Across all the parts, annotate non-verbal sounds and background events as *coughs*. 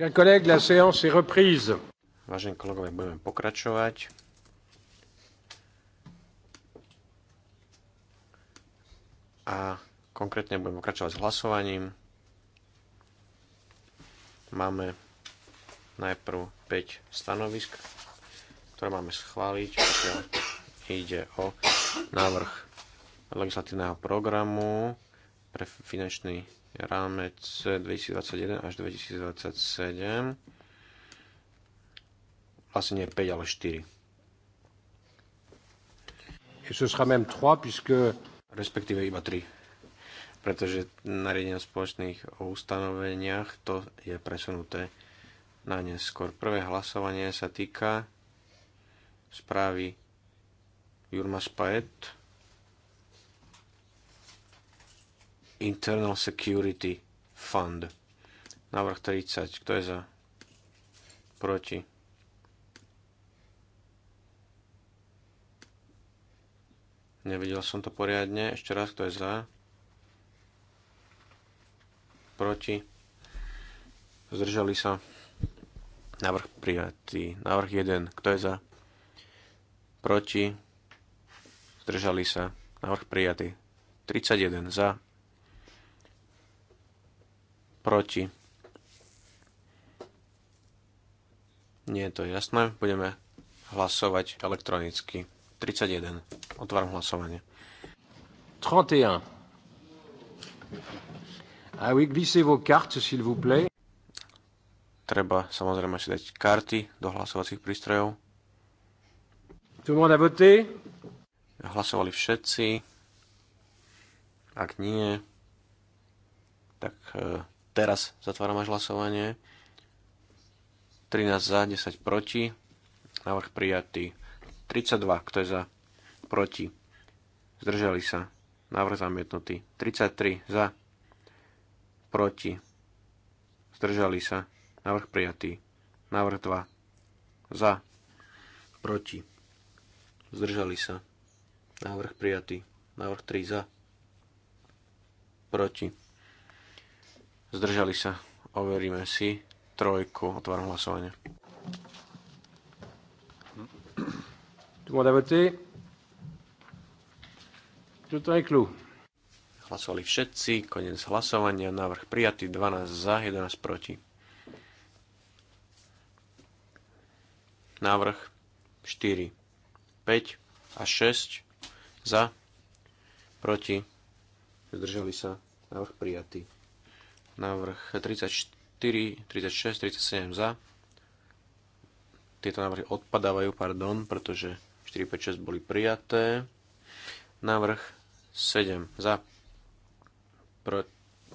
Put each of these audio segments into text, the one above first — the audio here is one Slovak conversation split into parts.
Vážení kolegovia, budeme pokračovať. A konkrétne budeme pokračovať s hlasovaním. Máme najprv 5 stanovisk, ktoré máme schváliť, pokiaľ ide o návrh legislatívneho programu pre finančný rámec 2021 až 2027. Vlastne nie 5, ale 4. Et ce sera même 3, puisque... Respektíve iba 3. Pretože nariadenie o spoločných ustanoveniach to je presunuté na neskôr. Prvé hlasovanie sa týka správy Jurma Spaet Internal Security Fund. Návrh 30. Kto je za? Proti. Nevidel som to poriadne. Ešte raz, kto je za? Proti. Zdržali sa. Návrh prijatý. Návrh 1. Kto je za? Proti. Zdržali sa. Návrh prijatý. 31 za proti. Nie je to jasné, budeme hlasovať elektronicky. 31. Otváram hlasovanie. 31. Ah oui, glissez vos cartes, s'il vous plaît. Treba samozrejme si dať karty do hlasovacích prístrojov. Tout le monde a voté? Hlasovali všetci. Ak nie, tak eh, Teraz zatváram až hlasovanie. 13 za, 10 proti. Návrh prijatý. 32, kto je za? Proti. Zdržali sa. Návrh zamietnutý. 33 za. Proti. Zdržali sa. Návrh prijatý. Návrh 2. Za. Proti. Zdržali sa. Návrh prijatý. Návrh 3 za. Proti zdržali sa, overíme si trojku, otváram hlasovanie. Hlasovali všetci, koniec hlasovania, návrh prijatý, 12 za, 11 proti. Návrh 4, 5 a 6 za, proti, zdržali sa, návrh prijatý. Návrh 34, 36, 37 za. Tieto návrhy odpadávajú, pardon, pretože 4, 5, 6 boli prijaté. Návrh 7 za. Pro,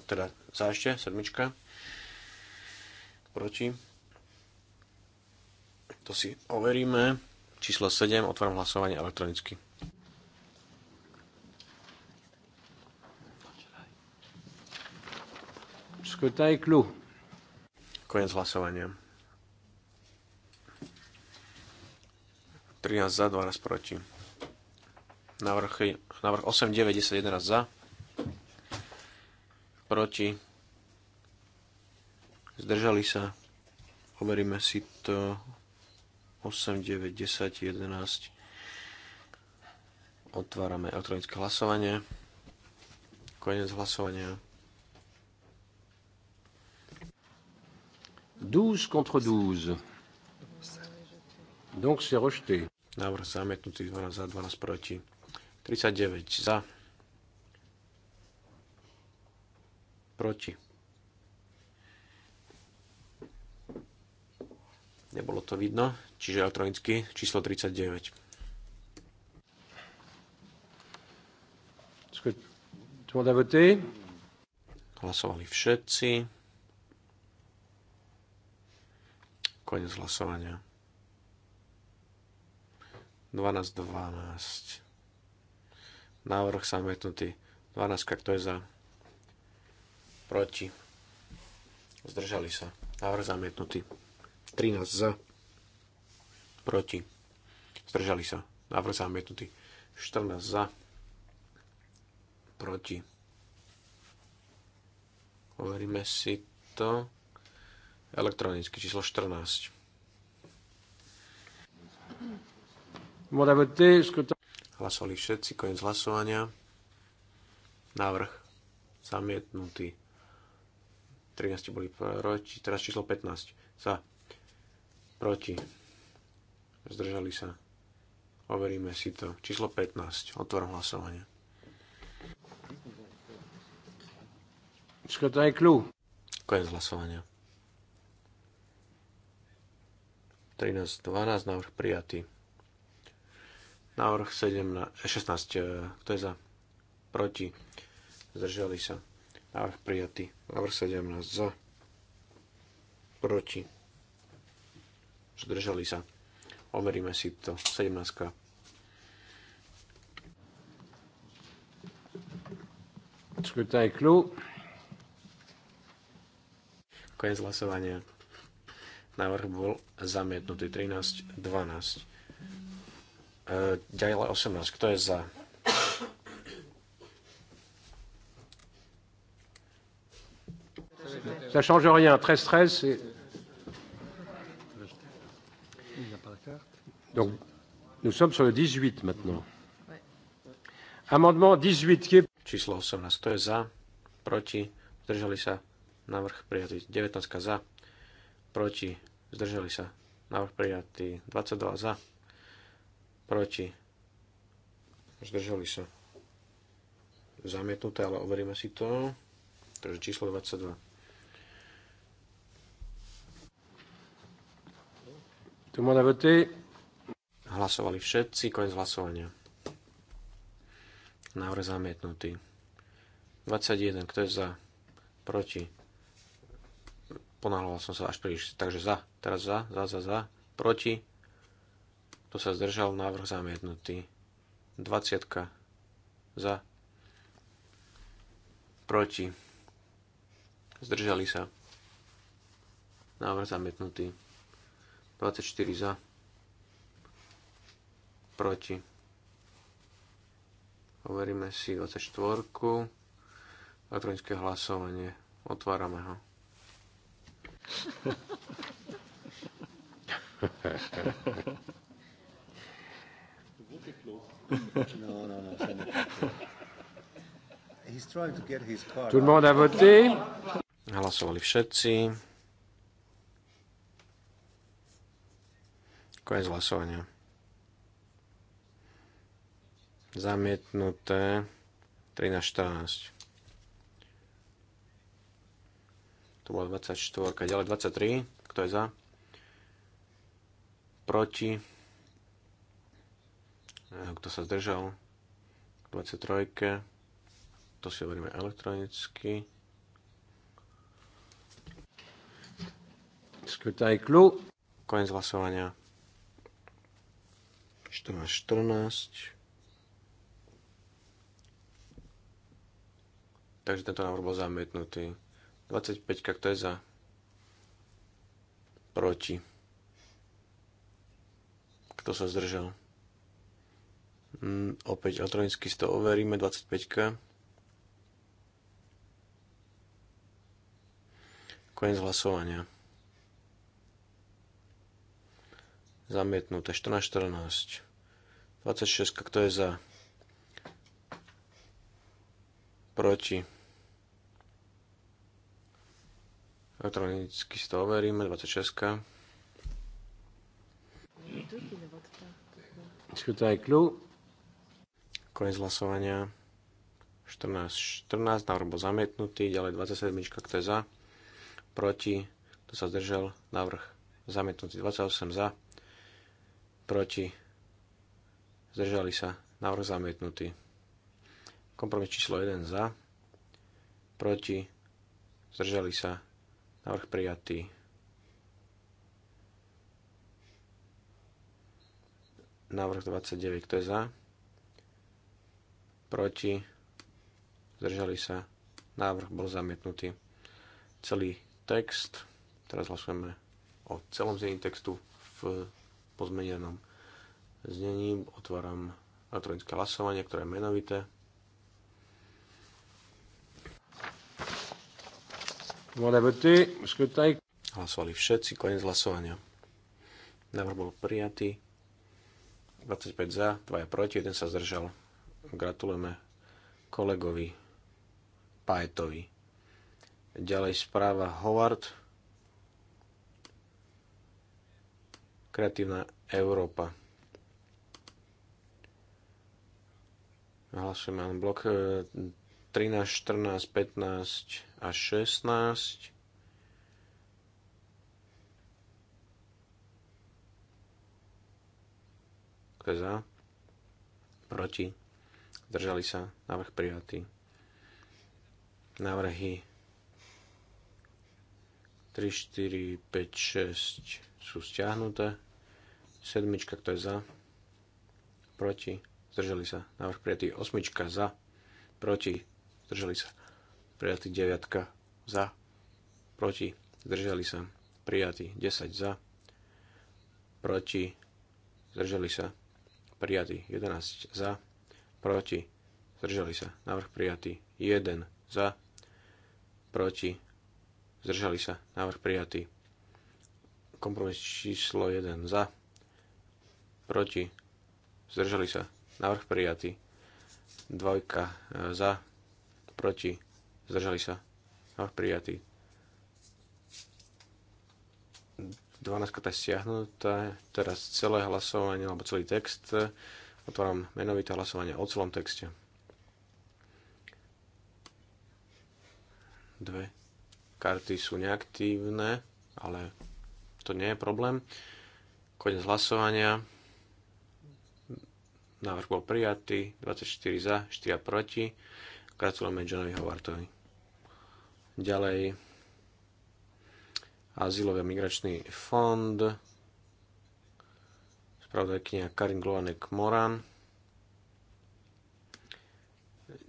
teda za ešte, sedmička. Proti. To si overíme. Číslo 7, otváram hlasovanie elektronicky. Scrutin est clos. Konec hlasovania. 13 za, 12 proti. Návrh, návrh 8, 9, 10, 11 za. Proti. Zdržali sa. Overíme si to. 8, 9, 10, 11. Otvárame elektronické hlasovanie. Konec hlasovania. 12 contre 12. Donc c'est rejeté. Návrh zamietnutý 12 za 12 proti. 39 za. Proti. Nebolo to vidno, čiže elektronicky číslo 39. Hlasovali všetci. Konec hlasovania. 12, 12. Návrh sametnutý. 12, kto je za? Proti. Zdržali sa. Návrh zamietnutý. 13 za. Proti. Zdržali sa. Návrh zamietnutý. 14 za. Proti. Overíme si to. Elektronicky číslo 14. Hlasovali všetci, koniec hlasovania. Návrh zamietnutý. 13 boli proti, teraz číslo 15. Za. Proti. Zdržali sa. Overíme si to. Číslo 15. otvorom hlasovanie. Skotaj kľú. Koniec hlasovania. 13.12, 12, návrh prijatý. Návrh 17, 16, eh, eh, kto je za? Proti. Zdržali sa. Návrh prijatý. Návrh 17, za. Proti. Zdržali sa. Overíme si to. 17. Skrutaj kľú. konec Koniec hlasovania. Návrh bol zamietnutý. 13, 12. E, ďalej 18. Kto je za? Ça change rien. 13-13, c'est... Donc, nous sommes sur le 18 maintenant. Amendement 18 qui est... Číslo 18, to je za, proti, zdržali sa, návrh prijatý. 19 za, proti, zdržali sa. Návrh prijatý 22 za, proti, zdržali sa. Zamietnuté, ale overíme si to. Takže číslo 22. Tu ma Hlasovali všetci, koniec hlasovania. Návrh zamietnutý. 21, kto je za? Proti? Ponáhľal som sa až príliš. Takže za. Teraz za, za, za, za. Proti. to sa zdržal? Návrh zamietnutý. 20. Za. Proti. Zdržali sa. Návrh zamietnutý. 24 za. Proti. Overíme si 24. Elektronické hlasovanie. Otvárame ho. Tout le monde a voté. Hlasovali všetci. Koniec hlasovania. Zamietnuté 13-14. To bola 24. Ďalej 23. Kto je za? Proti. Eh, kto sa zdržal? 23. To si hovoríme elektronicky. Skrutaj kľú. Koniec hlasovania. 14, 14. Takže tento návrh bol zamietnutý. 25, kto je za? Proti. Kto sa zdržal? Mm, opäť elektronicky si to overíme, 25. Koniec hlasovania. Zamietnuté 14-14. 26. Kto je za? Proti. Elektronicky si to overíme, 26. Skutaj kľú. Konec hlasovania. 14, 14, návrh bol zamietnutý, ďalej 27, kto je za, proti, kto sa zdržal, návrh zamietnutý, 28 za, proti, zdržali sa, návrh zamietnutý. Kompromis číslo 1 za, proti, zdržali sa, Návrh prijatý. Návrh 29. Kto je za? Proti? Zdržali sa? Návrh bol zamietnutý. Celý text. Teraz hlasujeme o celom znení textu v pozmenenom znení. Otváram elektronické hlasovanie, ktoré je menovité. Hlasovali všetci, koniec hlasovania. Návrh bol prijatý. 25 za, 2 proti, 1 sa zdržal. Gratulujeme kolegovi Pajetovi. Ďalej správa Howard. Kreatívna Európa. Hlasujeme blok 13, 14, 15 a 16. Kto je za? Proti? Zdržali sa? Návrh prijatý. Návrhy 3, 4, 5, 6 sú stiahnuté. Sedmička, kto je za? Proti? Zdržali sa? Návrh prijatý. Osmička za? Proti? zdržali sa. Prijatý 9 za, proti, zdržali sa. Prijatý 10 za, proti, zdržali sa. Prijatý 11 za, proti, zdržali sa. Návrh prijatý 1 za, proti, zdržali sa. Návrh prijatý. Kompromis číslo 1 za, proti, zdržali sa. Návrh prijatý. 2 e, za, proti, zdržali sa, návrh no, prijatý. 12 tá je stiahnutá, teraz celé hlasovanie, alebo celý text, otváram menovité hlasovanie o celom texte. Dve karty sú neaktívne, ale to nie je problém. Konec hlasovania. Návrh bol prijatý, 24 za, 4 proti. Gratulujeme Johnovi Howartovi. Ďalej, Azylový migračný fond, spravodajkynia Karin Glovanek Moran,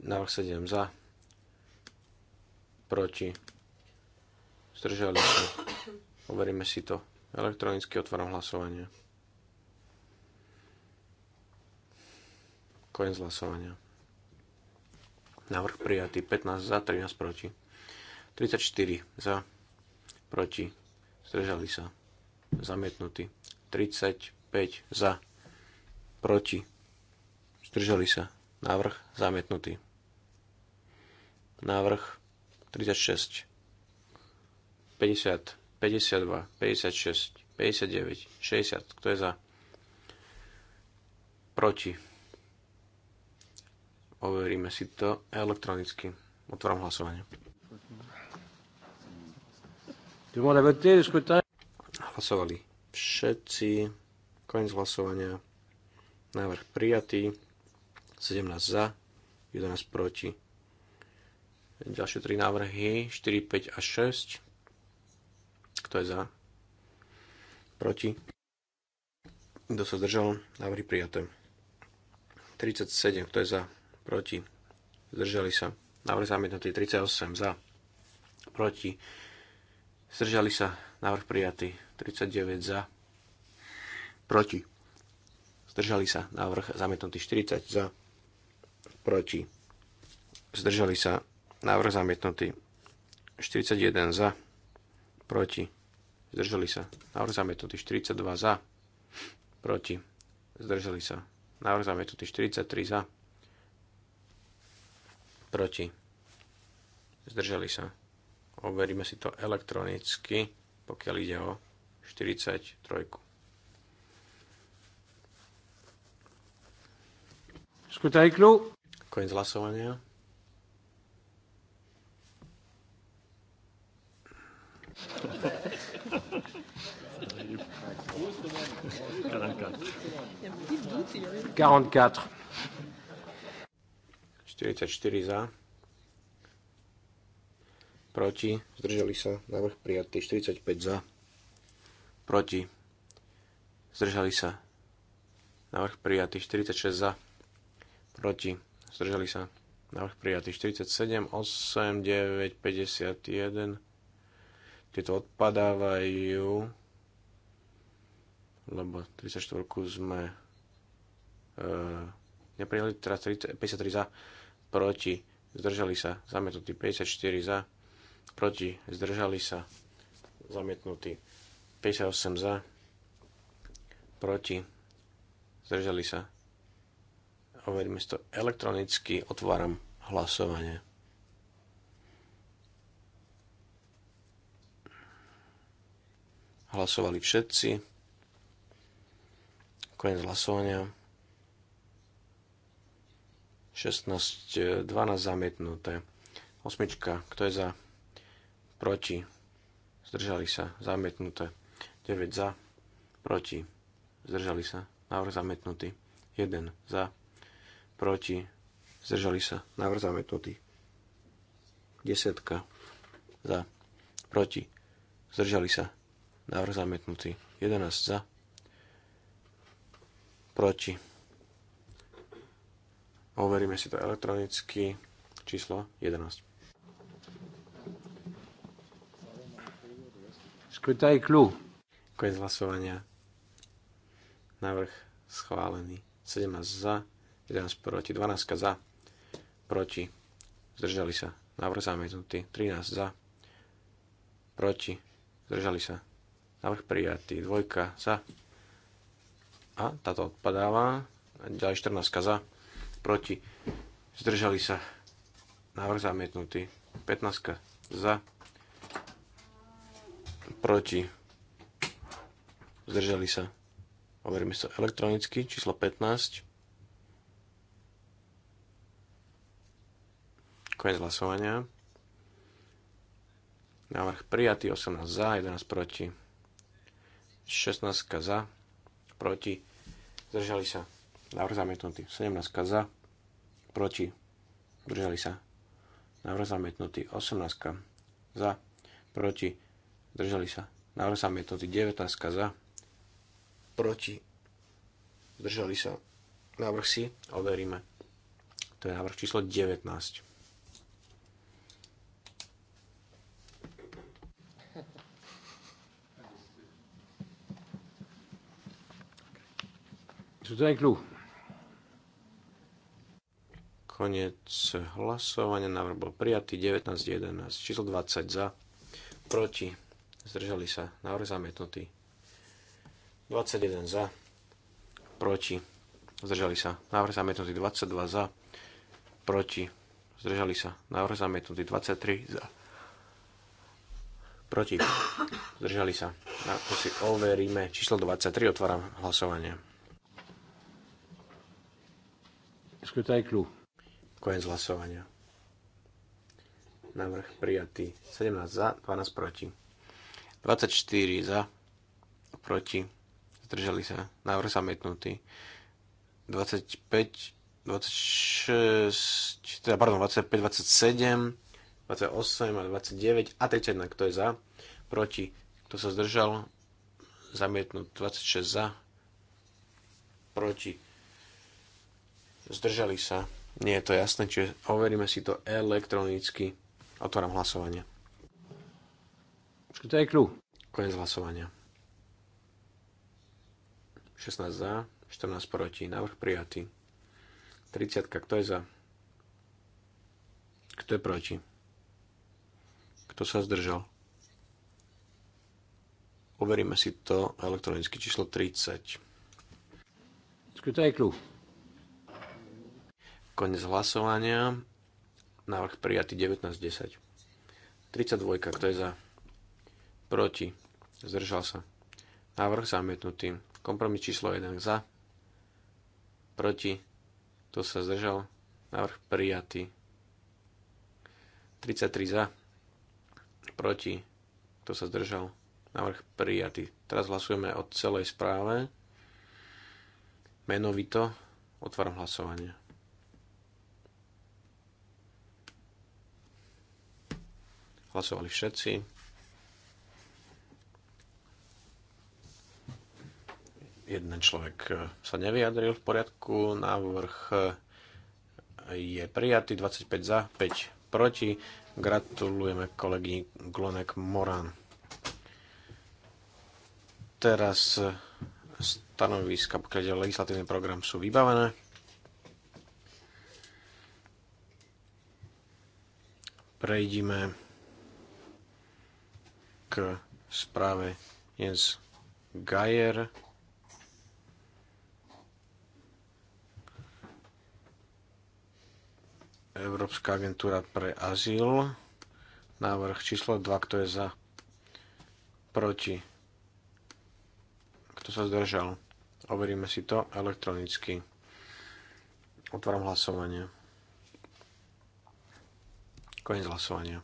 návrh 7 za, proti, zdržali sa, overíme si to, elektronicky otváram hlasovanie. Koniec hlasovania. Návrh prijatý. 15 za, 13 proti. 34 za, proti. Zdržali sa. Zamietnutý. 35 za, proti. Zdržali sa. Návrh zamietnutý. Návrh 36. 50, 52, 56, 59, 60. Kto je za? Proti Overíme si to elektronicky. Otváram hlasovanie. Hlasovali všetci. Koniec hlasovania. Návrh prijatý. 17 za, 11 proti. Ďalšie tri návrhy. 4, 5 a 6. Kto je za? Proti. Kto sa zdržal? Návrhy prijaté. 37. Kto je za? proti, zdržali sa. Návrh zamietnutý 38 za, proti, zdržali sa. Návrh prijatý 39 za, proti, zdržali sa. Návrh zamietnutý 40 za, proti, zdržali sa. Návrh zamietnutý 41 za, proti, zdržali sa. Návrh zamietnutý 42 za, proti, zdržali sa. Návrh zamietnutý 43 za, proti, zdržali sa. Overíme si to elektronicky, pokiaľ ide o 43. Skutajklu. Koniec hlasovania. Quarante-quatre. 44 za. Proti. Zdržali sa. Návrh prijatý. 45 za. Proti. Zdržali sa. Návrh prijatý. 46 za. Proti. Zdržali sa. Návrh prijatý. 47, 8, 9, 51. Tieto odpadávajú, lebo 34 sme e, neprijali. Teraz 53 za proti, zdržali sa, zamietnutý 54 za, proti, zdržali sa, zamietnutý 58 za, proti, zdržali sa. Overíme si to elektronicky, otváram hlasovanie. Hlasovali všetci. Koniec hlasovania. 16, 12 zamietnuté. Osmička, kto je za? Proti. Zdržali sa. Zamietnuté. 9 za. Proti. Zdržali sa. Návrh zamietnutý. 1 za. Proti. Zdržali sa. Návrh zamietnutý. 10 Za. Proti. Zdržali sa. Návrh zamietnutý. 11 za. Proti Overíme si to elektronicky. Číslo 11. Skrytaj kľú. Koniec hlasovania. Návrh schválený. 17 za, 11 proti, 12 za, proti, zdržali sa. Návrh zamietnutý. 13 za, proti, zdržali sa. Návrh prijatý. Dvojka za. A táto odpadáva. Ďalej 14 za proti, zdržali sa, návrh zamietnutý, 15 za, proti, zdržali sa, overíme sa elektronicky, číslo 15, koniec hlasovania, návrh prijatý, 18 za, 11 proti, 16 za, proti, zdržali sa, Návrh zamietnutý. 17 za. Proti. Držali sa. Návrh zamietnutý. 18 za. Proti. Držali sa. Návrh zamietnutý. 19 za. Proti. Držali sa. Návrh si overíme. To je návrh číslo 19. Tout d'un clou. Koniec hlasovania. Návrh bol prijatý. 19.11. Číslo 20 za. Proti. Zdržali sa. Návrh zamietnutý. 21 za. Proti. Zdržali sa. Návrh zamietnutý. 22 za. Proti. Zdržali sa. Návrh zamietnutý. 23 za. Proti. Zdržali sa. Na, to si overíme. Číslo 23. Otváram hlasovanie. Scrutin clos. Koniec hlasovania. Návrh prijatý. 17 za, 12 proti. 24 za, proti. Zdržali sa. Návrh zamietnutý. 25, 26, teda pardon, 25, 27, 28 a 29 a 31, kto je za, proti, kto sa zdržal, zamietnúť 26 za, proti, zdržali sa, nie je to jasné, čiže overíme si to elektronicky. Otváram hlasovanie. To je kľú. Konec hlasovania. 16 za, 14 proti. Návrh prijatý. 30. Kto je za? Kto je proti? Kto sa zdržal? Overíme si to elektronicky číslo 30. je kľú. Konec hlasovania. Návrh prijatý 19.10. 32. Kto je za? Proti. Zdržal sa. Návrh zamietnutý. Kompromis číslo 1 za. Proti. Kto sa zdržal? Návrh prijatý. 33 za. Proti. Kto sa zdržal? Návrh prijatý. Teraz hlasujeme o celej správe. Menovito otváram hlasovanie. Hlasovali všetci. Jeden človek eh, sa nevyjadril v poriadku. Návrh eh, je prijatý 25 za, 5 proti. Gratulujeme kolegyni Glonek Moran. Teraz eh, stanoviska, pokiaľ ide legislatívny program, sú vybavené. Prejdime správe Jens Geier. Európska agentúra pre azyl. Návrh číslo 2, kto je za? Proti. Kto sa zdržal? Overíme si to elektronicky. Otváram hlasovanie. Koniec hlasovania.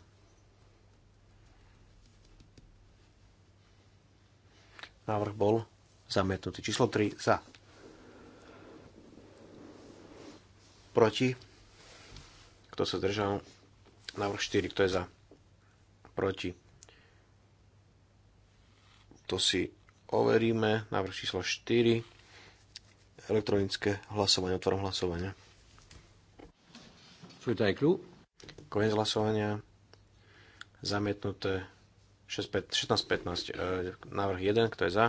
Návrh bol zamietnutý. Číslo 3 za. Proti. Kto sa zdržal? Návrh 4. Kto je za? Proti. To si overíme. Návrh číslo 4. Elektronické hlasovanie. Otvorom hlasovania. Koniec hlasovania. Zamietnuté 16.15. E, návrh 1, kto je za,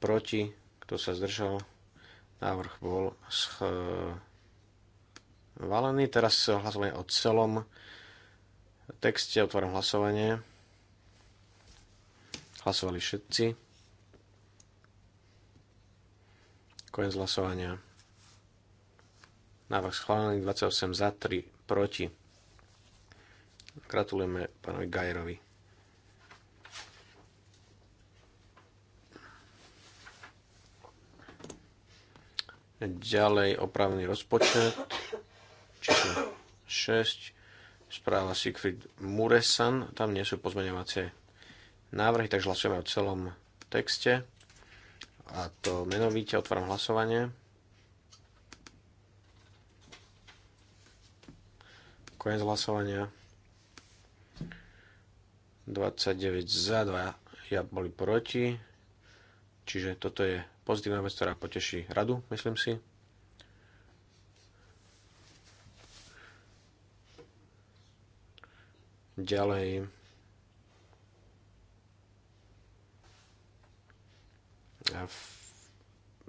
proti, kto sa zdržal, návrh bol schválený. Teraz hlasovanie o celom texte, otváram hlasovanie. Hlasovali všetci. Koniec hlasovania. Návrh schválený 28 za 3 proti. Gratulujeme pánovi Gajerovi. Ďalej opravný rozpočet, číslo 6, správa Siegfried Muresan, tam nie sú pozmeňovacie návrhy, takže hlasujeme o celom texte. A to menovite otváram hlasovanie. Koniec hlasovania. 29 za, 2 ja boli proti. Čiže toto je pozitívna vec, ktorá poteší radu, myslím si. Ďalej.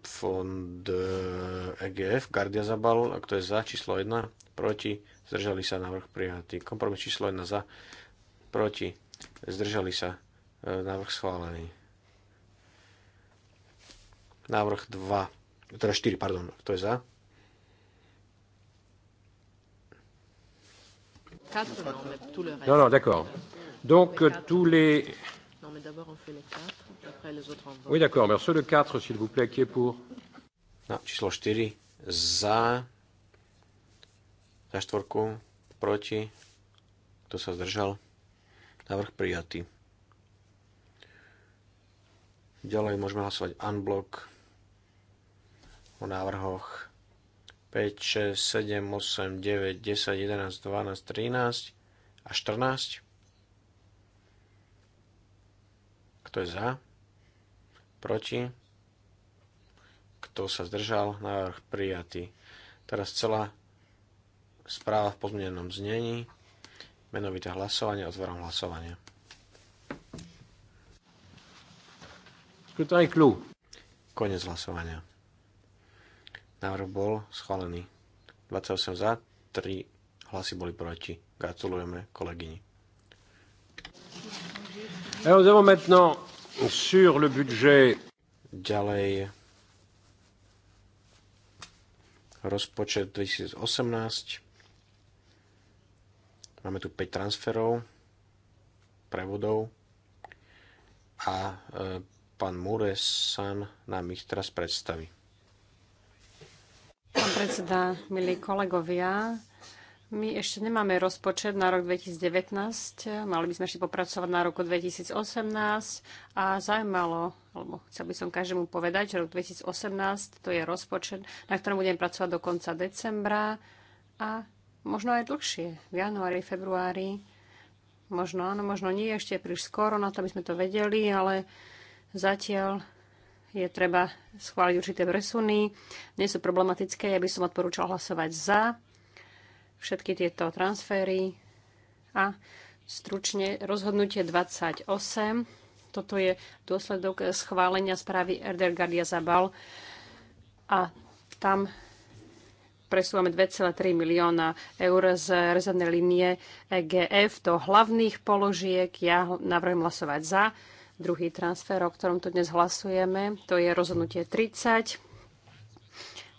Fond EGF, e Guardia zabal, ak to je za, číslo 1, proti, zdržali sa, návrh prijatý. Kompromis číslo 1 za, proti, zdržali sa, e, návrh schválený. Návrh 2, teda 4, pardon, kto je za? No, no, d'accord. Donc tous les... Oui, d'accord, mais sur le 4, s'il vous plaît, qui est pour No, číslo 4, za, za štvorku, proti, kto sa zdržal, návrh prijatý. Ďalej môžeme hlasovať unblock o návrhoch 5, 6, 7, 8, 9, 10, 11, 12, 13 a 14. Kto je za? Proti? Kto sa zdržal? Návrh prijatý. Teraz celá správa v pozmenenom znení. Menovité hlasovanie. Otváram hlasovanie. Konec hlasovania. Návrh bol schválený. 28 za, 3 hlasy boli proti. Gratulujeme kolegyni. Ďalej rozpočet 2018. Máme tu 5 transferov, prevodov a e, pán San nám ich teraz predstaví. Pán predseda, milí kolegovia, my ešte nemáme rozpočet na rok 2019, mali by sme ešte popracovať na roku 2018 a zaujímalo, alebo chcel by som každému povedať, že rok 2018 to je rozpočet, na ktorom budem pracovať do konca decembra a možno aj dlhšie, v januári, februári. Možno áno, možno nie, ešte je príliš skoro na to, aby sme to vedeli, ale zatiaľ je treba schváliť určité presuny. Nie sú problematické, ja by som odporúčal hlasovať za všetky tieto transfery a stručne rozhodnutie 28. Toto je dôsledok schválenia správy Gardia Zabal a tam presúvame 2,3 milióna eur z rezervnej línie EGF do hlavných položiek. Ja navrhujem hlasovať za. Druhý transfer, o ktorom tu dnes hlasujeme, to je rozhodnutie 30.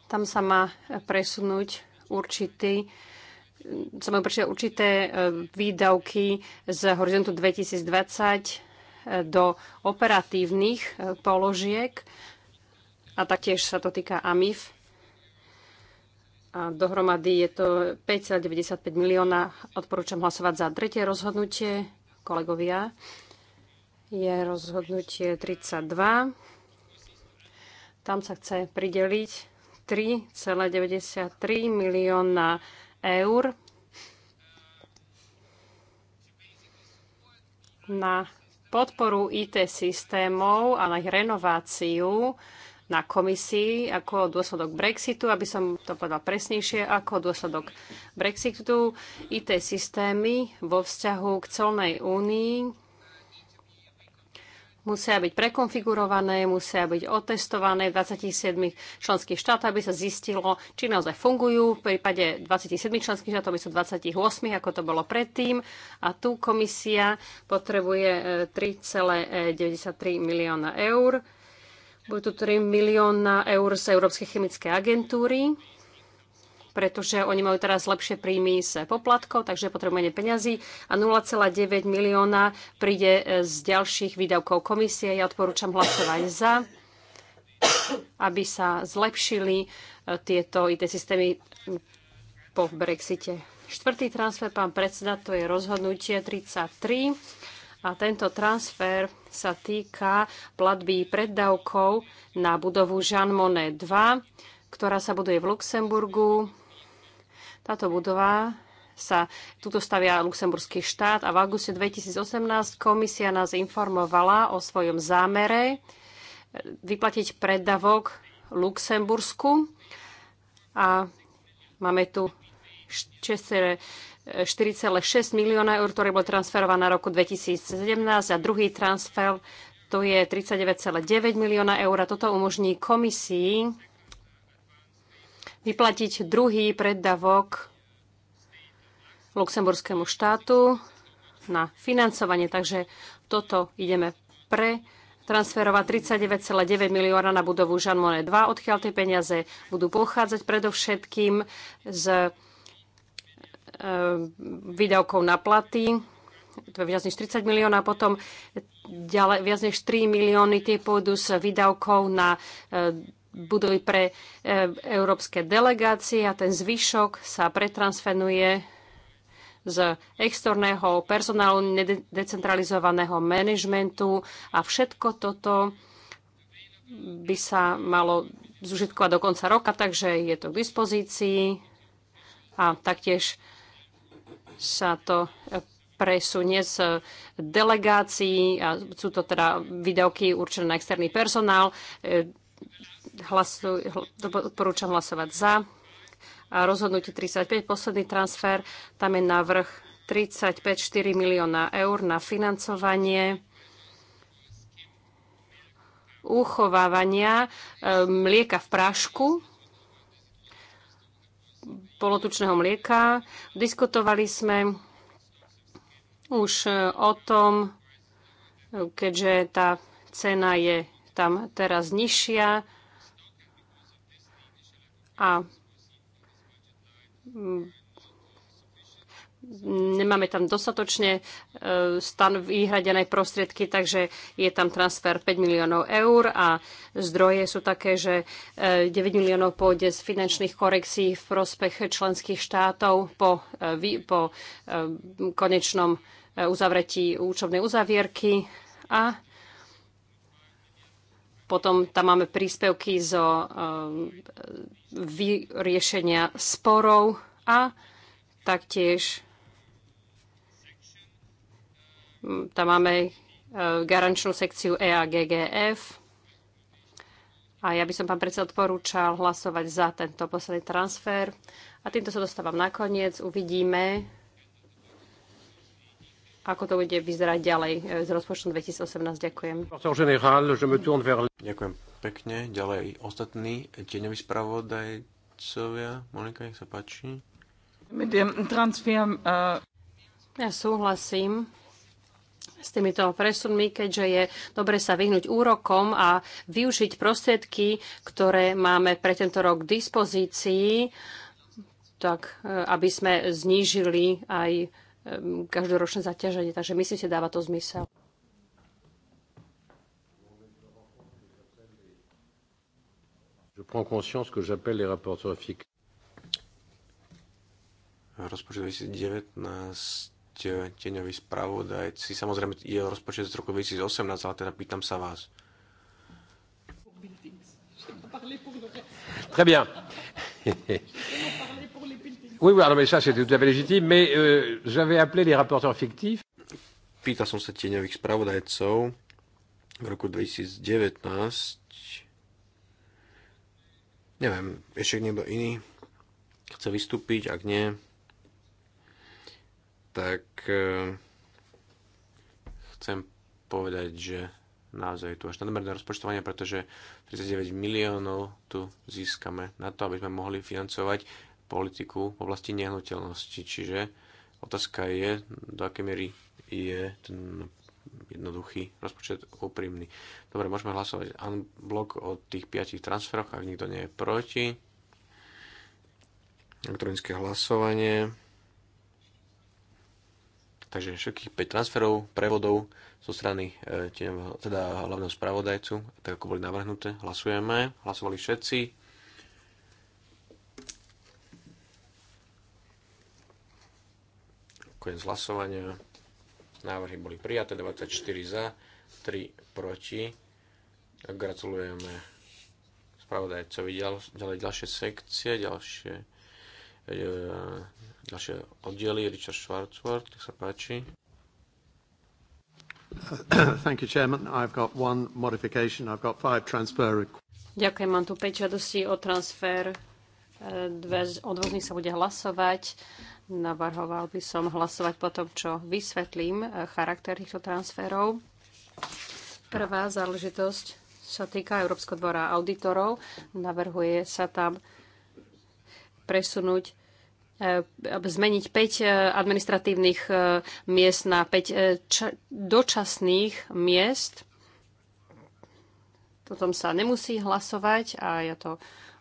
Tam sa má presunúť určitý sa majú prešiť určité e, výdavky z horizontu 2020 e, do operatívnych e, položiek a taktiež sa to týka AMIF a dohromady je to 5,95 milióna. Odporúčam hlasovať za tretie rozhodnutie, kolegovia je rozhodnutie 32. Tam sa chce prideliť 3,93 milióna eur na podporu IT systémov a na ich renováciu na komisii ako dôsledok Brexitu, aby som to povedal presnejšie, ako dôsledok Brexitu IT systémy vo vzťahu k celnej únii musia byť prekonfigurované, musia byť otestované v 27 členských štátoch, aby sa zistilo, či naozaj fungujú. V prípade 27 členských štátov by sú 28, ako to bolo predtým. A tu komisia potrebuje 3,93 e, milióna eur. Budú tu 3 milióna eur z Európskej chemickej agentúry pretože oni majú teraz lepšie príjmy z poplatkov, takže potrebujú menej peňazí a 0,9 milióna príde e, z ďalších výdavkov komisie. Ja odporúčam hlasovať za, aby sa zlepšili e, tieto IT systémy po Brexite. Štvrtý transfer, pán predseda, to je rozhodnutie 33 a tento transfer sa týka platby preddavkov na budovu Jean Monnet 2, ktorá sa buduje v Luxemburgu táto budova sa tuto stavia luxemburský štát a v auguste 2018 komisia nás informovala o svojom zámere vyplatiť predavok Luxembursku. A máme tu 4,6 milióna eur, ktoré bol transferované na roku 2017 a druhý transfer to je 39,9 milióna eur. Toto umožní komisii vyplatiť druhý preddavok luxemburskému štátu na financovanie. Takže toto ideme pre transferovať 39,9 milióna na budovu Jean Monnet 2, odkiaľ tie peniaze budú pochádzať predovšetkým z e, výdavkov na platy, to je viac než 30 miliónov, a potom ďalej, viac než 3 milióny tie pôjdu z výdavkov na e, budovy pre e, európske delegácie a ten zvyšok sa pretransfenuje z externého personálu decentralizovaného manažmentu a všetko toto by sa malo zužitkovať do konca roka, takže je to k dispozícii a taktiež sa to e, presunie z delegácií a sú to teda videoky určené na externý personál e, hlasuj, odporúčam hlasovať za. A rozhodnutie 35, posledný transfer, tam je návrh 35-4 milióna eur na financovanie uchovávania ehm, mlieka v prášku, polotučného mlieka. Diskutovali sme už e, o tom, e, keďže tá cena je tam teraz nižšia, a nemáme tam dostatočne e, stan vyhradené prostriedky, takže je tam transfer 5 miliónov eur a zdroje sú také, že 9 e, miliónov pôjde z finančných korekcií v prospech členských štátov po, e, po konečnom uzavretí účovnej uzavierky a potom tam máme príspevky zo ehm, vyriešenia sporov a taktiež hm, tam máme ehm, garančnú sekciu EAGGF. A ja by som pán predseda odporúčal hlasovať za tento posledný transfer. A týmto sa dostávam na koniec. Uvidíme, ako to bude vyzerať ďalej z rozpočtu 2018. Ďakujem. Ďakujem pekne. Ďalej ostatní tieňoví spravodajcovia. Monika, nech sa páči. Äh, ja súhlasím s týmito presunmi, keďže je dobre sa vyhnúť úrokom a využiť prostriedky, ktoré máme pre tento rok k dispozícii, tak e, aby sme znížili aj každoročné zaťaženie. Takže myslím si, dáva to zmysel. Rozpočet 2019 tieňový spravodajci. Samozrejme, je rozpočet z roku 2018, ale teda pýtam sa vás. Très bien. Oui, oui, non, mais ça, c'est tout à fait légitime, mais euh, j'avais appelé les rapporteurs fictifs. Pýtal som sa tieňových spravodajcov v roku 2019. Neviem, ešte niekto iný chce vystúpiť, ak nie, tak e, chcem povedať, že naozaj je tu až nadmerné rozpočtovanie, pretože 39 miliónov tu získame na to, aby sme mohli financovať politiku v oblasti nehnuteľnosti. Čiže otázka je, do akej miery je ten jednoduchý rozpočet úprimný. Dobre, môžeme hlasovať unblock o tých piatich transferoch, ak nikto nie je proti. Elektronické hlasovanie. Takže všetkých 5 transferov, prevodov zo strany e, teda hlavného spravodajcu, tak ako boli navrhnuté, hlasujeme. Hlasovali všetci. Koniec hlasovania. Návrhy boli prijaté, 24 za, 3 proti. Gratulujeme spravodajcovi. Ďalej ďalšie sekcie, ďalšie, e, ďalšie oddiely. Richard Schwarzworth, nech sa páči. *coughs* Thank you, Chairman. I've got one modification. I've got five transfer Ďakujem, mám tu 5 žiadosti o transfer. E, dve, sa bude hlasovať. Navrhoval by som hlasovať po tom, čo vysvetlím eh, charakter týchto transferov. Prvá záležitosť sa týka Európskeho dvora auditorov. Navrhuje sa tam presunúť eh, zmeniť 5 eh, administratívnych miest na 5 dočasných miest. Potom sa nemusí hlasovať a ja to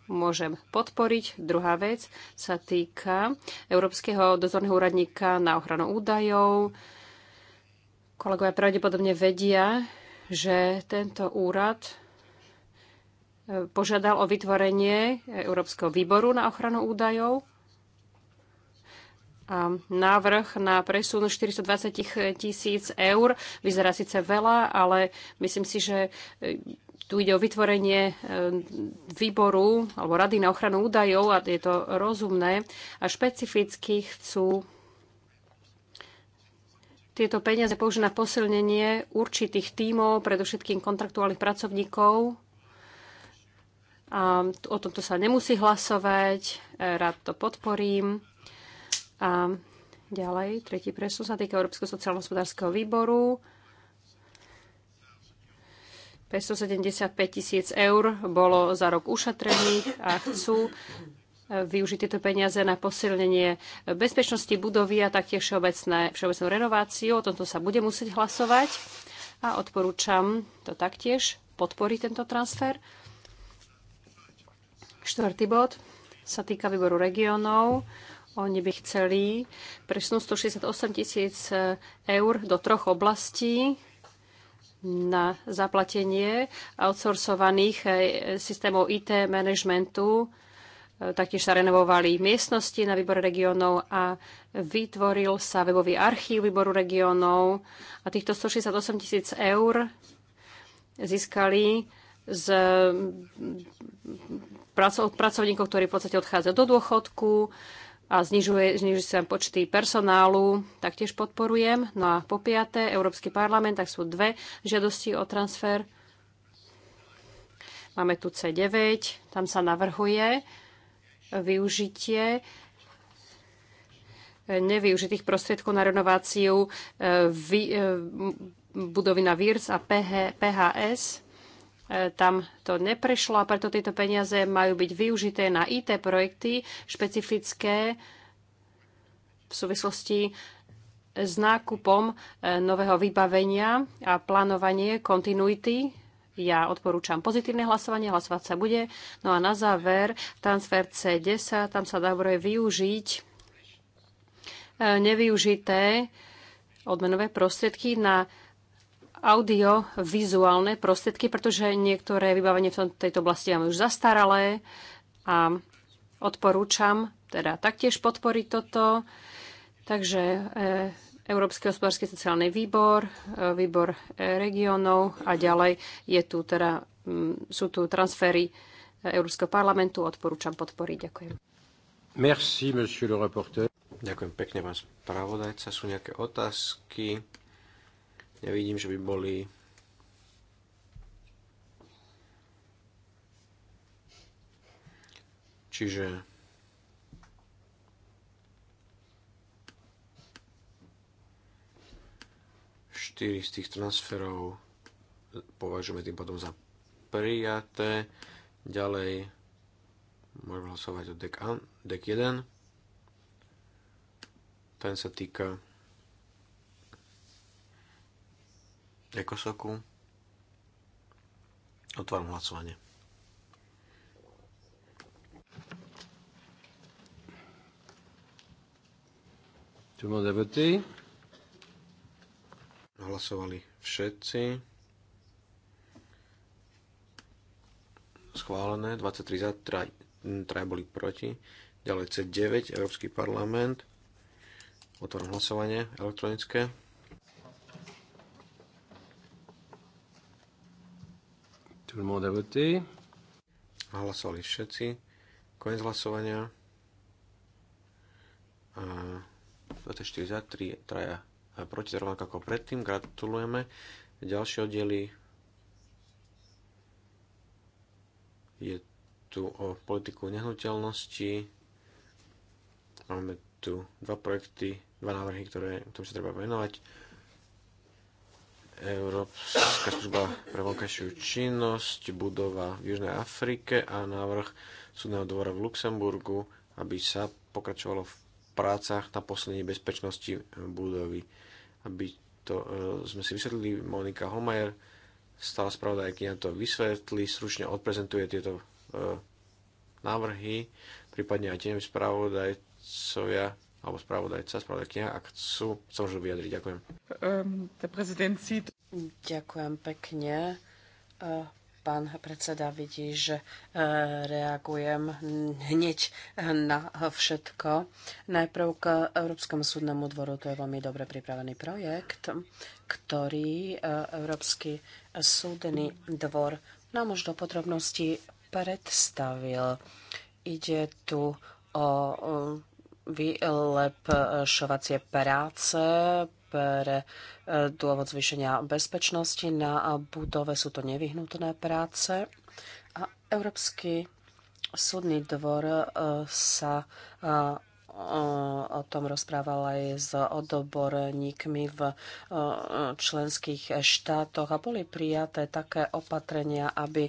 môžem podporiť. Druhá vec sa týka Európskeho dozorného úradníka na ochranu údajov. Kolegovia pravdepodobne vedia, že tento úrad e, požiadal o vytvorenie Európskeho výboru na ochranu údajov a návrh na presun 420 tisíc eur vyzerá síce veľa, ale myslím si, že e, tu ide o vytvorenie e, výboru alebo rady na ochranu údajov a je to rozumné a špecificky chcú tieto peniaze použiť na posilnenie určitých tímov, predovšetkým kontraktuálnych pracovníkov. A o tomto sa nemusí hlasovať, e, rád to podporím. A ďalej, tretí presun sa týka Európskeho sociálno-hospodárskeho výboru. 575 tisíc eur bolo za rok ušetrených a chcú eh, využiť tieto peniaze na posilnenie bezpečnosti budovy a taktiež všeobecné, všeobecnú renováciu. O tomto sa bude musieť hlasovať a odporúčam to taktiež podporiť tento transfer. Štvrtý bod sa týka výboru regiónov. Oni by chceli presunúť 168 tisíc eh, eur do troch oblastí na zaplatenie outsourcovaných eh, systémov IT managementu. Eh, taktiež sa renovovali miestnosti na výbore regiónov a vytvoril sa webový archív výboru regiónov a týchto 168 tisíc eur získali z mm, pracovníkov, ktorí v podstate odchádzajú do dôchodku a znižuje, znižuje sa počty personálu, taktiež podporujem. No a po piaté, Európsky parlament, tak sú dve žiadosti o transfer. Máme tu C9, tam sa navrhuje využitie nevyužitých prostriedkov na renováciu eh, vy, eh, budovy na VIRS a PH, PHS. E, tam to neprešlo a preto tieto peniaze majú byť využité na IT projekty špecifické v súvislosti s nákupom e, nového vybavenia a plánovanie kontinuity. Ja odporúčam pozitívne hlasovanie, hlasovať sa bude. No a na záver transfer C10, tam sa dá využiť e, nevyužité odmenové prostriedky na audiovizuálne prostriedky, pretože niektoré vybavenie v tejto oblasti máme už zastaralé a odporúčam teda taktiež podporiť toto. Takže eh, Európsky hospodársky sociálny výbor, eh, výbor eh, regionov a ďalej je tu teda, mm, sú tu transfery Európskeho parlamentu. Odporúčam podporiť. Ďakujem. Merci, monsieur le rapporteur. Ďakujem pekne, pán spravodajca. Sú nejaké otázky? Nevidím, že by boli Čiže štyri z tých transferov považujeme tým potom za prijaté. Ďalej môžeme hlasovať o deck, 1. Ten sa týka Ekosoku. Otváram hlasovanie. Tu le monde Hlasovali všetci. Schválené, 23 za, 3 boli proti. Ďalej C9, Európsky parlament. Otvorím hlasovanie elektronické. Tout le monde a voté. Hlasovali všetci. Koniec hlasovania. 24 za, 3 traja e, proti, rovnako ako predtým. Gratulujeme. Ďalšie oddiely je tu o politiku nehnuteľnosti. Máme tu dva projekty, dva návrhy, ktoré, tomu sa treba venovať Európska služba pre vonkajšiu činnosť, budova v Južnej Afrike a návrh súdneho dvora v Luxemburgu, aby sa pokračovalo v prácach na poslednej bezpečnosti budovy. Aby to e, sme si vysvetlili, Monika Homajer, stála spravodajkyňa to vysvetlí, stručne odprezentuje tieto e, návrhy, prípadne aj tie spravodajcovia alebo spravodajca, spravodajkňa, ak chcú, sa môžu vyjadriť. Ďakujem. Ehm, Ďakujem pekne. E, pán predseda vidí, že e, reagujem hneď na všetko. Najprv k Európskom súdnemu dvoru, to je veľmi dobre pripravený projekt, ktorý e, Európsky súdny dvor nám už do podrobnosti predstavil. Ide tu o vylepšovacie práce pre e, dôvod zvýšenia bezpečnosti na budove. Sú to nevyhnutné práce. A Európsky súdny dvor e, sa e, o tom rozprával aj s odoborníkmi v členských štátoch a boli prijaté také opatrenia, aby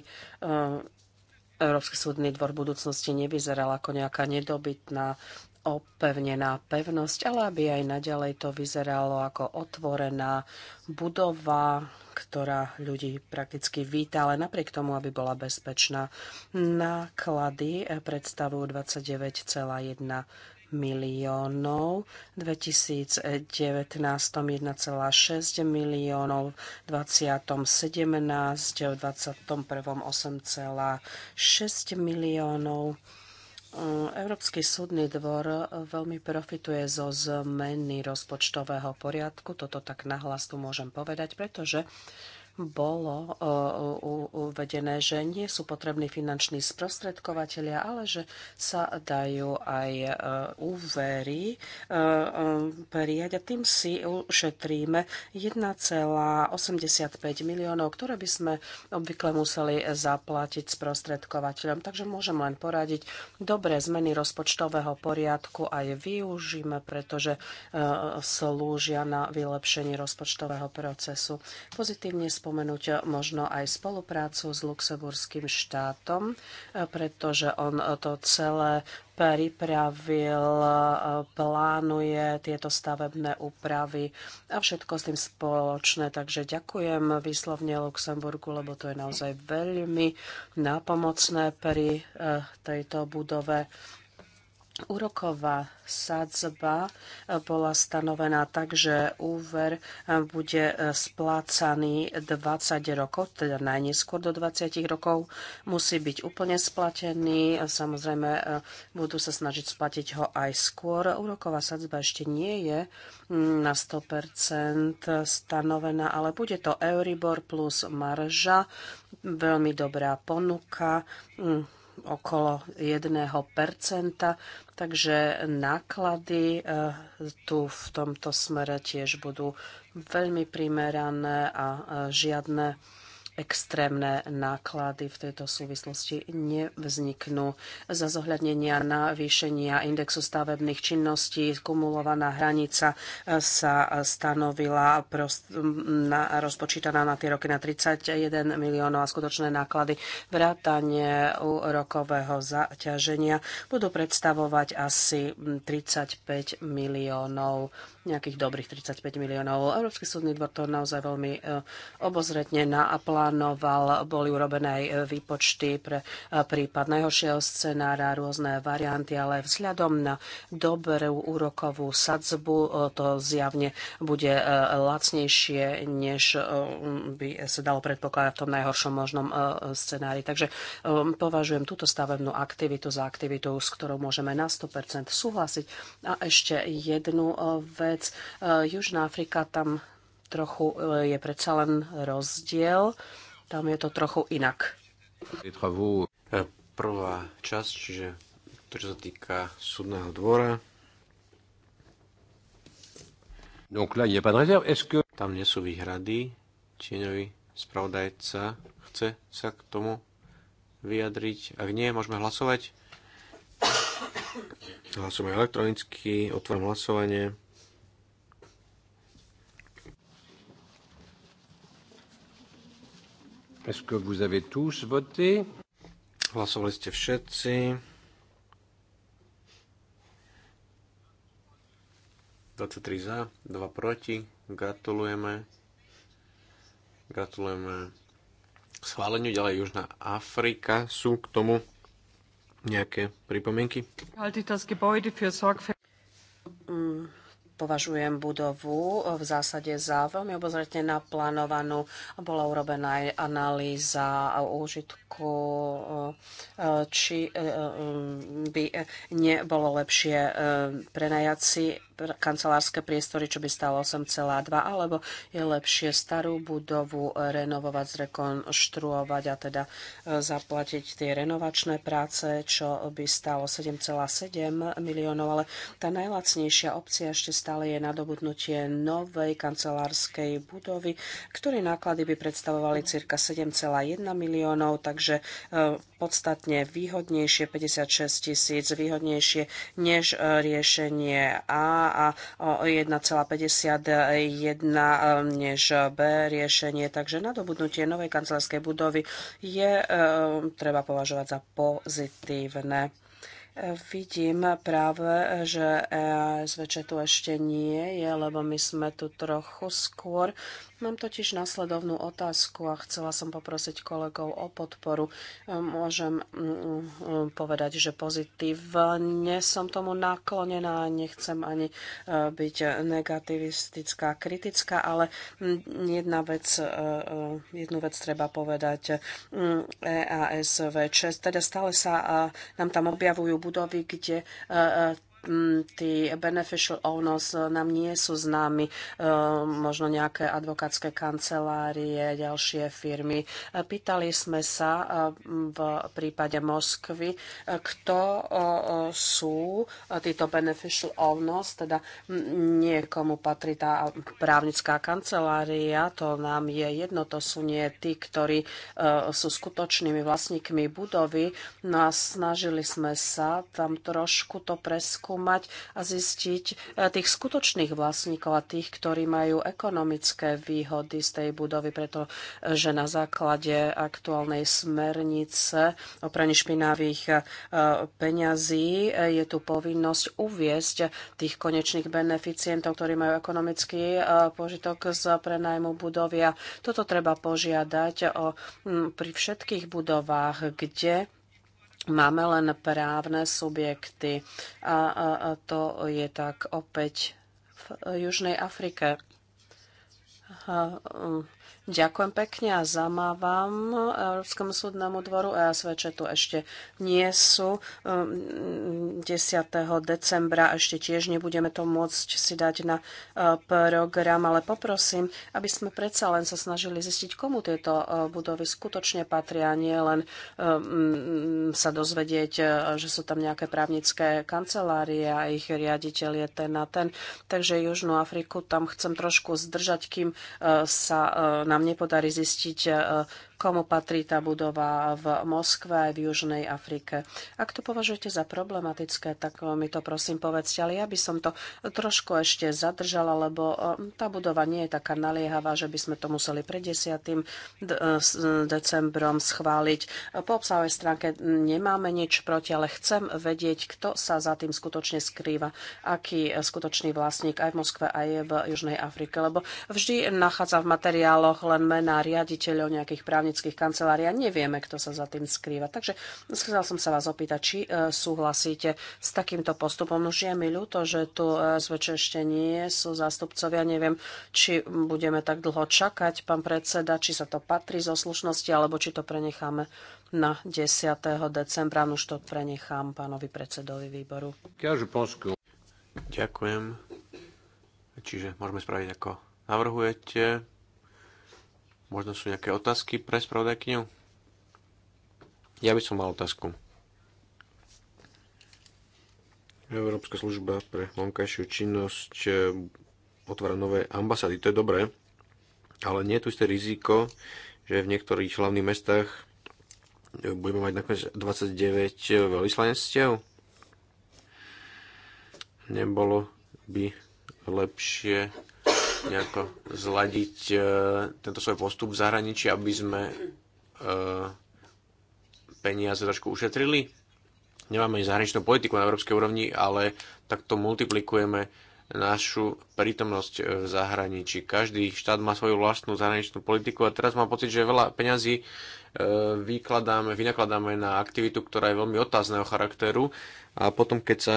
Európsky súdny dvor v budúcnosti nevyzeral ako nejaká nedobytná opevnená pevnosť, ale aby aj naďalej to vyzeralo ako otvorená budova, ktorá ľudí prakticky víta, ale napriek tomu, aby bola bezpečná. Náklady e, predstavujú 29,1 miliónov, 2019 1,6 miliónov, 2017, 17, v 21 8,6 miliónov. Európsky súdny dvor veľmi profituje zo zmeny rozpočtového poriadku. Toto tak nahlas tu môžem povedať, pretože bolo e, uvedené, že nie sú potrební finanční sprostredkovateľia, ale že sa dajú aj e, úvery e, prijať a tým si ušetríme 1,85 miliónov, ktoré by sme obvykle museli zaplatiť sprostredkovateľom. Takže môžem len poradiť, dobré zmeny rozpočtového poriadku aj využíme, pretože slúžia na vylepšenie rozpočtového procesu. Pozitívne spolu spomenúť možno aj spoluprácu s luxemburským štátom, pretože on to celé pripravil, plánuje tieto stavebné úpravy a všetko s tým spoločné. Takže ďakujem výslovne Luxemburgu, lebo to je naozaj veľmi nápomocné pri eh, tejto budove. Úroková sadzba e, bola stanovená tak, že úver e, bude e, splácaný 20 rokov, teda najneskôr do 20 rokov musí byť úplne splatený. Samozrejme, budú sa snažiť splatiť ho aj skôr. Úroková sadzba ešte nie je na 100% stanovená, ale bude to Euribor plus marža, veľmi dobrá ponuka okolo 1%, takže náklady eh, tu v tomto smere tiež budú veľmi primerané a eh, žiadne extrémne náklady v tejto súvislosti nevzniknú. Za zohľadnenia navýšenia indexu stavebných činností kumulovaná hranica sa stanovila na, rozpočítaná na tie roky na 31 miliónov a skutočné náklady vrátanie úrokového zaťaženia budú predstavovať asi 35 miliónov nejakých dobrých 35 miliónov. Európsky súdny dvor to naozaj veľmi e, obozretne plán plánoval, boli urobené aj e, výpočty pre e, prípad najhoršieho scenára, rôzne varianty, ale vzhľadom na dobrú úrokovú sadzbu e, to zjavne bude lacnejšie, než by sa dalo predpokladať v tom najhoršom možnom scenári. Takže považujem túto stavebnú aktivitu za aktivitu, s ktorou môžeme na 100% súhlasiť. A ešte jednu vec. Južná Afrika tam trochu e, je predsa len rozdiel. Tam je to trochu inak. E, prvá časť, čiže to, čo sa týka súdneho dvora. Donc là, il n'y a pas de réserve. Est-ce que... Tam nie sú výhrady. Tieňový spravodajca chce sa k tomu vyjadriť. Ak nie, môžeme hlasovať. Hlasujeme elektronicky, otváram hlasovanie. Est-ce que vous avez tous voté? Hlasovali ste všetci. za, proti. Gratulujeme. Gratulujeme schváleniu. Ďalej Južná Afrika. Sú k tomu nejaké pripomienky? Mm považujem budovu e, v zásade za veľmi obozretne naplánovanú. Bola urobená aj analýza úžitku, e, e, či by nebolo lepšie prenajať si kancelárske priestory, čo by stalo 8,2, alebo je lepšie starú budovu renovovať, zrekonštruovať a teda e, zaplatiť tie renovačné práce, čo by stalo 7,7 miliónov, ale tá najlacnejšia opcia ešte stále je nadobudnutie novej kancelárskej budovy, ktoré náklady by predstavovali cirka 7,1 miliónov, takže e, podstatne výhodnejšie, 56 tisíc výhodnejšie než e, riešenie A a o 1,51 ehm, než B riešenie. Takže nadobudnutie novej kancelárskej budovy je ehm, treba považovať za pozitívne. Vidím práve, že e SVČ tu ešte nie je, lebo my sme tu trochu skôr. Mám totiž následovnú otázku a chcela som poprosiť kolegov o podporu. Ehm, môžem mm, mm, povedať, že pozitívne som tomu naklonená, nechcem ani e, byť negativistická, kritická, ale mm, jedna vec, e, e, jednu vec treba povedať. EASV 6, teda stále sa nám tam objavujú budovy, kde Mm, tí beneficial owners e, nám nie sú známi, e, možno nejaké advokátske kancelárie, ďalšie firmy. E, pýtali sme sa v prípade Moskvy, kto sú títo beneficial owners, teda niekomu patrí tá právnická kancelária, to nám je jedno, to sú nie tí, ktorí sú skutočnými vlastníkmi budovy. No a snažili sme sa tam trošku to preskúmať skúmať a zistiť e, tých skutočných vlastníkov a tých, ktorí majú ekonomické výhody z tej budovy, pretože na základe aktuálnej smernice o praní špinavých e, peňazí e, je tu povinnosť uviesť tých konečných beneficientov, ktorí majú ekonomický požitok z prenajmu budovy. A toto treba požiadať o, pri všetkých budovách, kde Máme len právne subjekty a, a, a to je tak opäť v Južnej Afrike. A, um, Ďakujem pekne a zamávam Európskemu súdnemu dvoru. ESVČ tu ešte nie sú. 10. Mm, decembra ešte tiež nebudeme to môcť si dať na e, program, ale poprosím, aby sme predsa len sa snažili zistiť, komu tieto e, budovy skutočne patria, nie len e, mm, sa dozvedieť, že sú tam nejaké právnické kancelárie a ich riaditeľ je ten a ten. Takže Južnú Afriku tam chcem trošku zdržať, kým sa na nám nepodarí zistiť komu patrí tá budova v Moskve aj v Južnej Afrike. Ak to považujete za problematické, tak eh, mi to prosím povedzte, ale ja by som to trošku ešte zadržala, lebo eh, tá budova nie je taká naliehavá, že by sme to museli pred 10. Eh, decembrom schváliť. Po obsahovej stránke nemáme nič proti, ale chcem vedieť, kto sa za tým skutočne skrýva, aký skutočný vlastník aj v Moskve, aj v Južnej Afrike, lebo vždy nachádza v materiáloch len mená riaditeľov nejakých právnych právnických kancelárií a nevieme, kto sa za tým skrýva. Takže chcel som sa vás opýtať, či e, súhlasíte s takýmto postupom. Už je mi ľúto, že tu zväčšie ešte nie sú zástupcovia. Neviem, či budeme tak dlho čakať, pán predseda, či sa to patrí zo slušnosti, alebo či to prenecháme na 10. decembra. No už to prenechám pánovi predsedovi výboru. Ďakujem. Čiže môžeme spraviť ako navrhujete. Možno sú nejaké otázky pre spravodajkyňu? Ja by som mal otázku. Európska služba pre vonkajšiu činnosť eh, otvára nové ambasády, to je dobré, ale nie je tu isté riziko, že v niektorých hlavných mestách eh, budeme mať nakoniec 29 eh, veľvyslanectiev. Nebolo by lepšie nejako zladiť e, tento svoj postup v zahraničí, aby sme e, peniaze trošku ušetrili. Nemáme zahraničnú politiku na európskej úrovni, ale takto multiplikujeme našu prítomnosť e, v zahraničí. Každý štát má svoju vlastnú zahraničnú politiku a teraz mám pocit, že veľa peňazí vykladáme, vynakladáme na aktivitu, ktorá je veľmi otázneho charakteru a potom, keď sa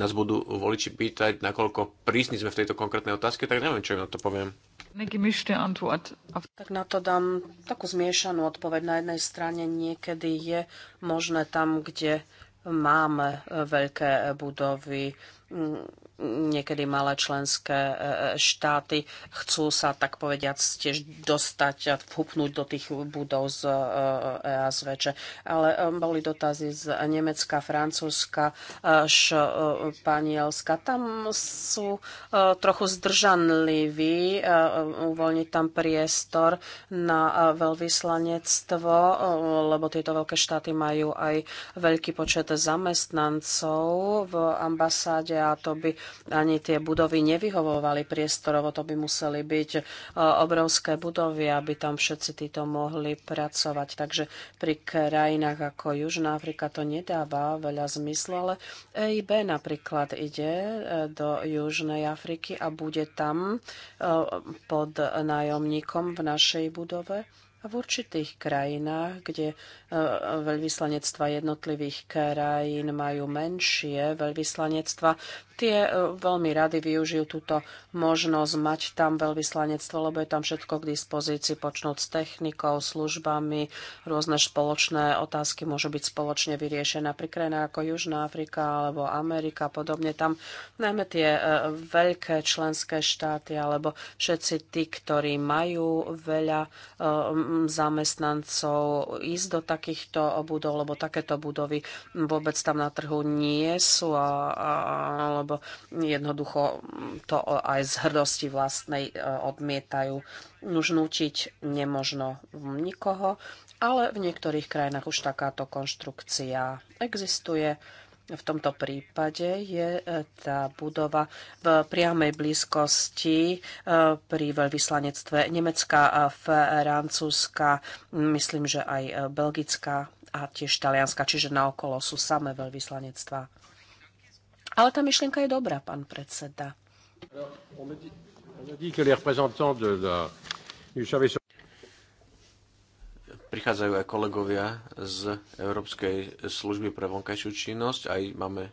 nás budú voliči pýtať, nakoľko prísni sme v tejto konkrétnej otázke, tak neviem, čo im na to poviem. Tak na to dám takú zmiešanú odpoveď. Na jednej strane niekedy je možné tam, kde máme e, veľké budovy, niekedy malé členské e, e, štáty chcú sa tak povediať tiež dostať a vhupnúť do tých budov z EASV. E, Ale boli dotazy z Nemecka, Francúzska, Španielska. Tam sú trochu zdržanliví uvoľniť tam priestor na veľvyslanectvo, lebo tieto veľké štáty majú aj veľký počet zamestnancov v ambasáde a to by ani tie budovy nevyhovovali priestorovo. To by museli byť e, obrovské budovy, aby tam všetci títo mohli pracovať. Takže pri krajinách ako Južná Afrika to nedáva veľa zmyslu, ale EIB napríklad ide e, do Južnej Afriky a bude tam e, pod nájomníkom v našej budove. A v určitých krajinách, kde e, veľvyslanectva jednotlivých krajín majú menšie veľvyslanectva, tie e, veľmi rady využijú túto možnosť mať tam veľvyslanectvo, lebo je tam všetko k dispozícii, počnúť s technikou, službami, rôzne spoločné otázky môžu byť spoločne vyriešené. Pri krajinách ako Južná Afrika alebo Amerika podobne, tam najmä tie e, veľké členské štáty alebo všetci tí, ktorí majú veľa zamestnancov ísť do takýchto budov, lebo takéto budovy vôbec tam na trhu nie sú, alebo jednoducho to aj z hrdosti vlastnej e, odmietajú. Už nutiť nemožno nikoho, ale v niektorých krajinách už takáto konštrukcia existuje v tomto prípade je e, tá budova v priamej blízkosti e, pri veľvyslanectve Nemecka, Francúzska, myslím, že aj e, Belgická a tiež Talianska, čiže naokolo sú samé veľvyslanectvá. Ale tá myšlienka je dobrá, pán predseda. Alors, on me dit, on me dit que les prichádzajú aj kolegovia z Európskej služby pre vonkajšiu činnosť, aj máme e,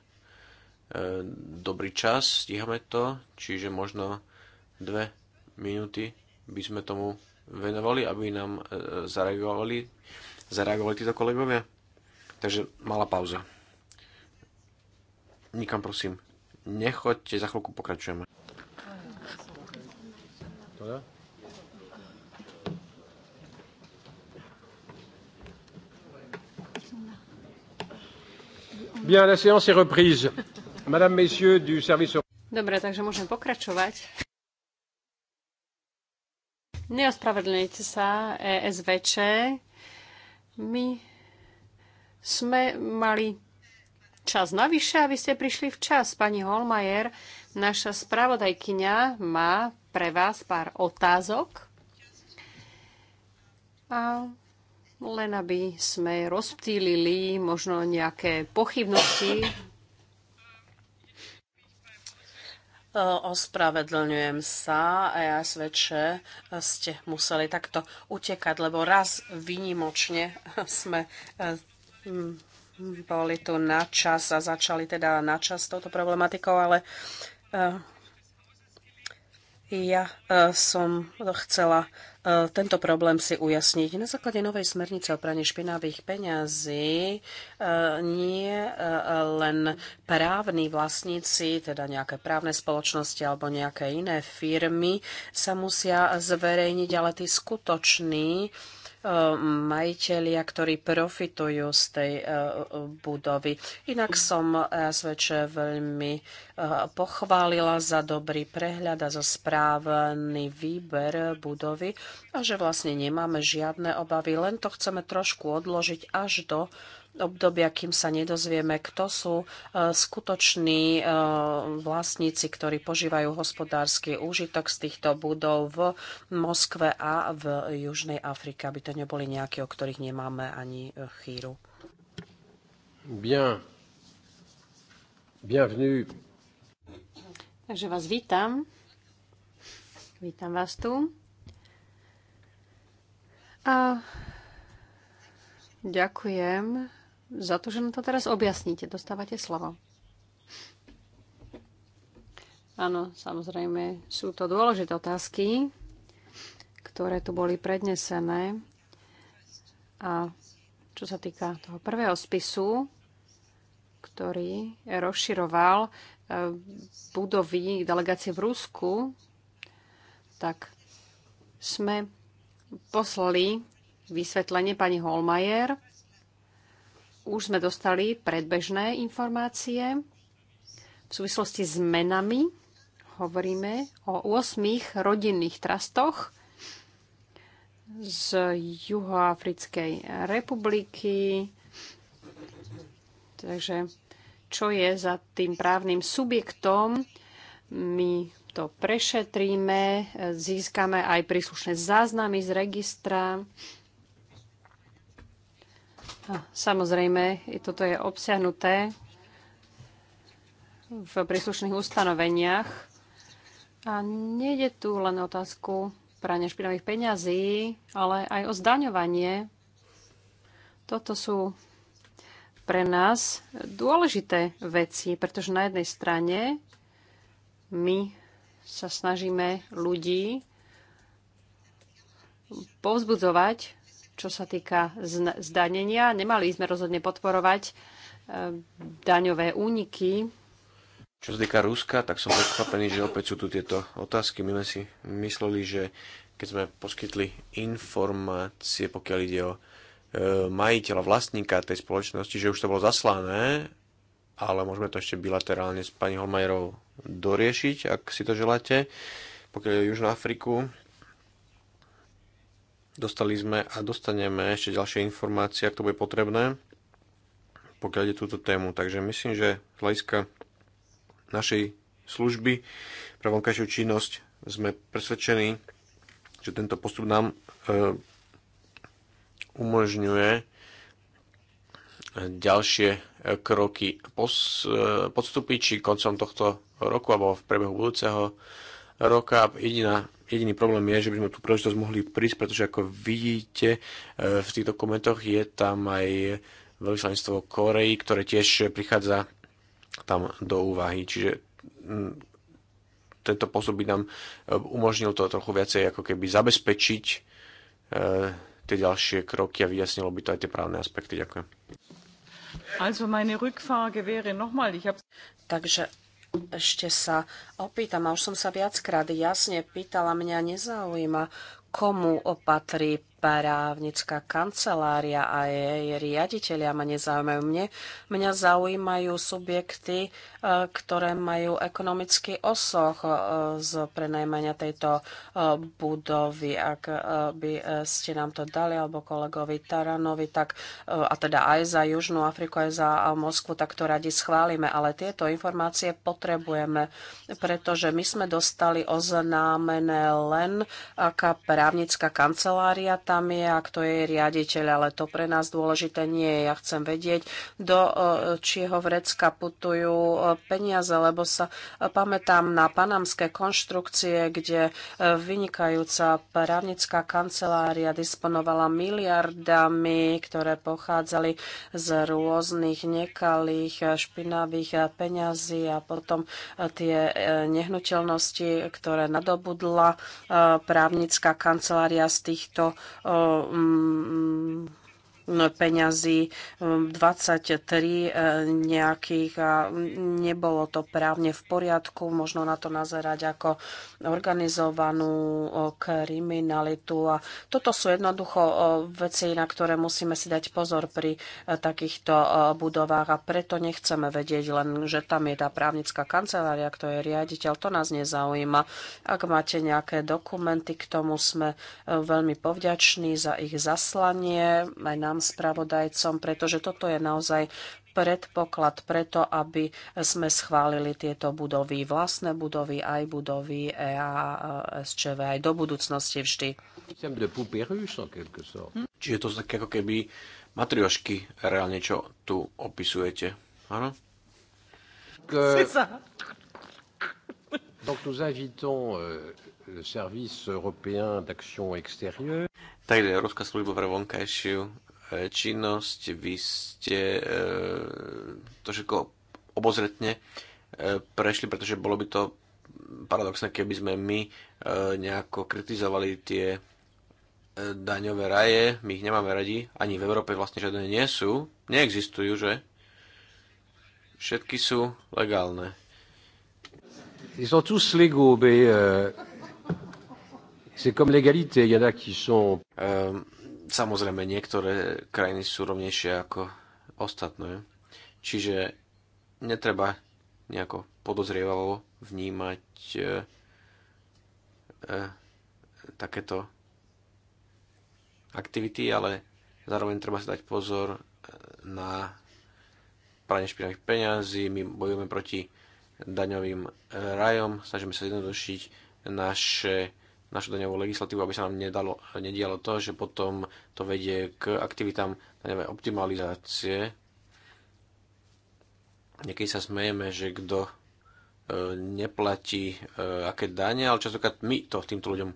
dobrý čas, stíhame to, čiže možno dve minúty by sme tomu venovali, aby nám e, zareagovali, zareagovali títo kolegovia. Takže malá pauza. Nikam prosím. Nechoďte, za chvíľku pokračujeme. Teda? Bien, la séance est reprise. Madame, messieurs du service... Dobre, takže môžem pokračovať. Neospravedlňujte sa, ESVČ. My sme mali čas navyše, aby ste prišli včas. Pani Holmajer, naša spravodajkyňa má pre vás pár otázok. A len aby sme rozptýlili možno nejaké pochybnosti. E, ospravedlňujem sa, e a ja svedče ste museli takto utekať, lebo raz vynimočne *laughs* sme e, boli tu na čas a začali teda na čas s touto problematikou, ale ja som chcela E, tento problém si ujasniť. Na základe novej smernice o praní špinavých peňazí e, nie e, len právni vlastníci, teda nejaké právne spoločnosti alebo nejaké iné firmy sa musia zverejniť, ale tí skutoční majiteľia, ktorí profitujú z tej e, budovy. Inak som SVČ veľmi e, pochválila za dobrý prehľad a za správny výber budovy a že vlastne nemáme žiadne obavy, len to chceme trošku odložiť až do obdobia, kým sa nedozvieme, kto sú e, skutoční e, vlastníci, ktorí požívajú hospodársky úžitok z týchto budov v Moskve a v Južnej Afrike, aby to neboli nejaké, o ktorých nemáme ani e, chýru. Bien. Bienvenue. Takže vás vítam. Vítam vás tu. A ďakujem za to, že nám to teraz objasníte. Dostávate slovo. Áno, samozrejme, sú to dôležité otázky, ktoré tu boli prednesené. A čo sa týka toho prvého spisu, ktorý rozširoval e, budovy delegácie v Rusku, tak sme poslali vysvetlenie pani Holmajer už sme dostali predbežné informácie v súvislosti s menami. Hovoríme o 8 rodinných trastoch z Juhoafrickej republiky. Takže čo je za tým právnym subjektom, my to prešetríme, získame aj príslušné záznamy z registra a no, samozrejme, toto je obsiahnuté v príslušných ustanoveniach. A nejde tu len otázku prania špinavých peňazí, ale aj o zdaňovanie. Toto sú pre nás dôležité veci, pretože na jednej strane my sa snažíme ľudí povzbudzovať čo sa týka zdanenia. Nemali sme rozhodne podporovať eh, daňové úniky. Čo sa týka Ruska, tak som prekvapený, že opäť sú tu tieto otázky. My sme si mysleli, že keď sme poskytli informácie, pokiaľ ide o eh, majiteľa, vlastníka tej spoločnosti, že už to bolo zaslané, ale môžeme to ešte bilaterálne s pani Holmajerovou doriešiť, ak si to želáte. Pokiaľ je Južnú Afriku, Dostali sme a dostaneme ešte ďalšie informácie, ak to bude potrebné, pokiaľ ide túto tému. Takže myslím, že z hľadiska našej služby pre vonkajšiu činnosť sme presvedčení, že tento postup nám e, umožňuje ďalšie e, kroky pos, e, podstúpiť, či koncom tohto roku alebo v priebehu budúceho roka. Jediná Jediný problém je, že by sme tú príležitosť mohli prísť, pretože ako vidíte e, v tých dokumentoch je tam aj veľvyslanectvo Korei, ktoré tiež prichádza tam do úvahy. Čiže tento postup by nám e, umožnil to trochu viacej ako keby zabezpečiť e, tie ďalšie kroky a vyjasnilo by to aj tie právne aspekty. Ďakujem. Also meine Rückfrage wäre nochmal, ich hab... Takže ešte sa opýtam, a už som sa viackrát jasne pýtala, mňa nezaujíma, komu opatrí právnická kancelária a jej riaditeľia ma nezaujímajú. Mne, mňa zaujímajú subjekty, e, ktoré majú ekonomický osoch e, z prenajmania tejto e, budovy. Ak by ste nám to dali, alebo kolegovi Taranovi, tak, a teda aj za Južnú Afriku, aj za Moskvu, tak to radi schválime. Ale tieto informácie potrebujeme, pretože my sme dostali oznámené len aká právnická kancelária, tam je a kto je riaditeľ, ale to pre nás dôležité nie je. Ja chcem vedieť, do e, čieho vrecka putujú e, peniaze, lebo sa pamätám na panamské konštrukcie, kde e, vynikajúca právnická kancelária disponovala miliardami, ktoré pochádzali z rôznych nekalých špinavých peňazí a potom tie nehnuteľnosti, ktoré nadobudla právnická kancelária z týchto mm. mm peňazí 23 ehm, eh, nejakých a nebolo to právne v poriadku. Možno na to nazerať ako organizovanú eh, kriminalitu. A toto sú jednoducho eh, veci, na ktoré musíme si dať pozor pri takýchto budovách a preto nechceme vedieť len, že tam je tá právnická kancelária, kto je riaditeľ. To nás nezaujíma. Ak máte nejaké dokumenty, k tomu sme veľmi povďační za ich zaslanie aj na nám, spravodajcom, pretože toto je naozaj predpoklad preto, aby sme schválili tieto budovy, vlastné budovy, aj budovy EASČV, aj do budúcnosti vždy. Hm? Čiže to sú také ako keby matriošky reálne, čo tu opisujete. Áno? Que... Donc nous invitons euh, le service européen d'action extérieure. Takže Európska služba pre vonkajšiu činnosť, vy ste eh, to všetko obozretne eh, prešli, pretože bolo by to paradoxné, keby sme my eh, nejako kritizovali tie daňové raje, my ich nemáme radi, ani v Európe vlastne žiadne nie sú, neexistujú, že? Všetky sú legálne. Ils sont tous légaux, mais euh, c'est comme l'égalité, il y en a qui sont... Euh, Samozrejme, niektoré krajiny sú rovnejšie ako ostatné, čiže netreba nejako podozrievalo vnímať e, e, takéto aktivity, ale zároveň treba si dať pozor e, na pranie špinavých peňazí, my bojujeme proti daňovým e, rajom, snažíme sa zjednodušiť naše našu daňovú legislatívu, aby sa nám nedalo, nedialo to, že potom to vedie k aktivitám daňovej optimalizácie. Niekedy sa smejeme, že kto e, neplatí e, aké dane, ale častokrát my to týmto ľuďom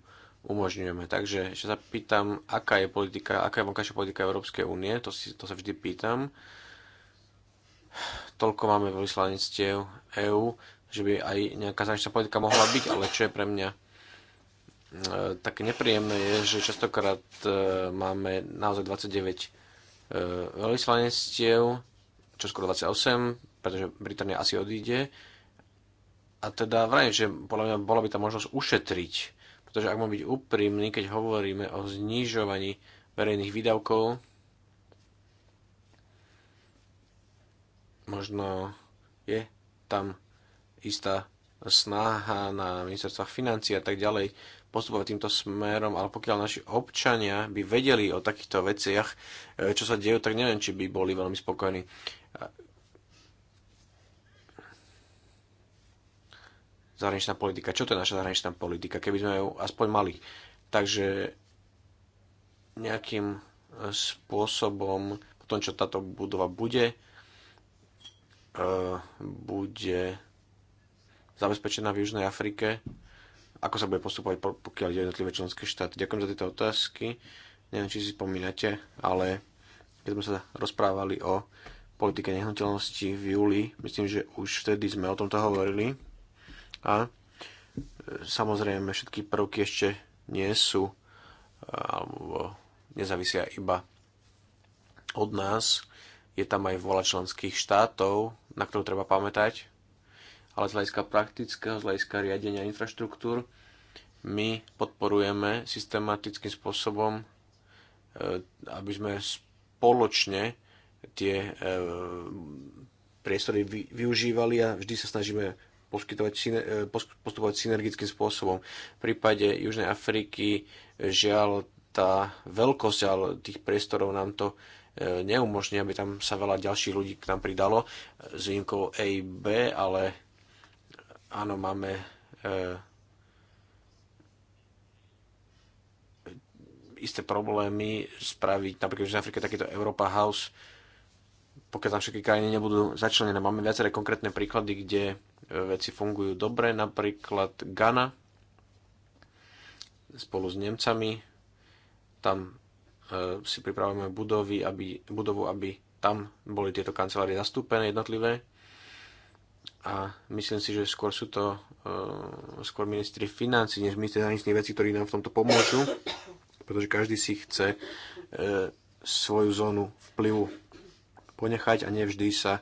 umožňujeme. Takže ešte sa pýtam, aká je politika, aká je vonkajšia politika Európskej únie, to, si, to sa vždy pýtam. Toľko máme vyslanectiev EÚ, že by aj nejaká zahraničná politika mohla byť, ale čo je pre mňa Eh, také nepríjemné je, že častokrát eh, máme naozaj 29 eh, veľvyslanectiev, čo skoro 28, pretože Británia asi odíde. A teda vrajím, že podľa mňa bola by tá možnosť ušetriť, pretože ak mám byť úprimný, keď hovoríme o znižovaní verejných výdavkov, možno je tam istá snaha na ministerstva financií a tak ďalej postupovať týmto smerom, ale pokiaľ naši občania by vedeli o takýchto veciach, e, čo sa dejú, tak neviem, či by boli veľmi spokojní. Zahraničná politika. Čo to je naša zahraničná politika, keby sme ju aspoň mali? Takže nejakým e, spôsobom, po tom, čo táto budova bude, e, bude zabezpečená v Južnej Afrike, ako sa bude postupovať, pokiaľ ide jednotlivé členské štáty. Ďakujem za tieto otázky. Neviem, či si spomínate, ale keď sme sa rozprávali o politike nehnuteľnosti v júli, myslím, že už vtedy sme o tomto hovorili a e, samozrejme všetky prvky ešte nie sú e, alebo nezavisia iba od nás. Je tam aj vola členských štátov, na ktorú treba pamätať ale z hľadiska praktického, z hľadiska riadenia infraštruktúr, my podporujeme systematickým spôsobom, e, aby sme spoločne tie e, priestory využívali a vždy sa snažíme e, postupovať synergickým spôsobom. V prípade Južnej Afriky žiaľ tá veľkosť tých priestorov nám to neumožní, aby tam sa veľa ďalších ľudí k nám pridalo s výnimkou EIB, ale Áno, máme e, isté problémy spraviť, napríklad v Afrike takýto Europa House, pokiaľ tam všetky krajiny nebudú začlenené. Máme viaceré konkrétne príklady, kde e, veci fungujú dobre, napríklad Ghana spolu s Nemcami. Tam e, si pripravujeme budovy, aby, budovu, aby tam boli tieto kancelárie zastúpené jednotlivé a myslím si, že skôr sú to uh, skôr ministri financí, než ministri zahraničných vecí, ktorí nám v tomto pomôžu, pretože každý si chce uh, svoju zónu vplyvu ponechať a nevždy sa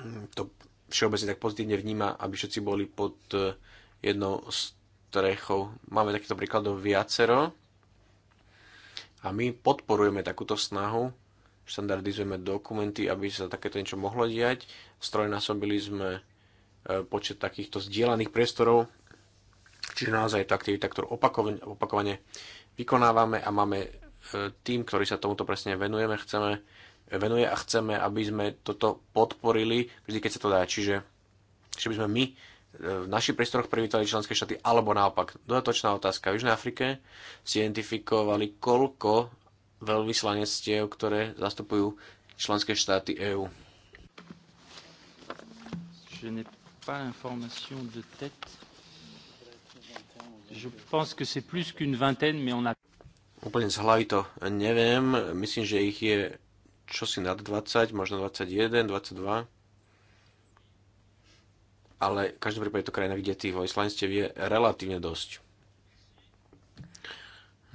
hm, to všeobecne tak pozitívne vníma, aby všetci boli pod uh, jednou strechou. Máme takýchto príkladov viacero a my podporujeme takúto snahu štandardizujeme dokumenty, aby sa takéto niečo mohlo diať. Strojnásobili sme e, počet takýchto zdieľaných priestorov, čiže naozaj je to aktivita, ktorú opakovane, opakovane vykonávame a máme e, tým, ktorý sa tomuto presne venujeme, chceme, venuje a chceme, aby sme toto podporili vždy, keď sa to dá. Čiže, že by sme my e, v našich priestoroch privítali členské štáty, alebo naopak. Dodatočná otázka. V Južnej Afrike si identifikovali, koľko veľvyslanectiev, ktoré zastupujú členské štáty EÚ. Je n'ai pas de tête. Je pense que c'est plus qu'une vingtaine, mais on a... Úplne z hlavy to neviem. Myslím, že ich je čosi nad 20, možno 21, 22. Ale v každom prípade to krajina, kde tých vojslanstiev je relatívne dosť.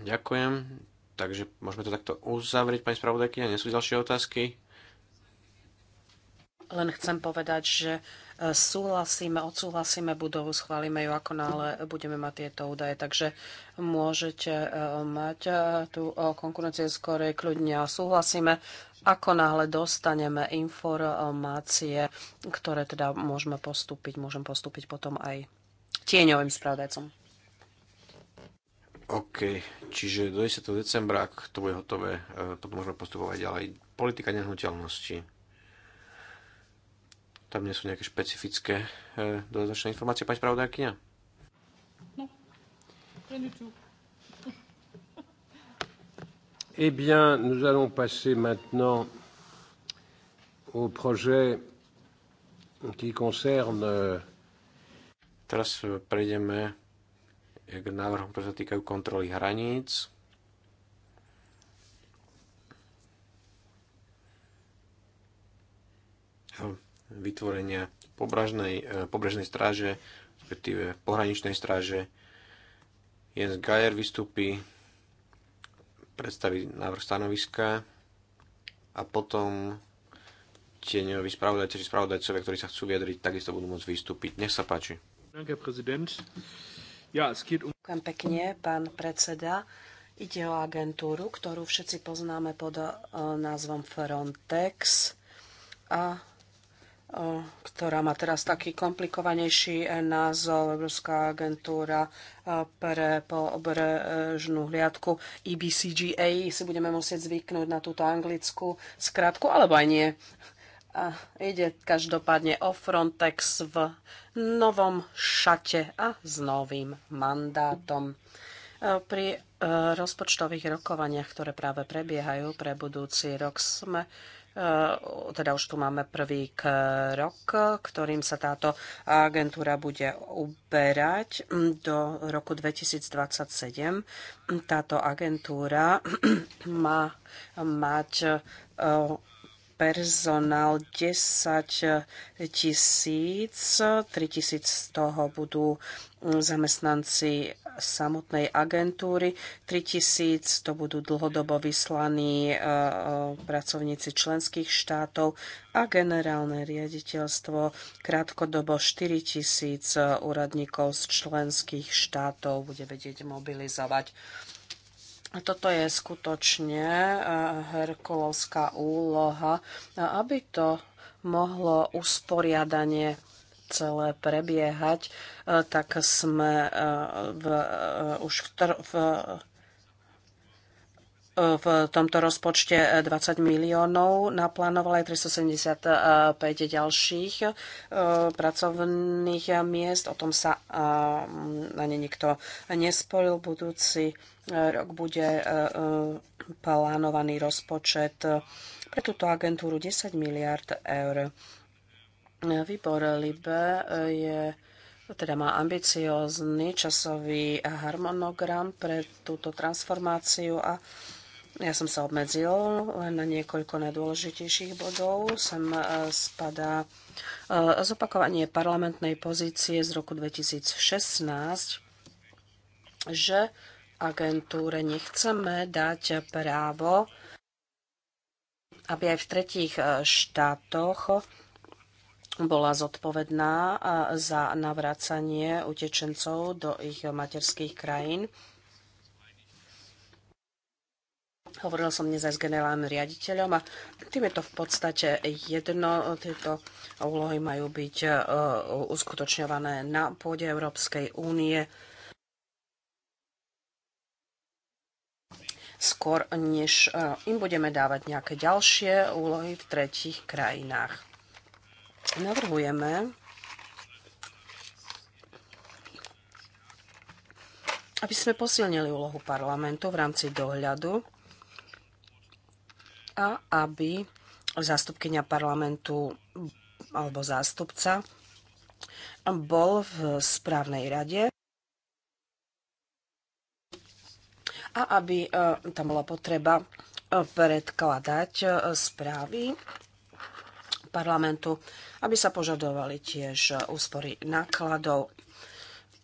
Ďakujem. Takže môžeme to takto uzavrieť, pani spravodajkyňa. Nie sú ďalšie otázky? Len chcem povedať, že e, súhlasíme, odsúhlasíme budovu, schválime ju ako nále budeme mať tieto údaje. Takže môžete e, mať e, tú konkurenciu skorej kľudne a súhlasíme, ako náhle dostaneme informácie, ktoré teda môžeme postúpiť, môžem postúpiť potom aj tieňovým spravodajcom. OK, čiže do 10. decembra, ak to bude hotové, potom eh, môžeme postupovať ďalej. Politika nehnuteľnosti. Tam nie sú nejaké špecifické eh, dodatočné informácie, pani spravodajkyňa? No. *laughs* Eh bien, nous allons passer maintenant au projet qui concerne... Euh, Teraz prejdeme k návrhom, ktoré sa týkajú kontroly hraníc. vytvorenia pobrežnej, e, pobrežnej stráže, respektíve pohraničnej stráže. Jens Geier vystúpi, predstaví návrh stanoviska a potom tieňoví spravodajci či spravodajcovia, ktorí sa chcú vyjadriť, takisto budú môcť vystúpiť. Nech sa páči. Ďakujem, Um- Ďakujem pekne, pán predseda. Ide o agentúru, ktorú všetci poznáme pod e, názvom Frontex a e, ktorá má teraz taký komplikovanejší e, názov, Európska agentúra pre pobrežnú hliadku EBCGA. Si budeme musieť zvyknúť na túto anglickú skratku, alebo aj nie. A ide každopádne o Frontex v novom šate a s novým mandátom. Pri e, rozpočtových rokovaniach, ktoré práve prebiehajú pre budúci rok, sme e, teda už tu máme prvý krok, ktorým sa táto agentúra bude uberať do roku 2027. Táto agentúra *clears throat* má mať e, personál 10 eh, tisíc, 3 tisíc z toho budú mm, zamestnanci samotnej agentúry, 3 tisíc to budú dlhodobo vyslaní eh, eh, pracovníci členských štátov a generálne riaditeľstvo krátkodobo 4 tisíc úradníkov z členských štátov bude vedieť mobilizovať. Toto je skutočne eh, herkulovská úloha, eh, aby to mohlo usporiadanie celé prebiehať, eh, tak sme v, už v, v v tomto rozpočte 20 eh, miliónov, naplánovala aj 375 ďalších eh, pracovných miest. O tom sa eh, na ne nikto nesporil. Budúci rok bude plánovaný rozpočet pre túto agentúru 10 miliard eur. Výbor Libe je teda má ambiciózny časový harmonogram pre túto transformáciu a ja som sa obmedzil len na niekoľko najdôležitejších bodov. Sem e, spadá e, zopakovanie parlamentnej pozície z roku 2016, že agentúre nechceme dať právo, aby aj v tretích e, štátoch bola zodpovedná za navracanie utečencov do ich materských krajín Hovoril som dnes aj s generálnym riaditeľom a tým je to v podstate jedno. Tieto úlohy majú byť e, uskutočňované na pôde Európskej únie. skôr, než e, im budeme dávať nejaké ďalšie úlohy v tretích krajinách. Navrhujeme, aby sme posilnili úlohu parlamentu v rámci dohľadu a aby zástupkynia parlamentu alebo zástupca bol v správnej rade a aby e, tam bola potreba e, predkladať e, správy parlamentu, aby sa požadovali tiež úspory nákladov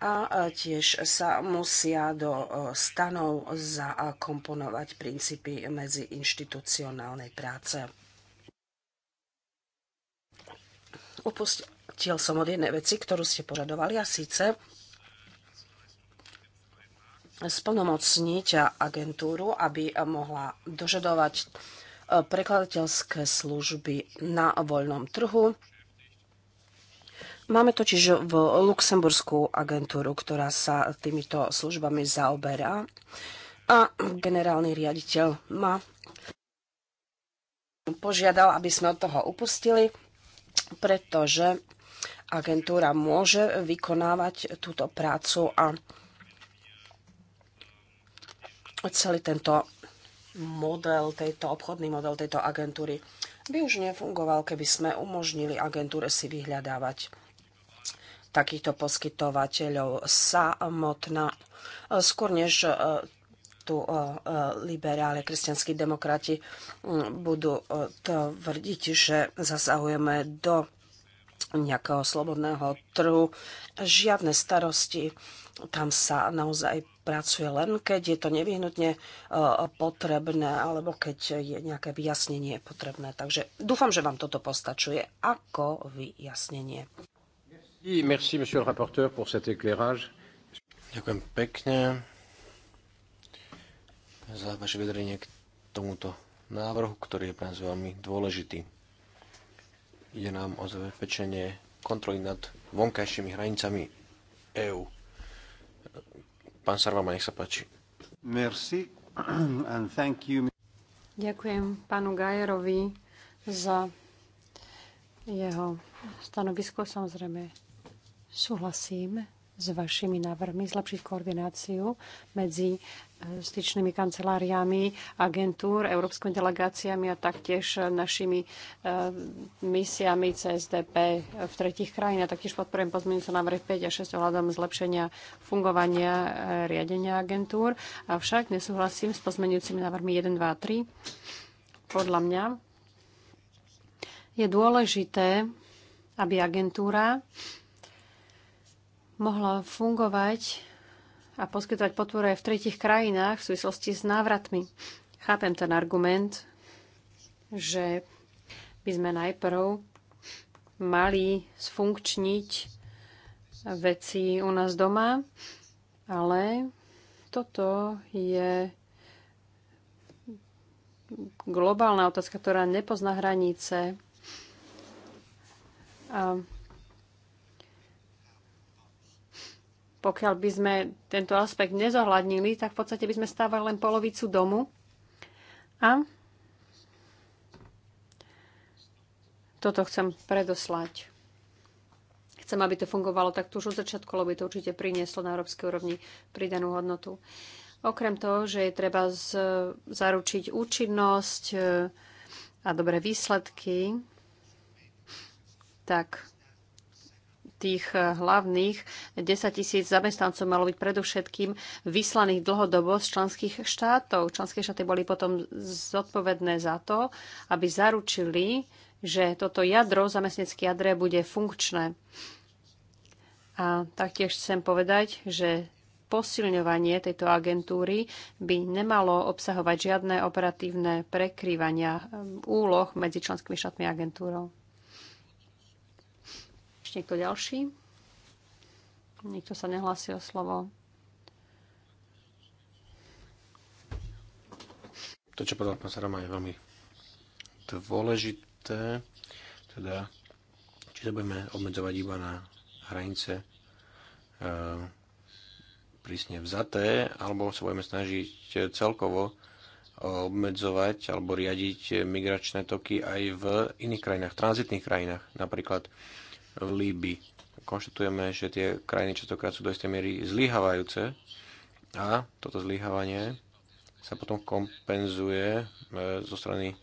a e, tiež sa musia do e, stanov zakomponovať princípy medziinštitucionálnej práce. Upustil som od jednej veci, ktorú ste požadovali, a síce splnomocniť agentúru, aby mohla dožadovať e, prekladateľské služby na voľnom trhu Máme totiž v Luxemburskú agentúru, ktorá sa týmito službami zaoberá a generálny riaditeľ ma požiadal, aby sme od toho upustili, pretože agentúra môže vykonávať túto prácu a celý tento model, tejto, obchodný model tejto agentúry by už nefungoval, keby sme umožnili agentúre si vyhľadávať takýchto poskytovateľov samotná. Skôr než e, tu e, e, liberáli, kresťanskí demokrati budú tvrdiť, že zasahujeme do nejakého slobodného trhu. Žiadne starosti, tam sa naozaj pracuje len, keď je to nevyhnutne potrebné alebo keď je nejaké vyjasnenie potrebné. Takže dúfam, že vám toto postačuje ako vyjasnenie. Merci, monsieur le rapporteur, pour cet éclairage. Ďakujem pekne za vaše vedrenie k tomuto návrhu, ktorý je pre nás veľmi dôležitý. Ide nám o zabezpečenie kontroly nad vonkajšími hranicami EÚ. Pán Sarvama, nech sa páči. Merci and thank you. Ďakujem pánu Gajerovi za jeho stanovisko. Samozrejme, Súhlasím s vašimi návrhmi zlepšiť koordináciu medzi e, styčnými kanceláriami agentúr, európskymi delegáciami a taktiež našimi e, misiami CSDP v tretich krajinách. Taktiež podporujem pozmeňujúce návrhy 5 a 6 ohľadom zlepšenia fungovania e, riadenia agentúr. Avšak nesúhlasím s pozmeňujúcimi návrhmi 1, 2 a 3. Podľa mňa je dôležité, aby agentúra mohla fungovať a poskytovať podporu aj v tretich krajinách v súvislosti s návratmi. Chápem ten argument, že by sme najprv mali sfunkčniť veci u nás doma, ale toto je globálna otázka, ktorá nepozná hranice. A Pokiaľ by sme tento aspekt nezohľadnili, tak v podstate by sme stávali len polovicu domu. A toto chcem predoslať. Chcem, aby to fungovalo tak už od začiatku, lebo by to určite prinieslo na európskej úrovni pridanú hodnotu. Okrem toho, že je treba z, zaručiť účinnosť e, a dobré výsledky, tak tých eh, hlavných 10 tisíc zamestnancov malo byť predovšetkým vyslaných dlhodobo z členských štátov. Členské štáty boli potom zodpovedné za to, aby zaručili, že toto jadro, zamestnecké jadre, bude funkčné. A taktiež chcem povedať, že posilňovanie tejto agentúry by nemalo obsahovať žiadne operatívne prekrývania eh, úloh medzi členskými štátmi agentúrou. Ešte niekto ďalší? Nikto sa nehlási o slovo. To, čo povedal pán Sarama, je veľmi dôležité. Teda, či to budeme obmedzovať iba na hranice e, prísne vzaté, alebo sa budeme snažiť celkovo obmedzovať alebo riadiť migračné toky aj v iných krajinách, v tranzitných krajinách. Napríklad Líby. Konštatujeme, že tie krajiny častokrát sú do istej miery zlyhávajúce a toto zlyhávanie sa potom kompenzuje e, zo strany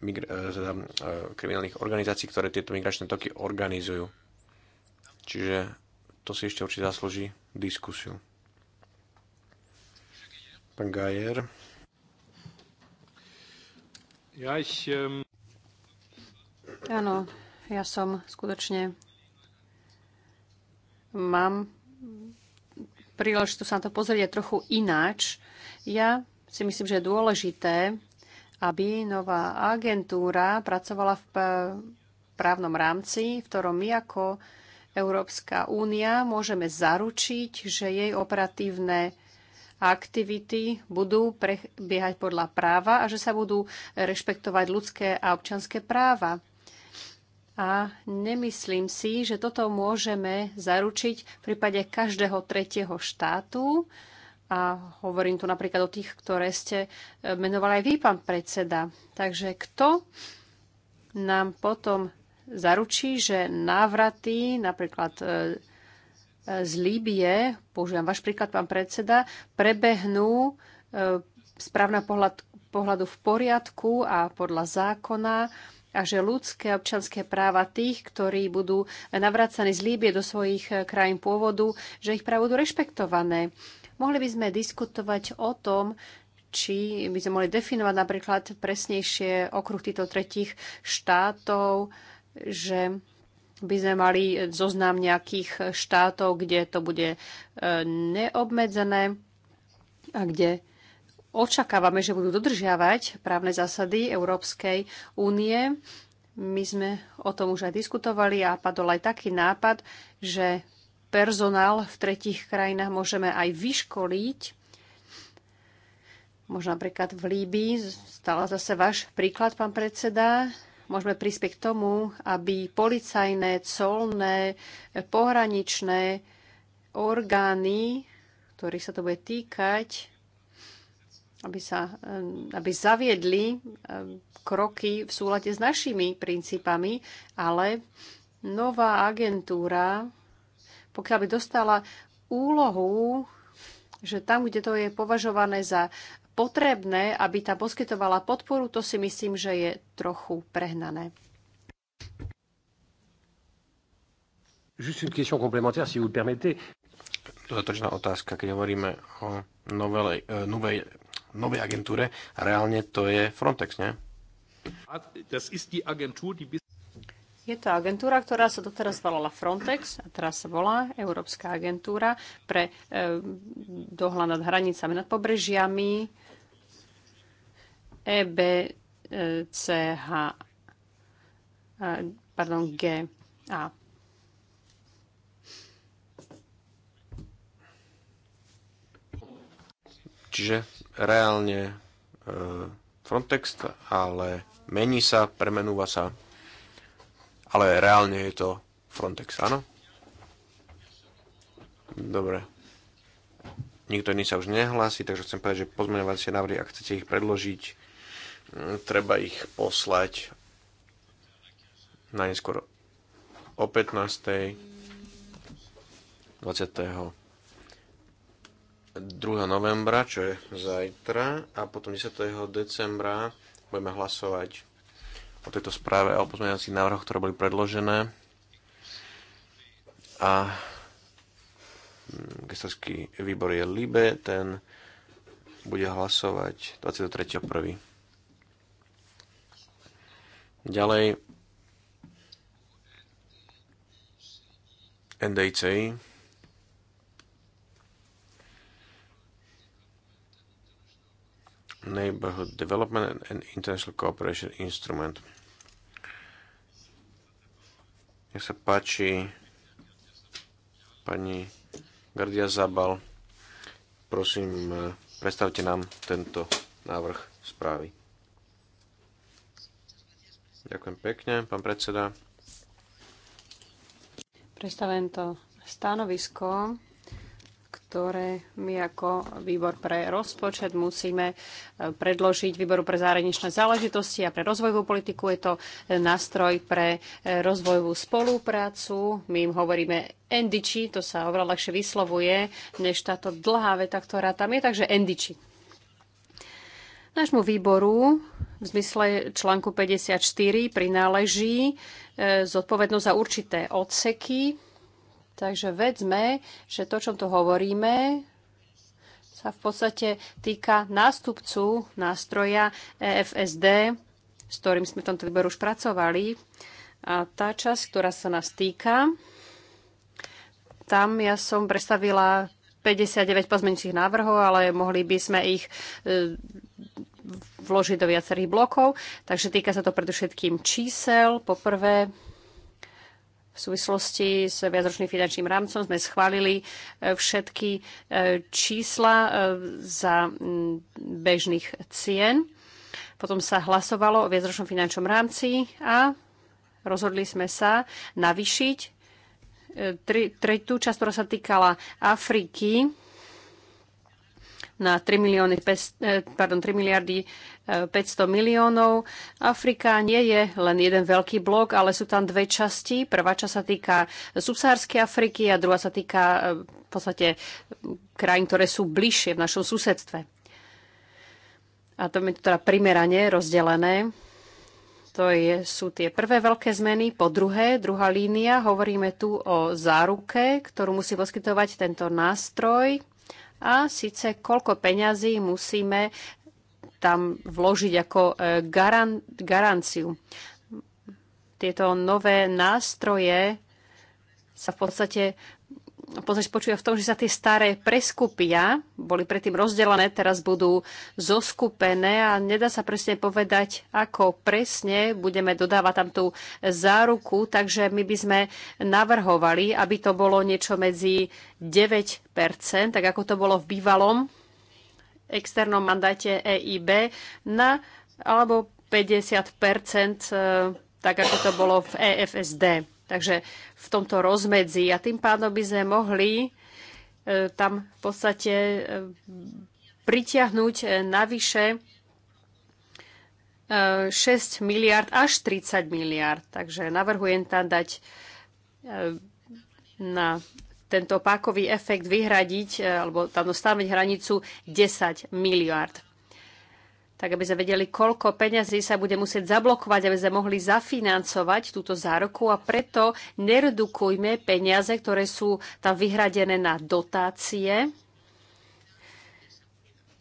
e, teda, e, kriminálnych organizácií, ktoré tieto migračné toky organizujú. Čiže to si ešte určite zaslúži diskusiu. Pán Gajer. Ja, ich, um... Áno, ja som skutočne mám príležitosť sa na to pozrieť trochu ináč. Ja si myslím, že je dôležité, aby nová agentúra pracovala v eh, právnom rámci, v ktorom my ako Európska únia môžeme zaručiť, že jej operatívne aktivity budú prebiehať podľa práva a že sa budú rešpektovať ľudské a občanské práva a nemyslím si, že toto môžeme zaručiť v prípade každého tretieho štátu. A hovorím tu napríklad o tých, ktoré ste e, menovali aj vy, pán predseda. Takže kto nám potom zaručí, že návraty napríklad e, e, z Líbie, používam váš príklad, pán predseda, prebehnú správna pohľad, pohľadu v poriadku a podľa zákona a že ľudské a občanské práva tých, ktorí budú navracaní z Líbie do svojich eh, krajín pôvodu, že ich práva budú rešpektované. Mohli by sme diskutovať o tom, či by sme mohli definovať napríklad presnejšie okruh týchto tretich štátov, že by sme mali zoznam nejakých štátov, kde to bude eh, neobmedzené a kde očakávame, že budú dodržiavať právne zásady Európskej únie. My sme o tom už aj diskutovali a padol aj taký nápad, že personál v tretich krajinách môžeme aj vyškoliť. Možno napríklad v Líbii, stala zase váš príklad, pán predseda, môžeme prispieť k tomu, aby policajné, colné, pohraničné orgány, ktorých sa to bude týkať, aby, sa, eh, aby zaviedli eh, kroky v súlade s našimi princípami, ale nová agentúra, pokiaľ by dostala úlohu, že tam, kde to je považované za potrebné, aby tá poskytovala podporu, to si myslím, že je trochu prehnané. si dodatočná otázka, keď hovoríme o eh, novej novej novej agentúre. Reálne to je Frontex, nie? Je to agentúra, ktorá sa doteraz volala Frontex a teraz sa volá Európska agentúra pre e, dohľad nad hranicami, nad pobrežiami EBCH e, e, pardon, GA. Čiže reálne e, Frontex, ale mení sa, premenúva sa, ale reálne je to Frontex, áno? Dobre. Nikto iný sa už nehlási, takže chcem povedať, že pozmeňovacie návrhy, ak chcete ich predložiť, e, treba ich poslať najskôr o 15. 20. 2. novembra, čo je zajtra, a potom 10. decembra budeme hlasovať o tejto správe a o pozmeňovacích návrhoch, ktoré boli predložené. A mm, gestorský výbor je Libe, ten bude hlasovať 23.1. Ďalej NDC Neighborhood Development and International Cooperation Instrument. Nech sa páči, pani Gardia Zabal, prosím, eh, predstavte nám tento návrh správy. Ďakujem pekne, pán predseda. Predstavujem to stanovisko ktoré my ako výbor pre rozpočet musíme e, predložiť výboru pre zahraničné záležitosti a pre rozvojovú politiku. Je to e, nástroj pre e, rozvojovú spoluprácu. My im hovoríme endiči, to sa oveľa ľahšie vyslovuje, než táto dlhá veta, ktorá tam je, takže endiči. Nášmu výboru v zmysle článku 54 prináleží zodpovednosť za určité odseky Takže vedzme, že to, čo tu hovoríme, sa v podstate týka nástupcu nástroja EFSD, s ktorým sme v tomto výboru už pracovali. A tá časť, ktorá sa nás týka, tam ja som predstavila 59 pozmeňujúcich návrhov, ale mohli by sme ich e, vložiť do viacerých blokov. Takže týka sa to predovšetkým čísel. Poprvé, v súvislosti s viacročným finančným rámcom sme schválili e, všetky e, čísla e, za bežných cien. Potom sa hlasovalo o viacročnom finančnom rámci a rozhodli sme sa navyšiť tretú časť, ktorá sa týkala Afriky na 3, milióny, pardon, 3 miliardy 500 miliónov. Afrika nie je len jeden veľký blok, ale sú tam dve časti. Prvá časť sa týka subsárskej Afriky a druhá sa týka v podstate krajín, ktoré sú bližšie v našom susedstve. A to je teda primerane rozdelené. To je, sú tie prvé veľké zmeny. Po druhé, druhá línia, hovoríme tu o záruke, ktorú musí poskytovať tento nástroj. A síce koľko peňazí musíme tam vložiť ako e, garan- garanciu. Tieto nové nástroje sa v podstate v podstate počúva v tom, že sa tie staré preskupia, boli predtým rozdelené, teraz budú zoskupené a nedá sa presne povedať, ako presne budeme dodávať tam tú záruku, takže my by sme navrhovali, aby to bolo niečo medzi 9%, tak ako to bolo v bývalom externom mandáte EIB na alebo 50 e, tak ako to bolo v EFSD. Takže v tomto rozmedzi a tým pádom by sme mohli e, tam v podstate e, pritiahnuť navyše 6 miliard až 30 miliard. Takže navrhujem tam dať na tento pákový efekt vyhradiť, e, alebo tam dostávať hranicu 10 miliard. Tak aby sme vedeli, koľko peňazí sa bude musieť zablokovať, aby sme mohli zafinancovať túto zároku a preto neredukujme peniaze, ktoré sú tam vyhradené na dotácie,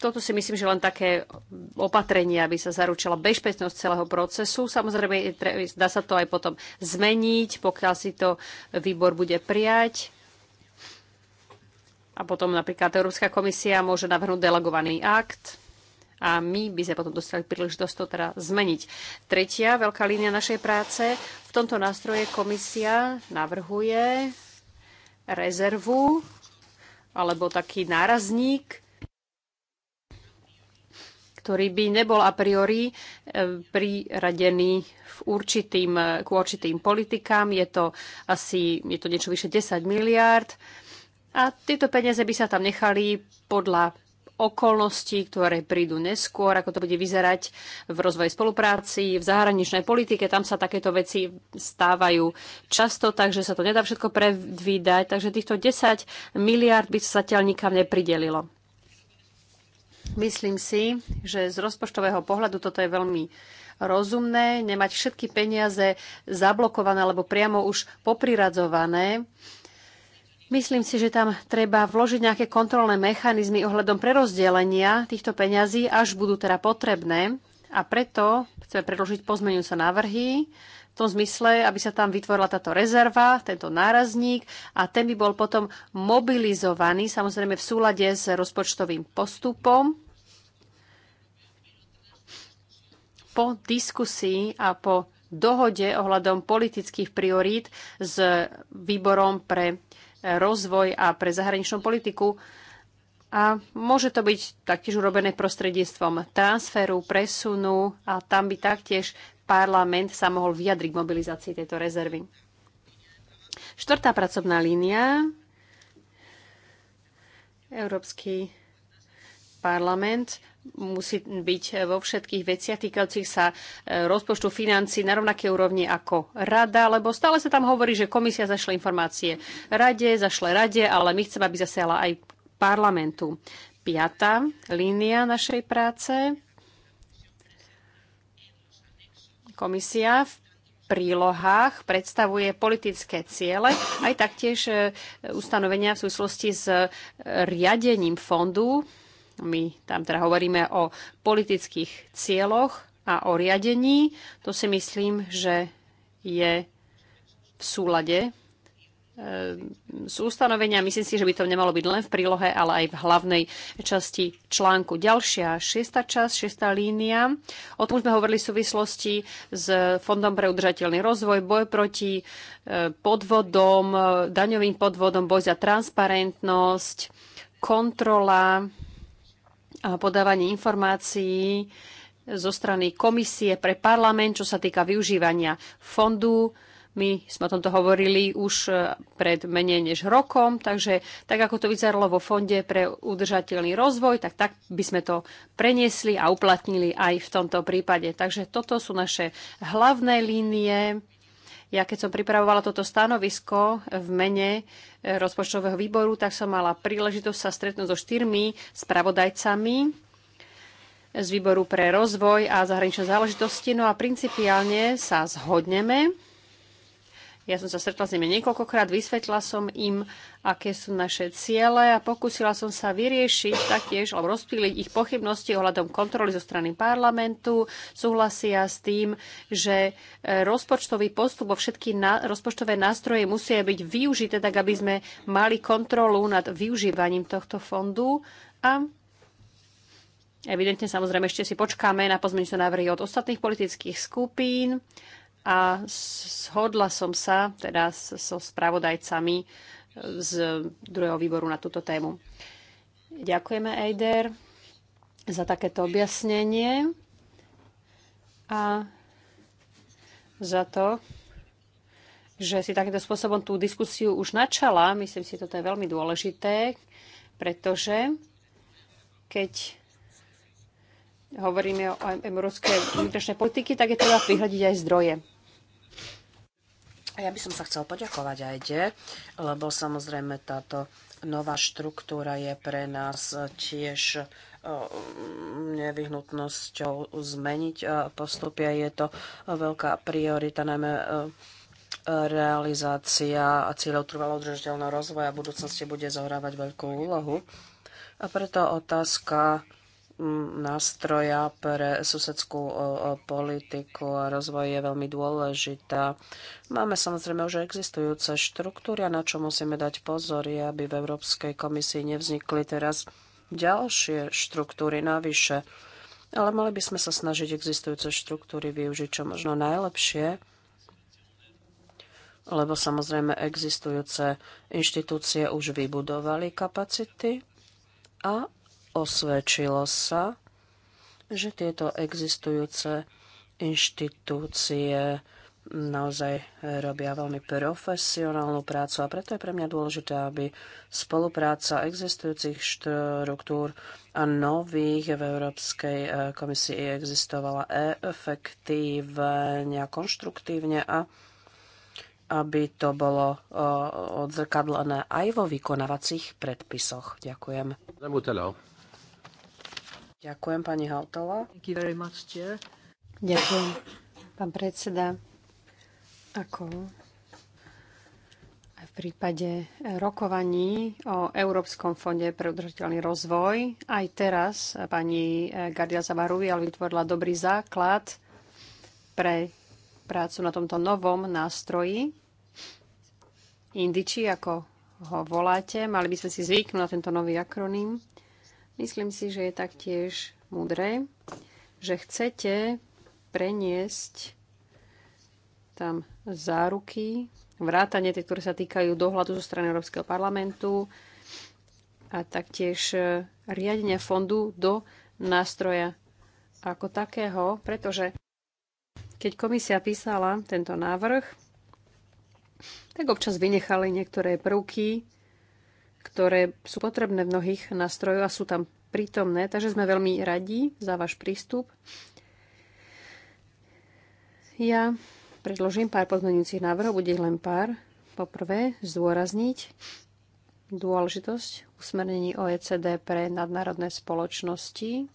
toto si myslím, že len také opatrenie, aby sa zaručila bezpečnosť celého procesu. Samozrejme, dá sa to aj potom zmeniť, pokiaľ si to výbor bude prijať. A potom napríklad Európska komisia môže navrhnúť delegovaný akt a my by sme potom dostali príležitosť to teda zmeniť. Tretia veľká línia našej práce. V tomto nástroje komisia navrhuje rezervu alebo taký nárazník, ktorý by nebol a priori e, priradený v určitým, e, k určitým politikám. Je to asi je to niečo vyše 10 miliárd a tieto peniaze by sa tam nechali podľa okolností, ktoré prídu neskôr, ako to bude vyzerať v rozvoji spolupráci, v zahraničnej politike. Tam sa takéto veci stávajú často, takže sa to nedá všetko predvídať. Takže týchto 10 miliard by sa zatiaľ nikam nepridelilo. Myslím si, že z rozpočtového pohľadu toto je veľmi rozumné, nemať všetky peniaze zablokované alebo priamo už popriradzované. Myslím si, že tam treba vložiť nejaké kontrolné mechanizmy ohľadom prerozdelenia týchto peňazí, až budú teda potrebné. A preto chceme predložiť pozmeňujúce návrhy v tom zmysle, aby sa tam vytvorila táto rezerva, tento nárazník a ten by bol potom mobilizovaný, samozrejme v súlade s rozpočtovým postupom po diskusii a po dohode ohľadom politických priorít s výborom pre rozvoj a pre zahraničnú politiku. A môže to byť taktiež urobené prostredníctvom transferu, presunu a tam by taktiež parlament sa mohol vyjadriť k mobilizácii tejto rezervy. Štvrtá pracovná línia. Európsky parlament musí byť vo všetkých veciach týkajúcich sa e, rozpočtu financí na rovnaké úrovni ako rada, lebo stále sa tam hovorí, že komisia zašle informácie rade, zašle rade, ale my chceme, aby zasiala aj parlamentu. Piatá línia našej práce. Komisia v prílohách predstavuje politické ciele, aj taktiež e, ustanovenia v súvislosti s e, riadením fondu my tam teda hovoríme o politických cieľoch a o riadení. To si myslím, že je v súlade eh, s ustanovenia. Myslím si, že by to nemalo byť len v prílohe, ale aj v hlavnej časti článku. Ďalšia, šiesta časť, šiesta línia. O tom sme hovorili v súvislosti s Fondom pre udržateľný rozvoj, boj proti eh, podvodom, eh, daňovým podvodom, boj za transparentnosť, kontrola podávanie informácií zo strany komisie pre parlament, čo sa týka využívania fondu. My sme o tomto hovorili už e, pred menej než rokom, takže tak ako to vyzeralo vo Fonde pre udržateľný rozvoj, tak tak by sme to preniesli a uplatnili aj v tomto prípade. Takže toto sú naše hlavné línie ja keď som pripravovala toto stanovisko v mene e, rozpočtového výboru, tak som mala príležitosť sa stretnúť so štyrmi spravodajcami z výboru pre rozvoj a zahraničné záležitosti. No a principiálne sa zhodneme ja som sa stretla s nimi niekoľkokrát, vysvetla som im, aké sú naše ciele a pokúsila som sa vyriešiť taktiež, alebo rozpíliť ich pochybnosti ohľadom kontroly zo strany parlamentu. Súhlasia s tým, že e, rozpočtový postup o všetky na, rozpočtové nástroje musia byť využité tak, aby sme mali kontrolu nad využívaním tohto fondu. A Evidentne samozrejme ešte si počkáme na pozmeňujúce návrhy od ostatných politických skupín a shodla som sa teda so spravodajcami z druhého výboru na túto tému. Ďakujeme, Eider, za takéto objasnenie a za to, že si takýmto spôsobom tú diskusiu už načala. Myslím si, že toto je veľmi dôležité, pretože keď hovoríme o európskej vnútornej politiky, tak je treba prihľadiť aj zdroje. Ja by som sa chcel poďakovať aj de, lebo samozrejme táto nová štruktúra je pre nás tiež nevyhnutnosťou zmeniť postupy a je to veľká priorita, najmä realizácia a cieľov trvalo udržateľného rozvoja v budúcnosti bude zohrávať veľkú úlohu. A preto otázka nástroja pre susedskú politiku a rozvoj je veľmi dôležitá. Máme samozrejme už existujúce štruktúry a na čo musíme dať pozor, je, aby v Európskej komisii nevznikli teraz ďalšie štruktúry navyše. Ale mali by sme sa snažiť existujúce štruktúry využiť čo možno najlepšie lebo samozrejme existujúce inštitúcie už vybudovali kapacity a osvedčilo sa, že tieto existujúce inštitúcie naozaj robia veľmi profesionálnu prácu a preto je pre mňa dôležité, aby spolupráca existujúcich štruktúr a nových v Európskej e, komisii existovala efektívne a konštruktívne a aby to bolo e, odzrkadlené aj vo vykonávacích predpisoch. Ďakujem. Ďakujem, pani Hautala. Much, Ďakujem, pán predseda. Ako aj v prípade rokovaní o Európskom fonde pre udržateľný rozvoj, aj teraz pani Gardia Zavaruvial vytvorila dobrý základ pre prácu na tomto novom nástroji. Indiči, ako ho voláte, mali by sme si zvyknúť na tento nový akroným. Myslím si, že je taktiež múdre, že chcete preniesť tam záruky, vrátanie tie, ktoré sa týkajú dohľadu zo strany Európskeho parlamentu a taktiež e, riadenia fondu do nástroja ako takého, pretože keď komisia písala tento návrh, tak občas vynechali niektoré prvky, ktoré sú potrebné v mnohých nástrojov a sú tam prítomné, takže sme veľmi radi za váš prístup. Ja predložím pár pozmeňujúcich návrhov, bude len pár. Poprvé, zdôrazniť dôležitosť usmernení OECD pre nadnárodné spoločnosti,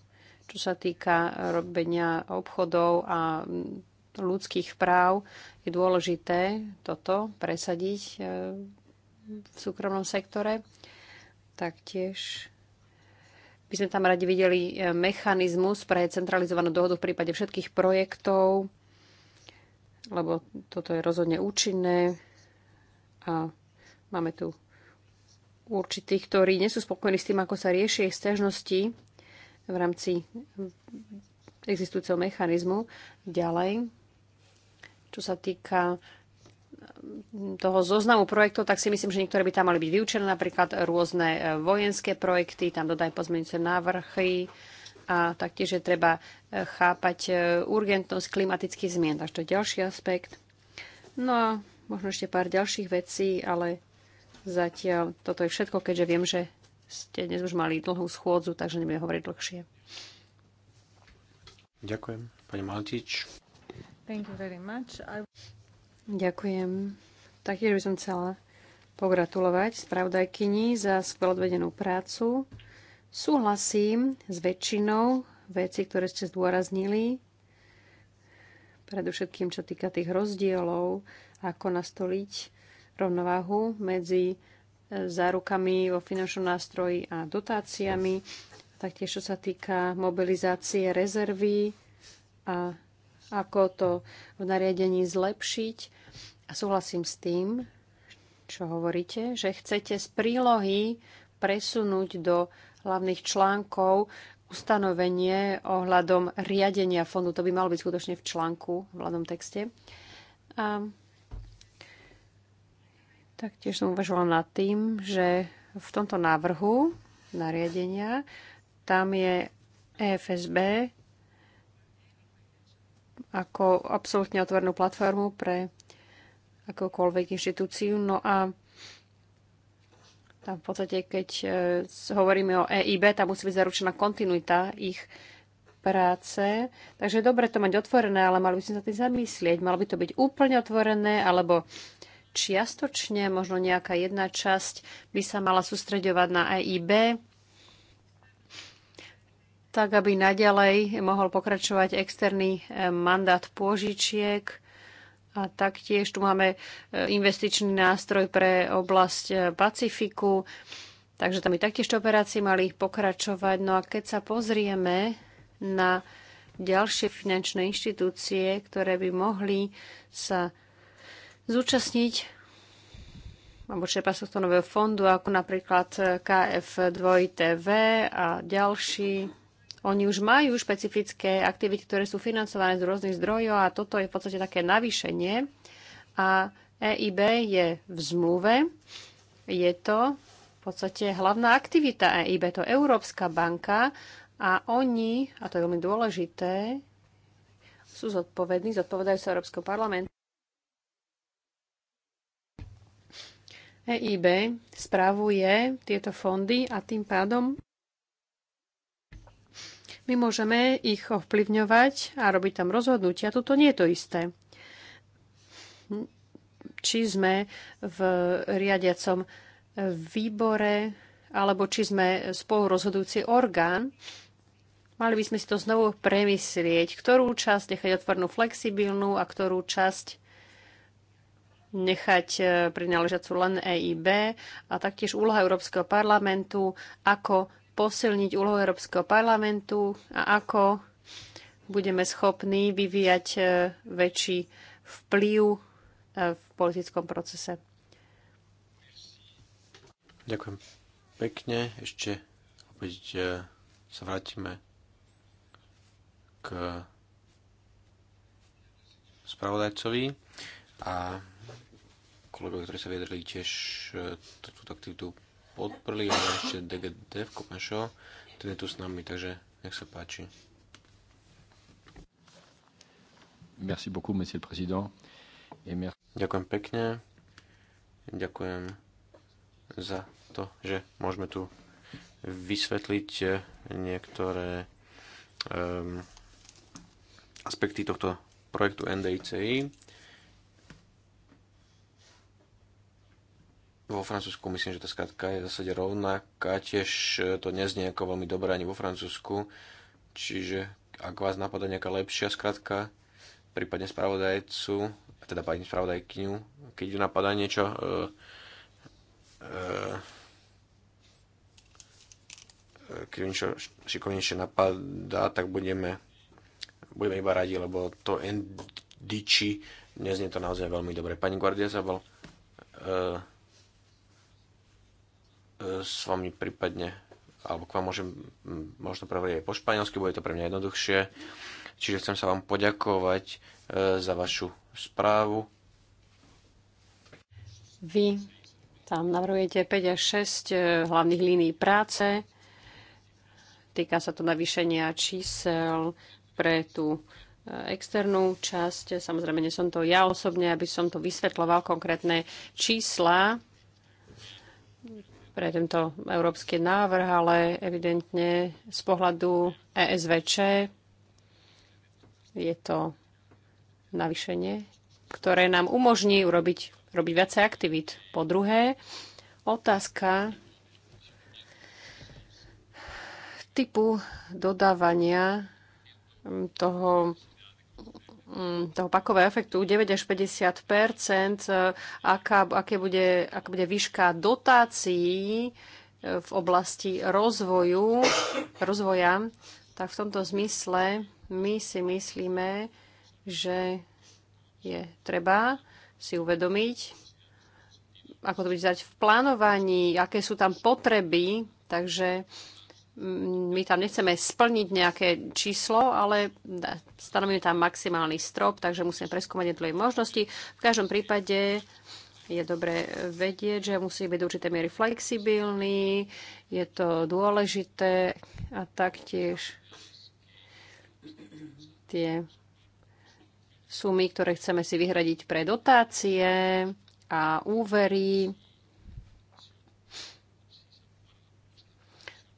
čo sa týka robenia obchodov a ľudských práv. Je dôležité toto presadiť e, v súkromnom sektore. Taktiež by sme tam radi videli e, mechanizmus pre centralizovanú dohodu v prípade všetkých projektov, lebo toto je rozhodne účinné a máme tu určitých, ktorí nie sú spokojní s tým, ako sa riešia ich stiažnosti v rámci existujúceho mechanizmu. Ďalej, čo sa týka toho zoznamu projektov, tak si myslím, že niektoré by tam mali byť vyučené, napríklad rôzne e, vojenské projekty, tam dodaj pozmeňujúce návrhy a taktiež je treba e, chápať e, urgentnosť klimatických zmien. Takže to je ďalší aspekt. No a možno ešte pár ďalších vecí, ale zatiaľ toto je všetko, keďže viem, že ste dnes už mali dlhú schôdzu, takže nebudem hovoriť dlhšie. Ďakujem. Pani Maltič. Thank you very much. I... Ďakujem. Takže by som chcela pogratulovať spravodajkyni za skvelú odvedenú prácu. Súhlasím s väčšinou veci, ktoré ste zdôraznili, predovšetkým čo týka tých rozdielov, ako nastoliť rovnováhu medzi e, zárukami vo finančnom nástroji a dotáciami, taktiež čo sa týka mobilizácie rezervy a ako to v nariadení zlepšiť. A súhlasím s tým, čo hovoríte, že chcete z prílohy presunúť do hlavných článkov ustanovenie ohľadom riadenia fondu. To by malo byť skutočne v článku, v hľadom texte. A taktiež som uvažovala nad tým, že v tomto návrhu nariadenia tam je EFSB ako absolútne otvorenú platformu pre akúkoľvek inštitúciu. No a tam v podstate, keď e, hovoríme o EIB, tam musí byť zaručená kontinuita ich práce. Takže je dobre to mať otvorené, ale mali by sme sa tým zamyslieť. Malo by to byť úplne otvorené, alebo čiastočne, možno nejaká jedna časť by sa mala sústreďovať na EIB, tak aby naďalej mohol pokračovať externý eh, mandát pôžičiek. A taktiež tu máme eh, investičný nástroj pre oblasť eh, Pacifiku, takže tam by taktiež operácie mali pokračovať. No a keď sa pozrieme na ďalšie finančné inštitúcie, ktoré by mohli sa zúčastniť alebo čerpať z tohto nového fondu, ako napríklad KF2TV a ďalší oni už majú špecifické aktivity, ktoré sú financované z rôznych zdrojov a toto je v podstate také navýšenie. A EIB je v zmluve. Je to v podstate hlavná aktivita EIB, to je Európska banka a oni, a to je veľmi dôležité, sú zodpovední, zodpovedajú sa Európskom parlamentu. EIB spravuje tieto fondy a tým pádom my môžeme ich ovplyvňovať a robiť tam rozhodnutia. Toto nie je to isté. Či sme v riadiacom výbore, alebo či sme spolurozhodujúci orgán, mali by sme si to znovu premyslieť, ktorú časť nechať otvornú flexibilnú a ktorú časť nechať e, prináležacú len EIB a taktiež úloha Európskeho parlamentu, ako posilniť úlohu Európskeho parlamentu a ako budeme schopní vyvíjať e, väčší vplyv e, v politickom procese. Ďakujem pekne. Ešte opäť e, sa vrátime k spravodajcovi a kolegovi, ktorí sa vyjadrili tiež túto aktivitu podprli, a ešte DGDF Kopenšo, ten je tu s nami, takže nech sa páči. Merci beaucoup, monsieur le président. merci... Ďakujem pekne. Ďakujem za to, že môžeme tu vysvetliť eh, niektoré um, aspekty tohto projektu NDICI vo Francúzsku myslím, že tá skratka je v zásade rovnaká, tiež e, to neznie ako veľmi dobré ani vo Francúzsku, čiže ak vás napadá nejaká lepšia skratka, prípadne spravodajcu, teda pani spravodajkyňu, keď ju napadá niečo, e, e, keď niečo šikovnejšie napadá, tak budeme, budeme iba radi, lebo to NDC neznie to naozaj veľmi dobre. Pani Guardia Zabal, uh, s vami prípadne, alebo k vám môžem možno prevoriť aj po španielsky, bude to pre mňa jednoduchšie. Čiže chcem sa vám poďakovať e, za vašu správu. Vy tam navrhujete 5 až 6 e, hlavných línií práce. Týka sa to navýšenia čísel pre tú e, externú časť. Samozrejme, nie som to ja osobne, aby som to vysvetloval konkrétne čísla pre tento európsky návrh, ale evidentne z pohľadu ESVČ je to navýšenie, ktoré nám umožní urobiť robiť viacej aktivít. Po druhé, otázka typu dodávania toho Mm, toho pakového efektu 9 až 50 e, aká, aké bude, aká bude výška dotácií e, v oblasti rozvoju, rozvoja, tak v tomto zmysle my si myslíme, že je treba si uvedomiť, ako to bude dať v plánovaní, aké sú tam potreby, takže my tam nechceme splniť nejaké číslo, ale stanovíme tam maximálny strop, takže musíme preskúmať jednotlivé možnosti. V každom prípade je dobre vedieť, že musí byť určité miery flexibilný, je to dôležité a taktiež tie sumy, ktoré chceme si vyhradiť pre dotácie a úvery,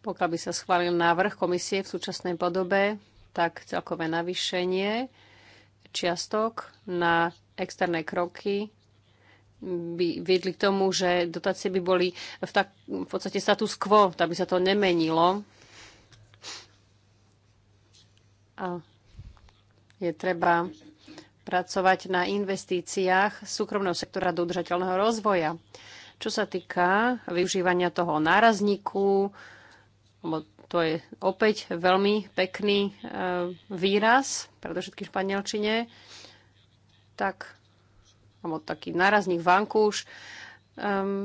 pokiaľ by sa schválil návrh komisie v súčasnej podobe, tak celkové navýšenie čiastok na externé kroky by viedli k tomu, že dotácie by boli v, tak, v podstate status quo, aby sa to nemenilo. A je treba pracovať na investíciách súkromného sektora do udržateľného rozvoja. Čo sa týka využívania toho nárazníku, to je opäť veľmi pekný e, výraz, predovšetkým v španielčine, tak, alebo taký nárazník vankúš. Um, ehm,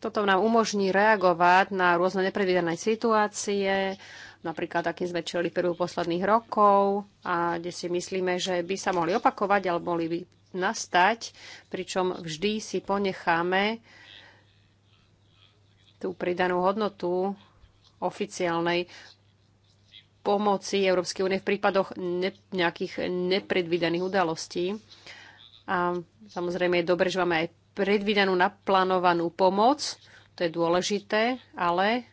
toto nám umožní reagovať na rôzne nepredvídané situácie, napríklad akým sme čeli Peru posledných rokov a kde si myslíme, že by sa mohli opakovať alebo mohli by nastať, pričom vždy si ponecháme tú pridanú hodnotu oficiálnej pomoci Európskej únie v prípadoch ne, nejakých nepredvídaných udalostí. A samozrejme je dobre, že máme aj predvídanú, naplánovanú pomoc, to je dôležité, ale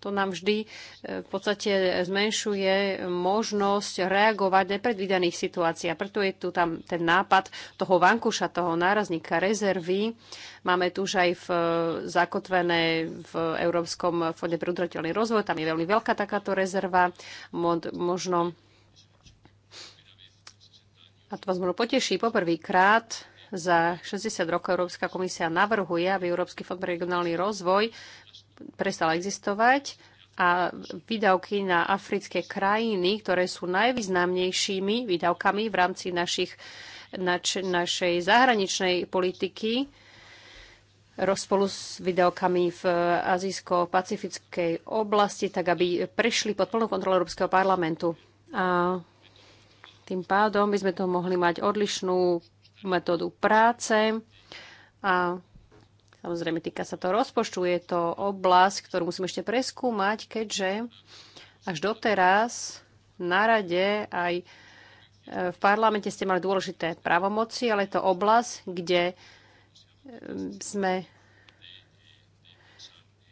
to nám vždy e, v podstate zmenšuje možnosť reagovať v nepredvídaných situáciách. Preto je tu tam ten nápad toho vankuša, toho nárazníka rezervy. Máme tu už aj v, e, zakotvené v Európskom fonde pre udržateľný rozvoj. Tam je veľmi veľká takáto rezerva. Možno a to vás možno poteší poprvýkrát za 60 rokov Európska komisia navrhuje, aby Európsky fond pre regionálny rozvoj prestala existovať a výdavky na africké krajiny, ktoré sú najvýznamnejšími výdavkami v rámci našich, nač, našej zahraničnej politiky, spolu s videokami v azijsko-pacifickej oblasti, tak aby prešli pod plnú kontrolu Európskeho parlamentu. A tým pádom by sme to mohli mať odlišnú metódu práce a Samozrejme, týka sa to rozpočtu. Je to oblasť, ktorú musím ešte preskúmať, keďže až doteraz na rade aj e, v parlamente ste mali dôležité právomoci, ale je to oblasť, kde e, sme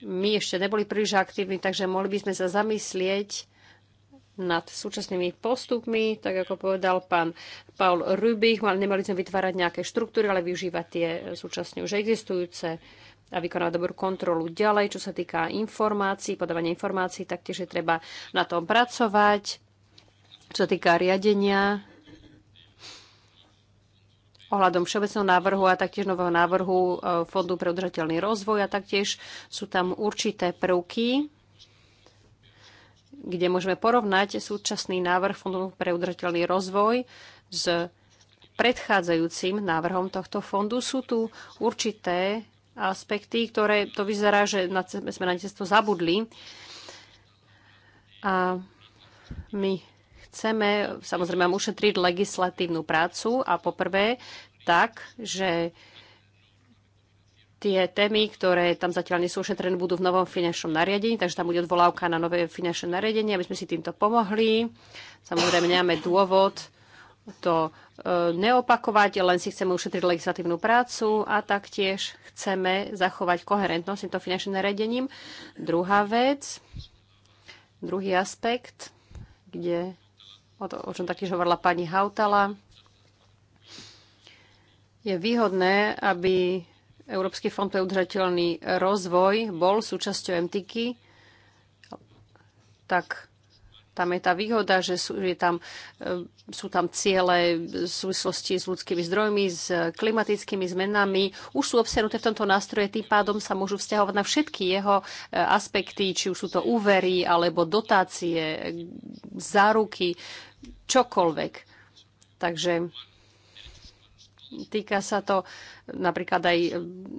my ešte neboli príliš aktívni, takže mohli by sme sa zamyslieť nad súčasnými postupmi, tak ako povedal pán Paul Rubich, nemali sme vytvárať nejaké štruktúry, ale využívať tie súčasne už existujúce a vykonávať dobrú kontrolu. Ďalej, čo sa týka informácií, podávania informácií, taktiež je treba na tom pracovať. Čo sa týka riadenia, ohľadom všeobecného návrhu a taktiež nového návrhu eh, Fondu pre udržateľný rozvoj a taktiež sú tam určité prvky, kde môžeme porovnať súčasný návrh Fondu pre udržateľný rozvoj s predchádzajúcim návrhom tohto fondu. Sú tu určité aspekty, ktoré to vyzerá, že na, sme na cesto zabudli. A my chceme samozrejme ušetriť legislatívnu prácu a poprvé tak, že tie témy, ktoré tam zatiaľ nie sú ošetrené, budú v novom finančnom nariadení, takže tam bude odvolávka na nové finančné nariadenie, aby sme si týmto pomohli. Samozrejme, nemáme dôvod to e, neopakovať, len si chceme ušetriť legislatívnu prácu a taktiež chceme zachovať koherentnosť týmto finančným nariadením. Druhá vec, druhý aspekt, kde, o, to, o čom taktiež hovorila pani Hautala, je výhodné, aby Európsky fond pre udržateľný rozvoj bol súčasťou MTK, tak tam je tá výhoda, že sú, je tam, e, sú tam ciele v súvislosti s ľudskými zdrojmi, s klimatickými zmenami. Už sú obsiahnuté v tomto nástroje, tým pádom sa môžu vzťahovať na všetky jeho e, aspekty, či už sú to úvery, alebo dotácie, záruky, čokoľvek. Takže Týka sa to napríklad aj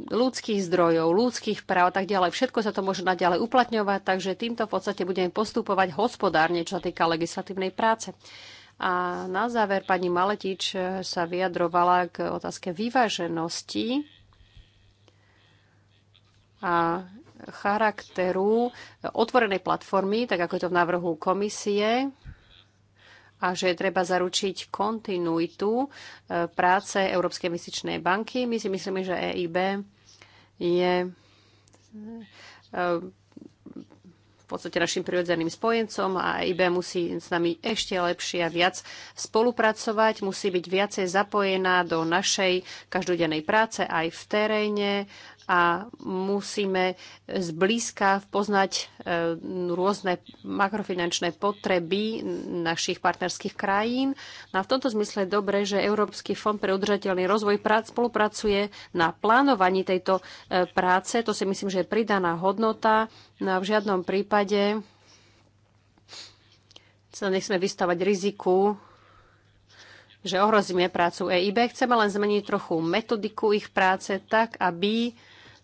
ľudských zdrojov, ľudských práv a tak ďalej. Všetko sa to môže naďalej uplatňovať, takže týmto v podstate budeme postupovať hospodárne, čo sa týka legislatívnej práce. A na záver pani Maletič sa vyjadrovala k otázke vyváženosti a charakteru otvorenej platformy, tak ako je to v návrhu komisie a že treba zaručiť kontinuitu e, práce Európskej investičnej banky. My si myslíme, že EIB je e, v podstate našim prirodzeným spojencom a EIB musí s nami ešte lepšie a viac spolupracovať, musí byť viacej zapojená do našej každodennej práce aj v teréne a musíme zblízka poznať e, rôzne makrofinančné potreby našich partnerských krajín. No a v tomto zmysle je dobré, že Európsky fond pre udržateľný rozvoj prác spolupracuje na plánovaní tejto e, práce. To si myslím, že je pridaná hodnota. No a v žiadnom prípade sa nechceme vystavať riziku že ohrozíme prácu EIB. Chceme len zmeniť trochu metodiku ich práce tak, aby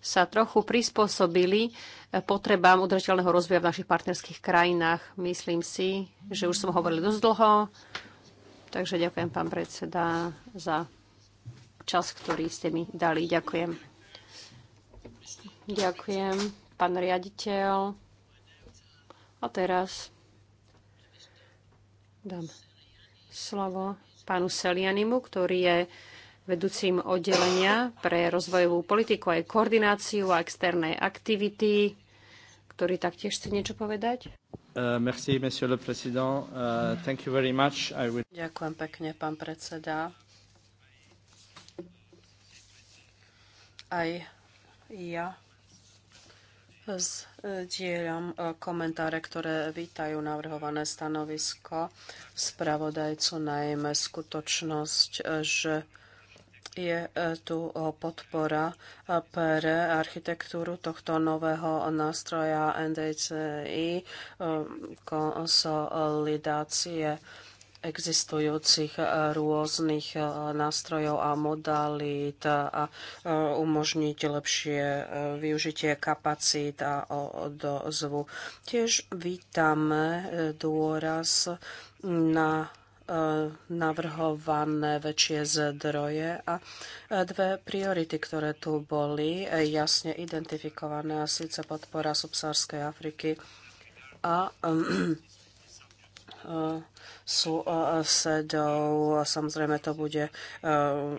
sa trochu prispôsobili e, potrebám udržateľného rozvoja v našich partnerských krajinách. Myslím si, že už som hovoril dosť dlho, takže ďakujem pán predseda za čas, ktorý ste mi dali. Ďakujem. Ďakujem, pán riaditeľ. A teraz dám slovo pánu Selianimu, ktorý je vedúcim oddelenia pre rozvojovú politiku aj koordináciu a externé aktivity, ktorý taktiež chce niečo povedať. Uh, uh, Ďakujem pekne, pán predseda. Aj ja Zdieľam uh, komentáre, ktoré vítajú navrhované stanovisko spravodajcu, najmä skutočnosť, že je e, tu e, podpora e, pre architektúru tohto nového nástroja NDCI, konsolidácie existujúcich rôznych nástrojov a modalít a umožniť lepšie využitie kapacít a dozvu. Tiež vítame dôraz na navrhované väčšie zdroje a dve priority, ktoré tu boli jasne identifikované, a síce podpora subsárskej Afriky a eh, sú eh, sedou. Samozrejme, to bude eh,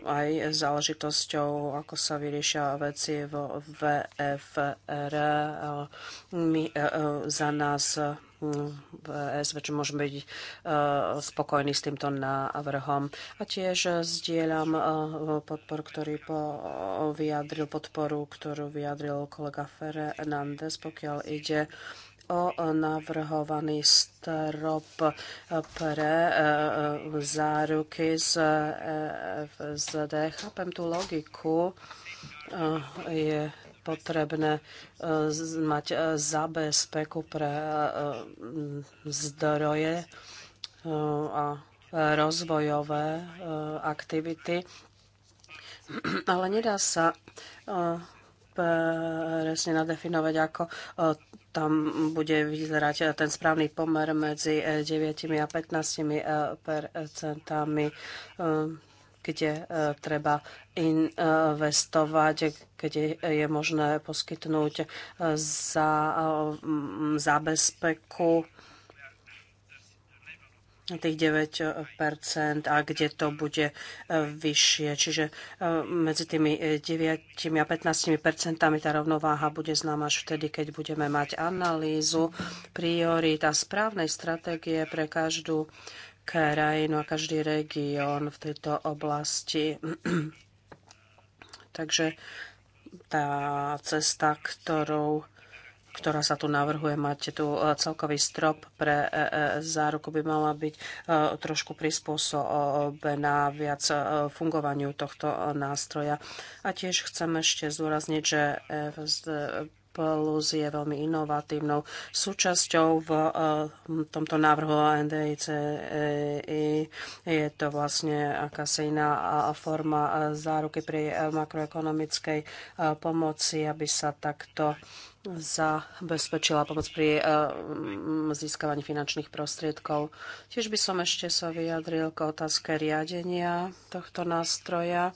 aj záležitosťou, ako sa vyriešia veci v VFR. My za nás v čo môžeme byť e, spokojní s týmto návrhom. A tiež zdieľam e, podporu, ktorý vyjadril podporu, ktorú vyjadril kolega Fernández, pokiaľ ide o navrhovaný strop pre e, záruky z FZD. Chápem tú logiku. Je potrebné e, mať e, zabezpeku pre e, zdroje a rozvojové aktivity. Ale nedá sa presne nadefinovať, ako tam bude vyzerať ten správny pomer medzi 9 a 15 percentami kde e, treba investovať, kde je možné poskytnúť e, za zabezpeku tých 9 a kde to bude e, vyššie. Čiže medzi tými 9 a 15 tá rovnováha bude známa až vtedy, keď budeme mať analýzu priorít a správnej stratégie pre každú krajinu a každý región v tejto oblasti. *clears throat* Takže tá cesta, ktorou ktorá sa tu navrhuje, máte tu e, celkový strop pre e, e, záruku, by mala byť trošku prispôsobená viac fungovaniu tohto nástroja. A tiež chcem ešte zúrazniť, že plus je veľmi inovatívnou súčasťou v eh, tomto návrhu NDIC e Je to vlastne akási iná eh, forma eh, záruky pri makroekonomickej pomoci, aby sa takto zabezpečila pomoc pri získavaní finančných prostriedkov. Tiež by som ešte sa vyjadril k otázke riadenia tohto nástroja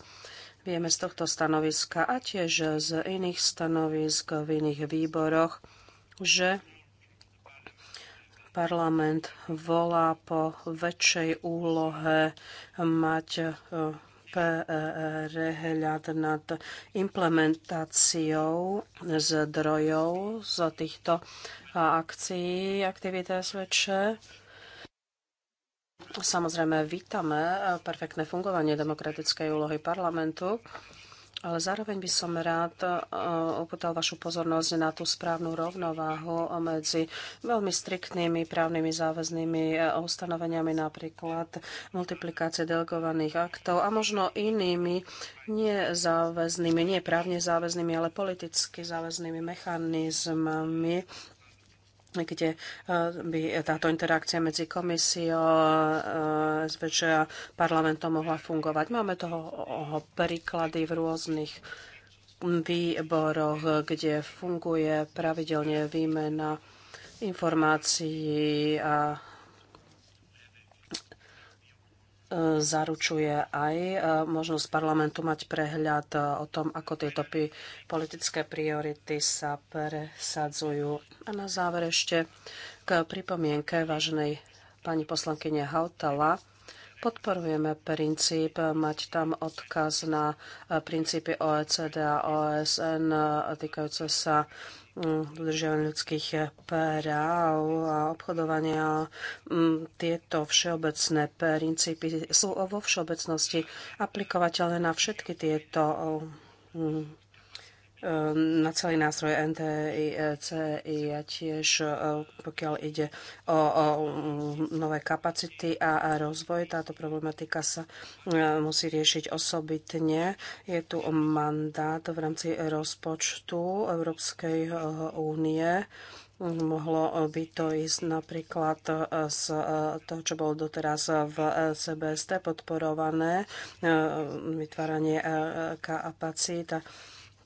vieme z tohto stanoviska a tiež z iných stanovisk v iných výboroch, že parlament volá po väčšej úlohe mať e, prehľad nad implementáciou zdrojov z týchto akcií aktivity SVČ Samozrejme, vítame eh, perfektné fungovanie demokratickej úlohy parlamentu, ale zároveň by som rád eh, upútal vašu pozornosť na tú správnu rovnováhu medzi veľmi striktnými právnymi záväznými eh, ustanoveniami, napríklad multiplikácie delegovaných aktov a možno inými nezáväznými, nie právne záväznými, ale politicky záväznými mechanizmami kde eh, by táto interakcia medzi komisiou, eh, SVČ a parlamentom mohla fungovať. Máme toho príklady v rôznych výboroch, kde funguje pravidelne výmena informácií a zaručuje aj e, možnosť parlamentu mať prehľad e, o tom, ako tieto politické priority sa presadzujú. A na záver ešte k pripomienke váženej pani poslankyne Hautala. Podporujeme princíp mať tam odkaz na e, princípy OECD a OSN týkajúce sa dodržiavania ľudských eh, práv a obchodovania. Mm, tieto všeobecné princípy sú vo všeobecnosti aplikovateľné na všetky tieto eh, mm, Ehm, na celý nástroj i a e tiež e, pokiaľ ide o, o mm, nové kapacity a, a rozvoj, táto problematika sa e, musí riešiť osobitne. Je tu mandát v rámci rozpočtu Európskej únie mohlo by to ísť napríklad z toho, čo bolo doteraz v CBST podporované, vytváranie kapacít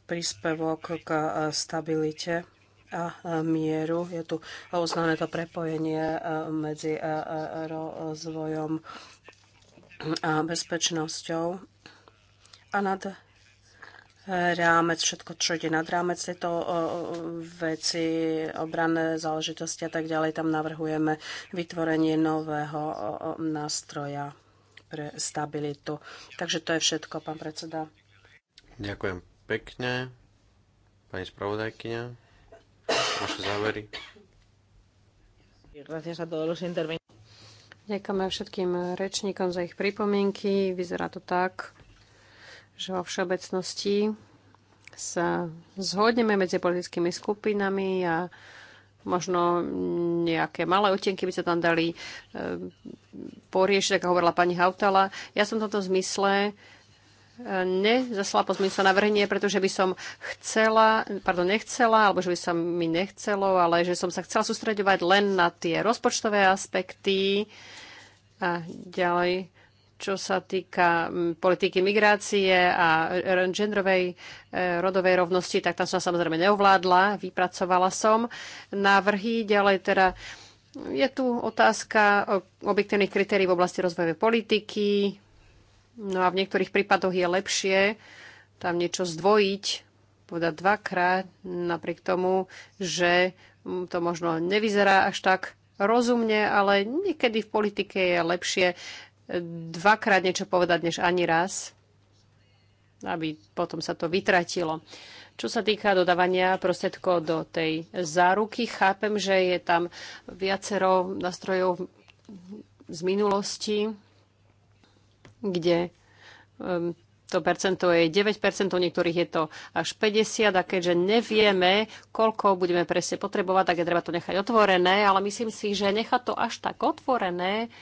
príspevok k e, stabilite a e, mieru. Je tu uznané to prepojenie e, medzi rozvojom a bezpečnosťou. A nad rámec, všetko, čo ide nad rámec tieto veci, obranné záležitosti a tak ďalej, tam navrhujeme vytvorenie nového nástroja pre stabilitu. Takže to je všetko, pán predseda. Ďakujem pekne, pani spravodajkyňa. Vaše závery. Ďakujeme všetkým rečníkom za ich pripomienky. Vyzerá to tak, že vo všeobecnosti sa zhodneme medzi politickými skupinami a možno nejaké malé otenky by sa tam dali eh, poriešiť, ako hovorila pani Hautala. Ja som v tomto zmysle nezaslala pozmeňujúce navrhenie, pretože by som chcela, pardon, nechcela, alebo že by som mi nechcelo, ale že som sa chcela sústreďovať len na tie rozpočtové aspekty a ďalej čo sa týka politiky migrácie a genderovej e, rodovej rovnosti, tak tam som samozrejme neovládla, vypracovala som návrhy. Ďalej teda je tu otázka objektívnych kritérií v oblasti rozvojovej politiky, No a v niektorých prípadoch je lepšie tam niečo zdvojiť, povedať dvakrát, napriek tomu, že to možno nevyzerá až tak rozumne, ale niekedy v politike je lepšie dvakrát niečo povedať, než ani raz, aby potom sa to vytratilo. Čo sa týka dodávania prostriedkov do tej záruky, chápem, že je tam viacero nástrojov z minulosti, kde ehm, to percento je 9%, u niektorých je to až 50% a keďže nevieme, koľko budeme presne potrebovať, tak je treba to nechať otvorené, ale myslím si, že nechať to až tak otvorené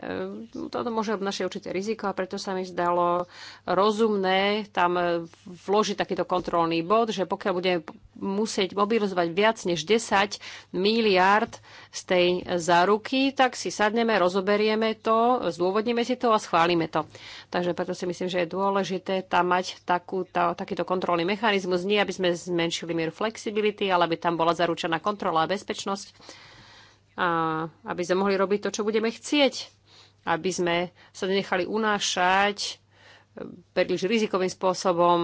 Ehm, toto môže obnašať určité riziko a preto sa mi zdalo rozumné tam e, vložiť takýto kontrolný bod, že pokiaľ budeme musieť mobilizovať viac než 10 miliárd z tej záruky, tak si sadneme, rozoberieme to, zdôvodníme si to a schválime to. Takže preto si myslím, že je dôležité tam mať takú, tá, takýto kontrolný mechanizmus, nie aby sme zmenšili mieru flexibility, ale aby tam bola zaručená kontrola a bezpečnosť a aby sme mohli robiť to, čo budeme chcieť aby sme sa nenechali unášať eh, príliš rizikovým spôsobom.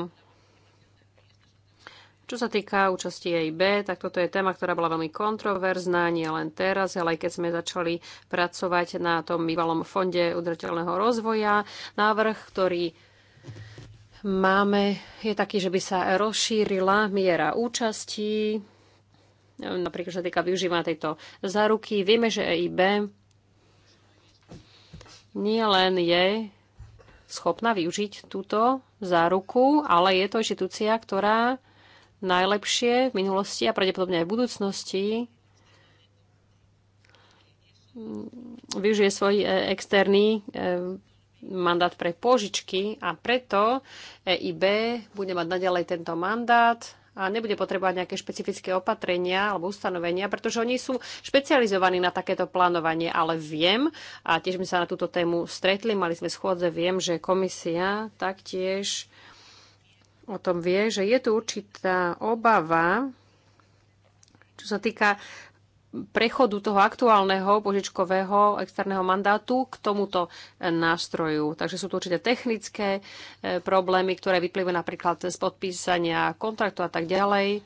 Čo sa týka účasti EIB, tak toto je téma, ktorá bola veľmi kontroverzná, nie len teraz, ale aj keď sme začali pracovať na tom bývalom fonde udržateľného rozvoja. Návrh, ktorý máme, je taký, že by sa rozšírila miera účasti, eh, napríklad, čo sa týka využívania tejto záruky. Vieme, že EIB nie len je schopná využiť túto záruku, ale je to inštitúcia, ktorá najlepšie v minulosti a pravdepodobne aj v budúcnosti využije svoj e, externý e, mandát pre požičky a preto EIB bude mať naďalej tento mandát a nebude potrebovať nejaké špecifické opatrenia alebo ustanovenia, pretože oni sú špecializovaní na takéto plánovanie, ale viem, a tiež sme sa na túto tému stretli, mali sme schôdze, viem, že komisia taktiež o tom vie, že je tu určitá obava, čo sa týka prechodu toho aktuálneho požičkového externého mandátu k tomuto e, nástroju. Takže sú tu určité technické e, problémy, ktoré vyplývajú napríklad z podpísania kontraktu a tak ďalej.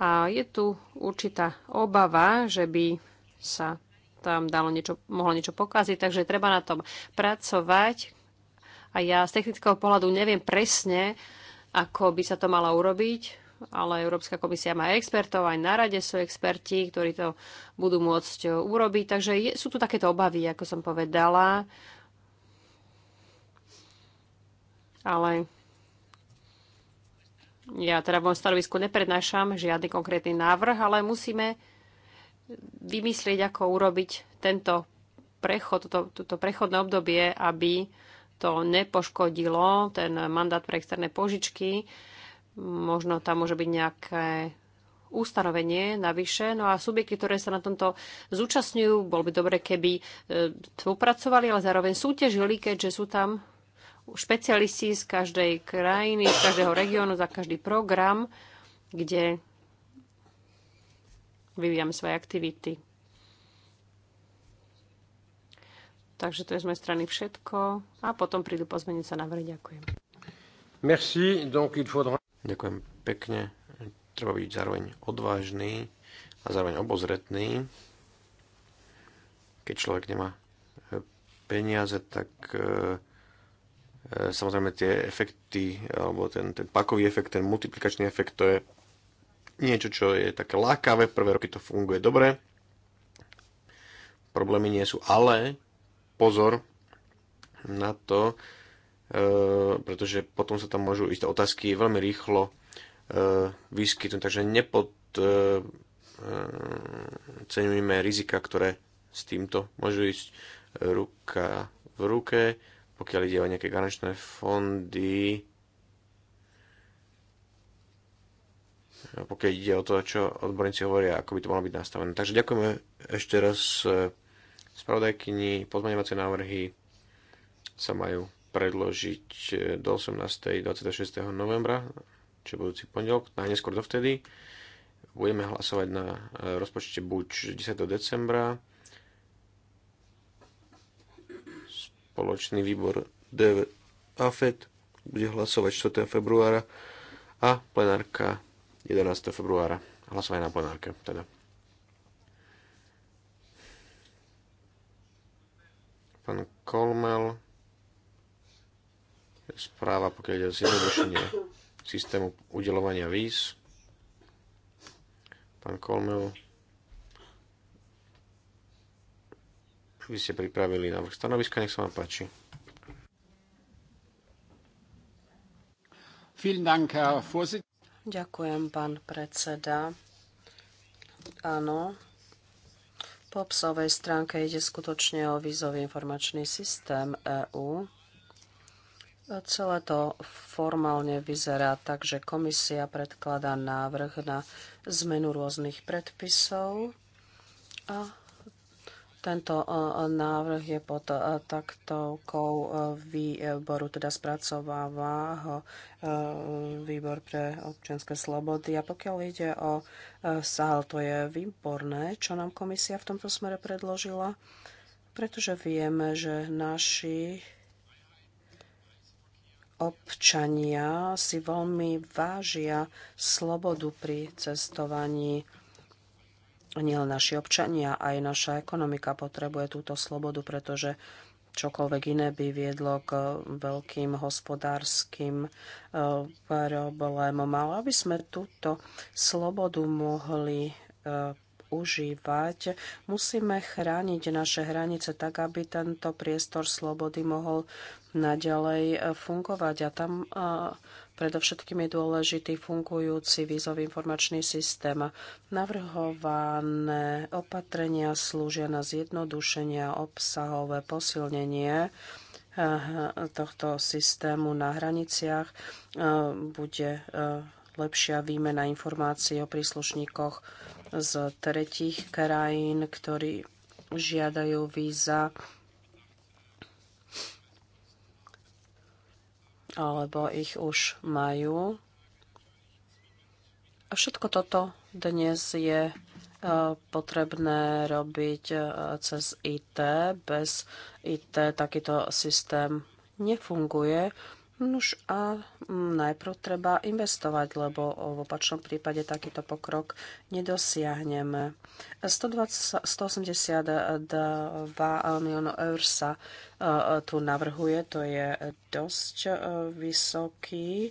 A je tu určitá obava, že by sa tam dalo niečo, mohlo niečo pokaziť, takže treba na tom pracovať. A ja z technického pohľadu neviem presne, ako by sa to malo urobiť, ale Európska komisia má expertov, aj na rade sú experti, ktorí to budú môcť e, urobiť. Takže je, sú tu takéto obavy, ako som povedala. Ale ja teda v mojom stanovisku neprednášam žiadny konkrétny návrh, ale musíme vymyslieť, ako urobiť tento prechod, toto, toto prechodné obdobie, aby to nepoškodilo ten mandát pre externé požičky Možno tam môže byť nejaké ustanovenie navyše. No a subjekty, ktoré sa na tomto zúčastňujú, bol by dobre, keby e, spolupracovali, ale zároveň súťažili, keďže sú tam špecialisti z každej krajiny, z každého regiónu, za každý program, kde vyvíjame svoje aktivity. Takže to je z mojej strany všetko a potom prídu pozmeniť sa návrhy. Ďakujem. Merci. Donc, il faudra... Ďakujem pekne. Treba byť zároveň odvážny a zároveň obozretný. Keď človek nemá e, peniaze, tak e, e, samozrejme tie efekty, alebo ten, ten pakový efekt, ten multiplikačný efekt, to je niečo, čo je také lákavé, prvé roky to funguje dobre, problémy nie sú, ale pozor na to, Eh, pretože potom sa tam môžu ísť otázky veľmi rýchlo eh, vyskytnúť, takže nepodceňujeme eh, rizika, ktoré s týmto môžu ísť ruka v ruke, pokiaľ ide o nejaké garančné fondy, pokiaľ ide o to, čo odborníci hovoria, ako by to malo byť nastavené. Takže ďakujeme ešte raz spravodajkyni, pozmaňovacie návrhy sa majú predložiť e, do 18. 26. novembra, či budúci pondelok, najneskôr dovtedy. Budeme hlasovať na e, rozpočte buď 10. decembra, spoločný výbor DV AFED bude hlasovať 4. februára a plenárka 11. februára. Hlasovanie na plenárke teda. Pán Kolmel správa, pokiaľ ide o zjednodušenie systému udelovania víz. Pán Kolmel, vy ste pripravili návrh stanoviska, nech sa vám páči. Ďakujem, pán predseda. Áno, po psovej stránke ide skutočne o vízový informačný systém EÚ Celé to formálne vyzerá tak, že komisia predkladá návrh na zmenu rôznych predpisov a tento e, e, návrh je pod e, taktovkou výboru, teda spracováva ho výbor pre občianske slobody. A pokiaľ ide o sál, to je výborné, čo nám komisia v tomto smere predložila, pretože vieme, že naši občania si veľmi vážia slobodu pri cestovaní. len naši občania, aj naša ekonomika potrebuje túto slobodu, pretože čokoľvek iné by viedlo k veľkým hospodárskym e, problémom. Ale aby sme túto slobodu mohli e, užívať. Musíme chrániť naše hranice tak, aby tento priestor slobody mohol naďalej eh, fungovať. A tam eh, Predovšetkým je dôležitý fungujúci vízový informačný systém. Navrhované opatrenia slúžia na zjednodušenie a obsahové posilnenie eh, tohto systému na hraniciach. Bude lepšia výmena informácií o príslušníkoch z tretích krajín, ktorí žiadajú víza alebo ich už majú. A všetko toto dnes je e, potrebné robiť e, cez IT. Bez IT takýto systém nefunguje Nož a najprv treba investovať, lebo v opačnom prípade takýto pokrok nedosiahneme. 182 miliónov eur sa e, tu navrhuje, to je dosť e, vysoký e,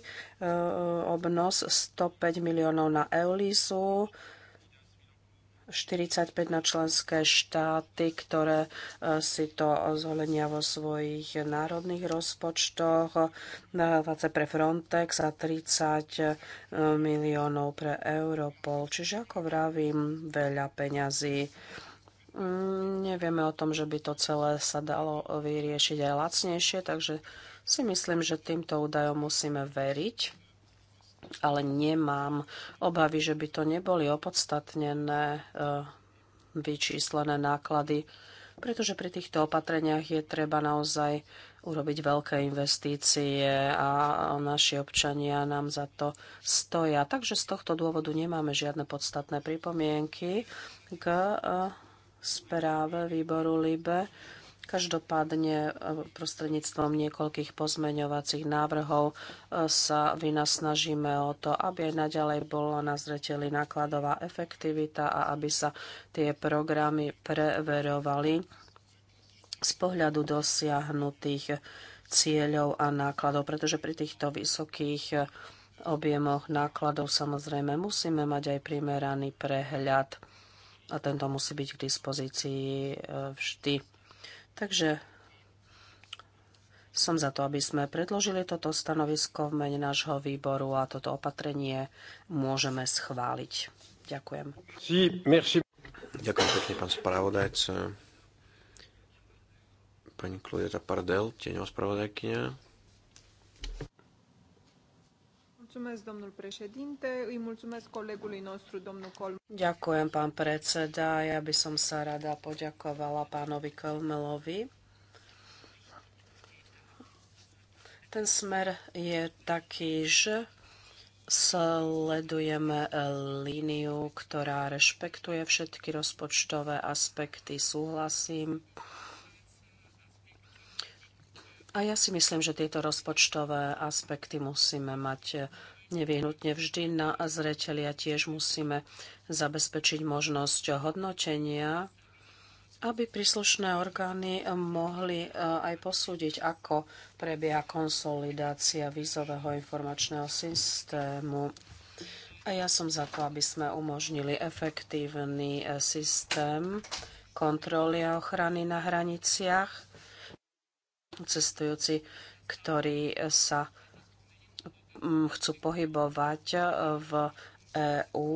obnos, 105 miliónov na eulízu, 45 na členské štáty, ktoré e, si to zvolenia vo svojich národných rozpočtoch, 20 pre Frontex a 30 e, miliónov pre Europol. Čiže ako vravím, veľa peňazí. Mm, nevieme o tom, že by to celé sa dalo vyriešiť aj lacnejšie, takže si myslím, že týmto údajom musíme veriť ale nemám obavy, že by to neboli opodstatnené e, vyčíslené náklady, pretože pri týchto opatreniach je treba naozaj urobiť veľké investície a naši občania nám za to stoja. Takže z tohto dôvodu nemáme žiadne podstatné pripomienky k e, správe výboru LIBE. Každopádne e, prostredníctvom niekoľkých pozmeňovacích návrhov e, sa vynasnažíme o to, aby aj naďalej bola na zreteli nákladová efektivita a aby sa tie programy preverovali z pohľadu dosiahnutých cieľov a nákladov, pretože pri týchto vysokých e, objemoch nákladov samozrejme musíme mať aj primeraný prehľad a tento musí byť k dispozícii vždy. Takže som za to, aby sme predložili toto stanovisko v mene nášho výboru a toto opatrenie môžeme schváliť. Ďakujem. Sí, merci. Ďakujem pekne, pán spravodajca. Pani Klujeta Pardel, tieňová spravodajkynia domnul președinte. Îi mulțumesc colegului nostru, domnul Ďakujem, pán predseda. Ja by som sa rada poďakovala pánovi Kolmelovi. Ten smer je taký, že sledujeme e, líniu, ktorá rešpektuje všetky rozpočtové aspekty. Súhlasím a ja si myslím, že tieto rozpočtové aspekty musíme mať nevyhnutne vždy na zreteli a tiež musíme zabezpečiť možnosť hodnotenia, aby príslušné orgány mohli e, aj posúdiť, ako prebieha konsolidácia vízového informačného systému. A ja som za to, aby sme umožnili efektívny e, systém kontroly a ochrany na hraniciach cestujúci, ktorí sa mm, chcú pohybovať e, v EÚ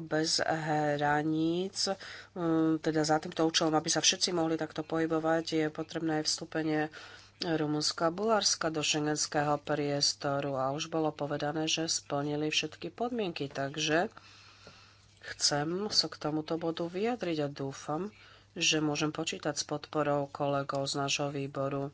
bez hraníc. Mm, teda za týmto účelom, aby sa všetci mohli takto pohybovať, je potrebné aj vstúpenie Rumunska a Bulharska do šengenského priestoru. A už bolo povedané, že splnili všetky podmienky, takže chcem sa k tomuto bodu vyjadriť a dúfam, že môžem počítať s podporou kolegov z nášho výboru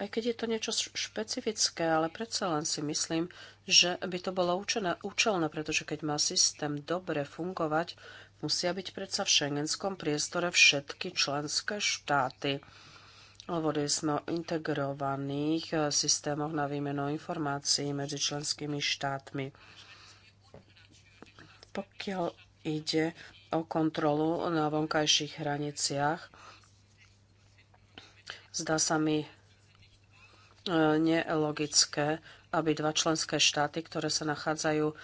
aj keď je to niečo špecifické, ale predsa len si myslím, že by to bolo účelné, účelné, pretože keď má systém dobre fungovať, musia byť predsa v šengenskom priestore všetky členské štáty. Hovorili sme o integrovaných eh, systémoch na výmenu informácií medzi členskými štátmi. Pokiaľ ide o kontrolu na vonkajších hraniciach, zdá sa mi nelogické, aby dva členské štáty, ktoré sa nachádzajú e,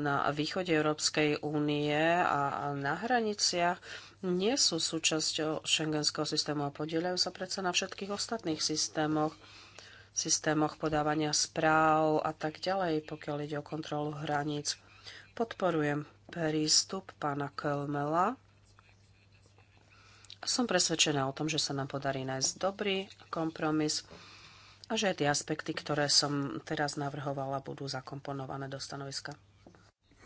na východe Európskej únie a na hraniciach, nie sú súčasťou šengenského systému a podielajú sa predsa na všetkých ostatných systémoch, systémoch podávania správ a tak ďalej, pokiaľ ide o kontrolu hraníc. Podporujem prístup pána Kelmela. Som presvedčená o tom, že sa nám podarí nájsť dobrý kompromis a že tie aspekty, ktoré som teraz navrhovala, budú zakomponované do stanoviska.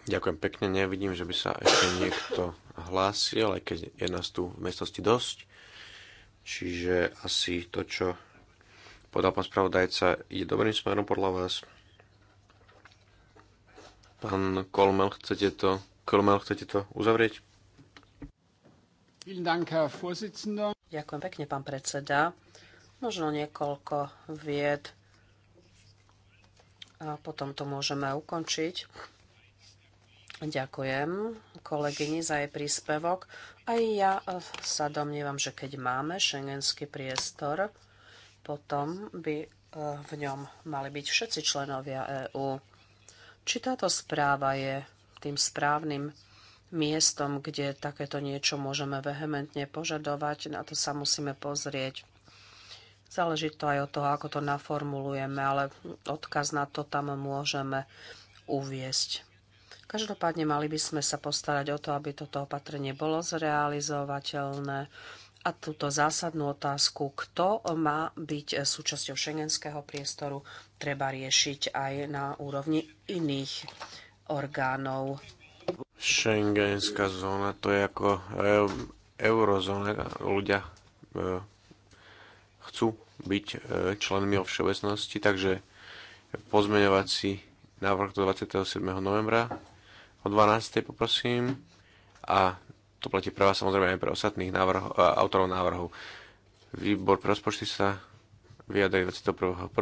Ďakujem pekne, nevidím, že by sa ešte niekto hlásil, aj keď je nás tu v miestnosti dosť. Čiže asi to, čo podal pán spravodajca, je dobrým smerom podľa vás. Pán Kolmel, chcete to, Kolmel, chcete to uzavrieť? Ďakujem pekne, pán predseda. Možno niekoľko vied a potom to môžeme ukončiť. Ďakujem kolegyni za jej príspevok. Aj ja e, sa domnívam, že keď máme šengenský priestor, potom by e, v ňom mali byť všetci členovia EÚ. Či táto správa je tým správnym miestom, kde takéto niečo môžeme vehementne požadovať, na to sa musíme pozrieť. Záleží to aj od toho, ako to naformulujeme, ale odkaz na to tam môžeme uviesť. Každopádne mali by sme sa postarať o to, aby toto opatrenie bolo zrealizovateľné. A túto zásadnú otázku, kto má byť súčasťou šengenského priestoru, treba riešiť aj na úrovni iných orgánov. Schengenská zóna to je ako e, eurozóna. Ľudia e, chcú byť e, členmi o všeobecnosti, takže pozmeňovací návrh do 27. novembra o 12. poprosím a to platí práva samozrejme aj pre ostatných návrh, e, autorov návrhu. Výbor pre rozpočty sa vyjadrí 21.1.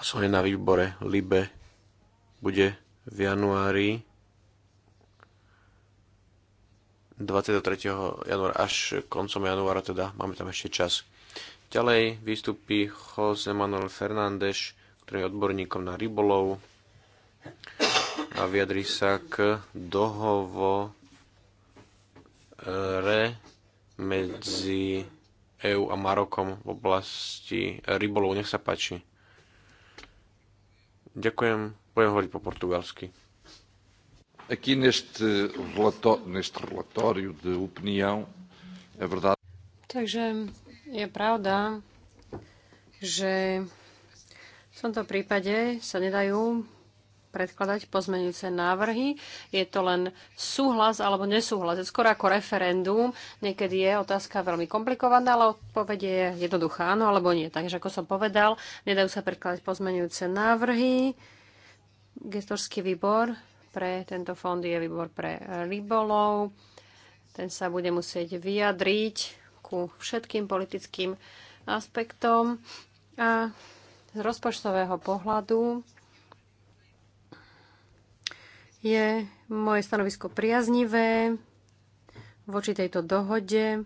Hlasovanie na výbore LIBE bude v januári 23. januára až koncom januára, teda máme tam ešte čas. Ďalej vystupí Jose Manuel Fernández, ktorý je odborníkom na rybolov a vyjadri sa k re medzi EÚ a Marokom v oblasti rybolov. Nech sa páči. Ďakujem, budem hovoriť po portugalsky. Aqui neste, relatório, neste relatório de opinião, é verdade... Takže je pravda, že v tomto prípade sa nedajú predkladať pozmenujúce návrhy. Je to len súhlas alebo nesúhlas. Je skôr ako referendum. Niekedy je otázka veľmi komplikovaná, ale odpoveď je jednoduchá, áno alebo nie. Takže ako som povedal, nedajú sa predkladať pozmenujúce návrhy. Gestorský výbor pre tento fond je výbor pre rybolov. Ten sa bude musieť vyjadriť ku všetkým politickým aspektom. A z rozpočtového pohľadu je moje stanovisko priaznivé voči tejto dohode.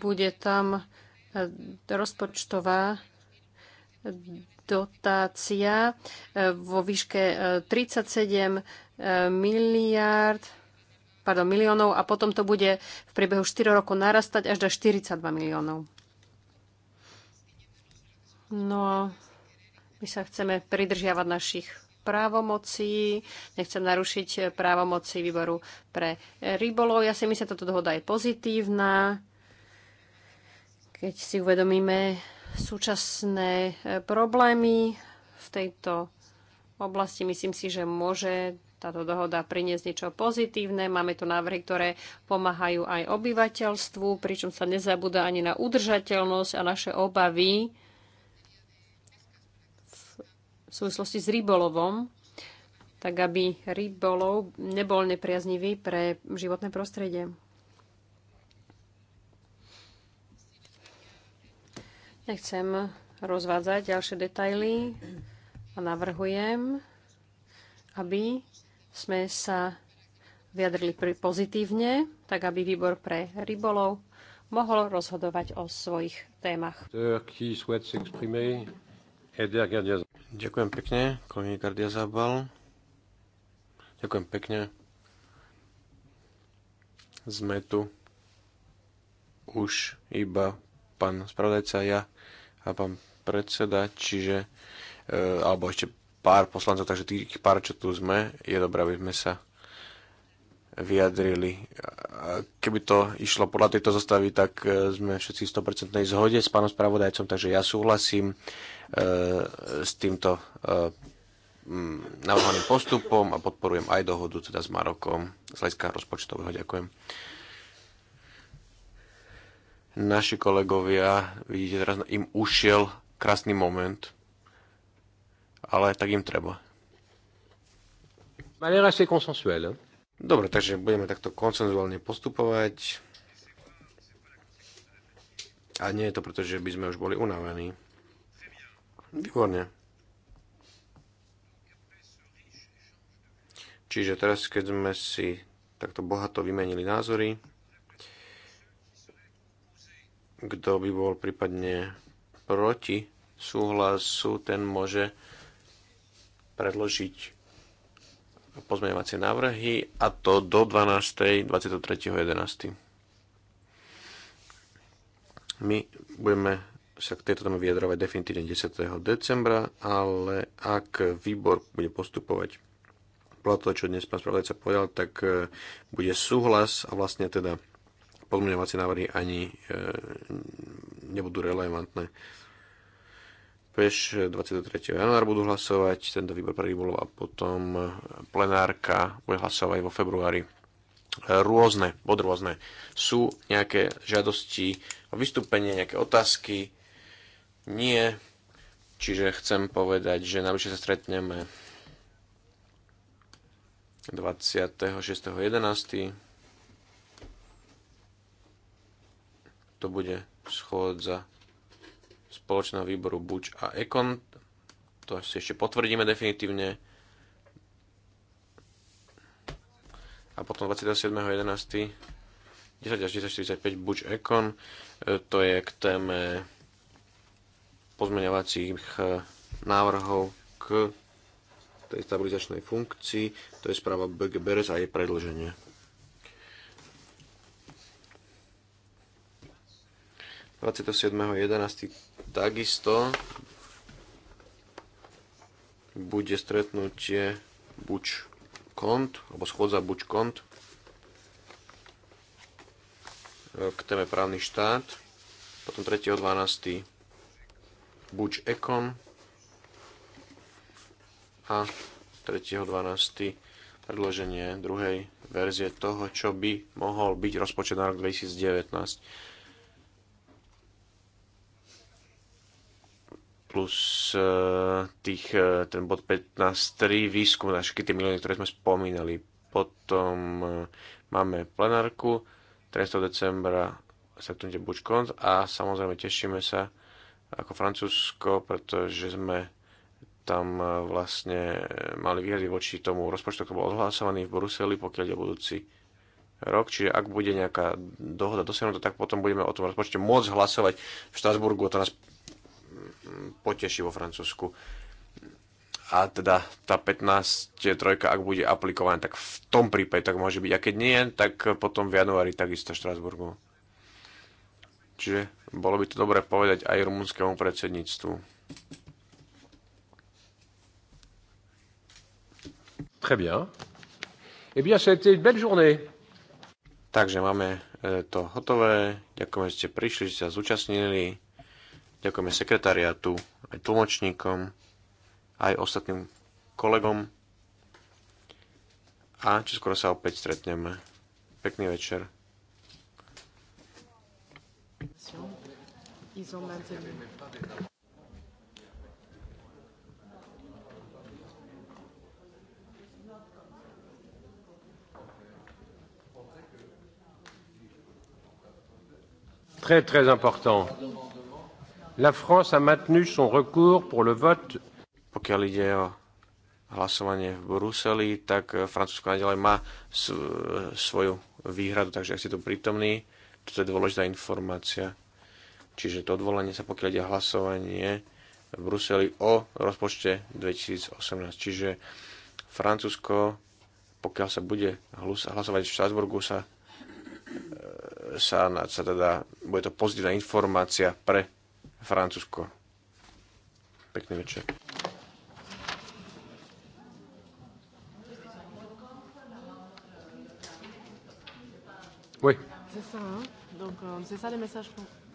Bude tam rozpočtová dotácia e, vo výške 37 e, e, miliard pardon, miliónov a potom to bude v priebehu 4 rokov narastať až do 42 miliónov. No, my sa chceme pridržiavať našich právomocí, nechcem narušiť právomoci výboru pre rybolov. Ja si myslím, že táto dohoda je pozitívna, keď si uvedomíme, súčasné e, problémy v tejto oblasti. Myslím si, že môže táto dohoda priniesť niečo pozitívne. Máme tu návrhy, ktoré pomáhajú aj obyvateľstvu, pričom sa nezabúda ani na udržateľnosť a naše obavy v súvislosti s rybolovom, tak aby rybolov nebol nepriaznivý pre životné prostredie. Nechcem rozvádzať ďalšie detaily a navrhujem, aby sme sa vyjadrili pozitívne, tak aby výbor pre rybolov mohol rozhodovať o svojich témach. Ďakujem pekne, kolegy Gardia Zabal. Ďakujem pekne. Sme tu už iba pán spravodajca, ja a pán predseda, čiže uh, alebo ešte pár poslancov, takže tých pár, čo tu sme, je dobré, aby sme sa vyjadrili. Keby to išlo podľa tejto zostavy, tak e, sme všetci v 100% zhode s pánom spravodajcom, takže ja súhlasím e, s týmto e, navrhovaným postupom a podporujem aj dohodu teda s Marokom z hľadiska rozpočtového. Ďakujem naši kolegovia, vidíte teraz, im ušiel krásny moment, ale tak im treba. Dobre, takže budeme takto konsenzuálne postupovať. A nie je to preto, že by sme už boli unavení. Výborne. Čiže teraz, keď sme si takto bohato vymenili názory, kto by bol prípadne proti súhlasu, ten môže predložiť pozmeňovacie návrhy a to do 12. 11. My budeme sa k tejto téme vyjadrovať definitívne 10. decembra, ale ak výbor bude postupovať podľa toho, čo dnes pán spravodajca povedal, tak eh, bude súhlas a vlastne teda pozmeňovacie návrhy ani e, nebudú relevantné. Peš 23. januára budú hlasovať, tento výbor pre rybolov a potom plenárka bude hlasovať vo februári. Rôzne, podrôzne. Sú nejaké žiadosti o vystúpenie, nejaké otázky? Nie. Čiže chcem povedať, že najbližšie sa stretneme 26.11. to bude schôdza spoločného výboru Buč a Ekon. To si ešte potvrdíme definitívne. A potom 27.11. 10 až 10.45 Buč Ekon. E, to je k téme pozmeňovacích e, návrhov k tej stabilizačnej funkcii. To je správa BG a jej predlženie. 27.11. takisto bude stretnutie buď kont, alebo schôdza buď kont k téme právny štát. Potom 3.12. buď ekon a 3.12. predloženie druhej verzie toho, čo by mohol byť rozpočet na rok 2019 plus e, tých, e, ten bod 15.3, výskum na všetky tie milióny, ktoré sme spomínali. Potom e, máme plenárku 13. decembra stretnutie Bučkont a samozrejme tešíme sa ako Francúzsko, pretože sme tam vlastne mali výhrady voči tomu rozpočtu, ktorý bol odhlasovaný v Bruseli, pokiaľ je budúci rok, čiže ak bude nejaká dohoda dosiahnutá, tak potom budeme o tom rozpočte môcť hlasovať v Štrasburgu, to nás poteší vo Francúzsku. A teda tá 15 trojka, ak bude aplikovaná, tak v tom prípade tak môže byť. A keď nie, tak potom v januári takisto Štrasburgu. Čiže bolo by to dobré povedať aj rumúnskému predsedníctvu. Très bien. Eh bien, une belle journée. Takže máme eh, to hotové. Ďakujem, že ste prišli, že ste sa zúčastnili. Ďakujeme sekretariatu, aj tlmočníkom, aj ostatným kolegom. A čoskoro sa opäť stretneme. Pekný večer. très très important. La France a maintenu son recours pour le vote. Pokiaľ ide o hlasovanie v Bruseli, tak eh, Francúzsko nadalej má eh, svoju výhradu, takže ak ste tu prítomní, toto je dôležitá informácia. Čiže to odvolanie sa pokiaľ ide hlasovanie v Bruseli o rozpočte 2018. Čiže Francúzsko, pokiaľ sa bude hlasovať v Štrasburgu, sa, eh, sa, sa teda, bude to pozitívna informácia pre Francúzsko. Pekný večer. Oui. C'est ça, hein Donc euh, c'est ça les messages qu'on...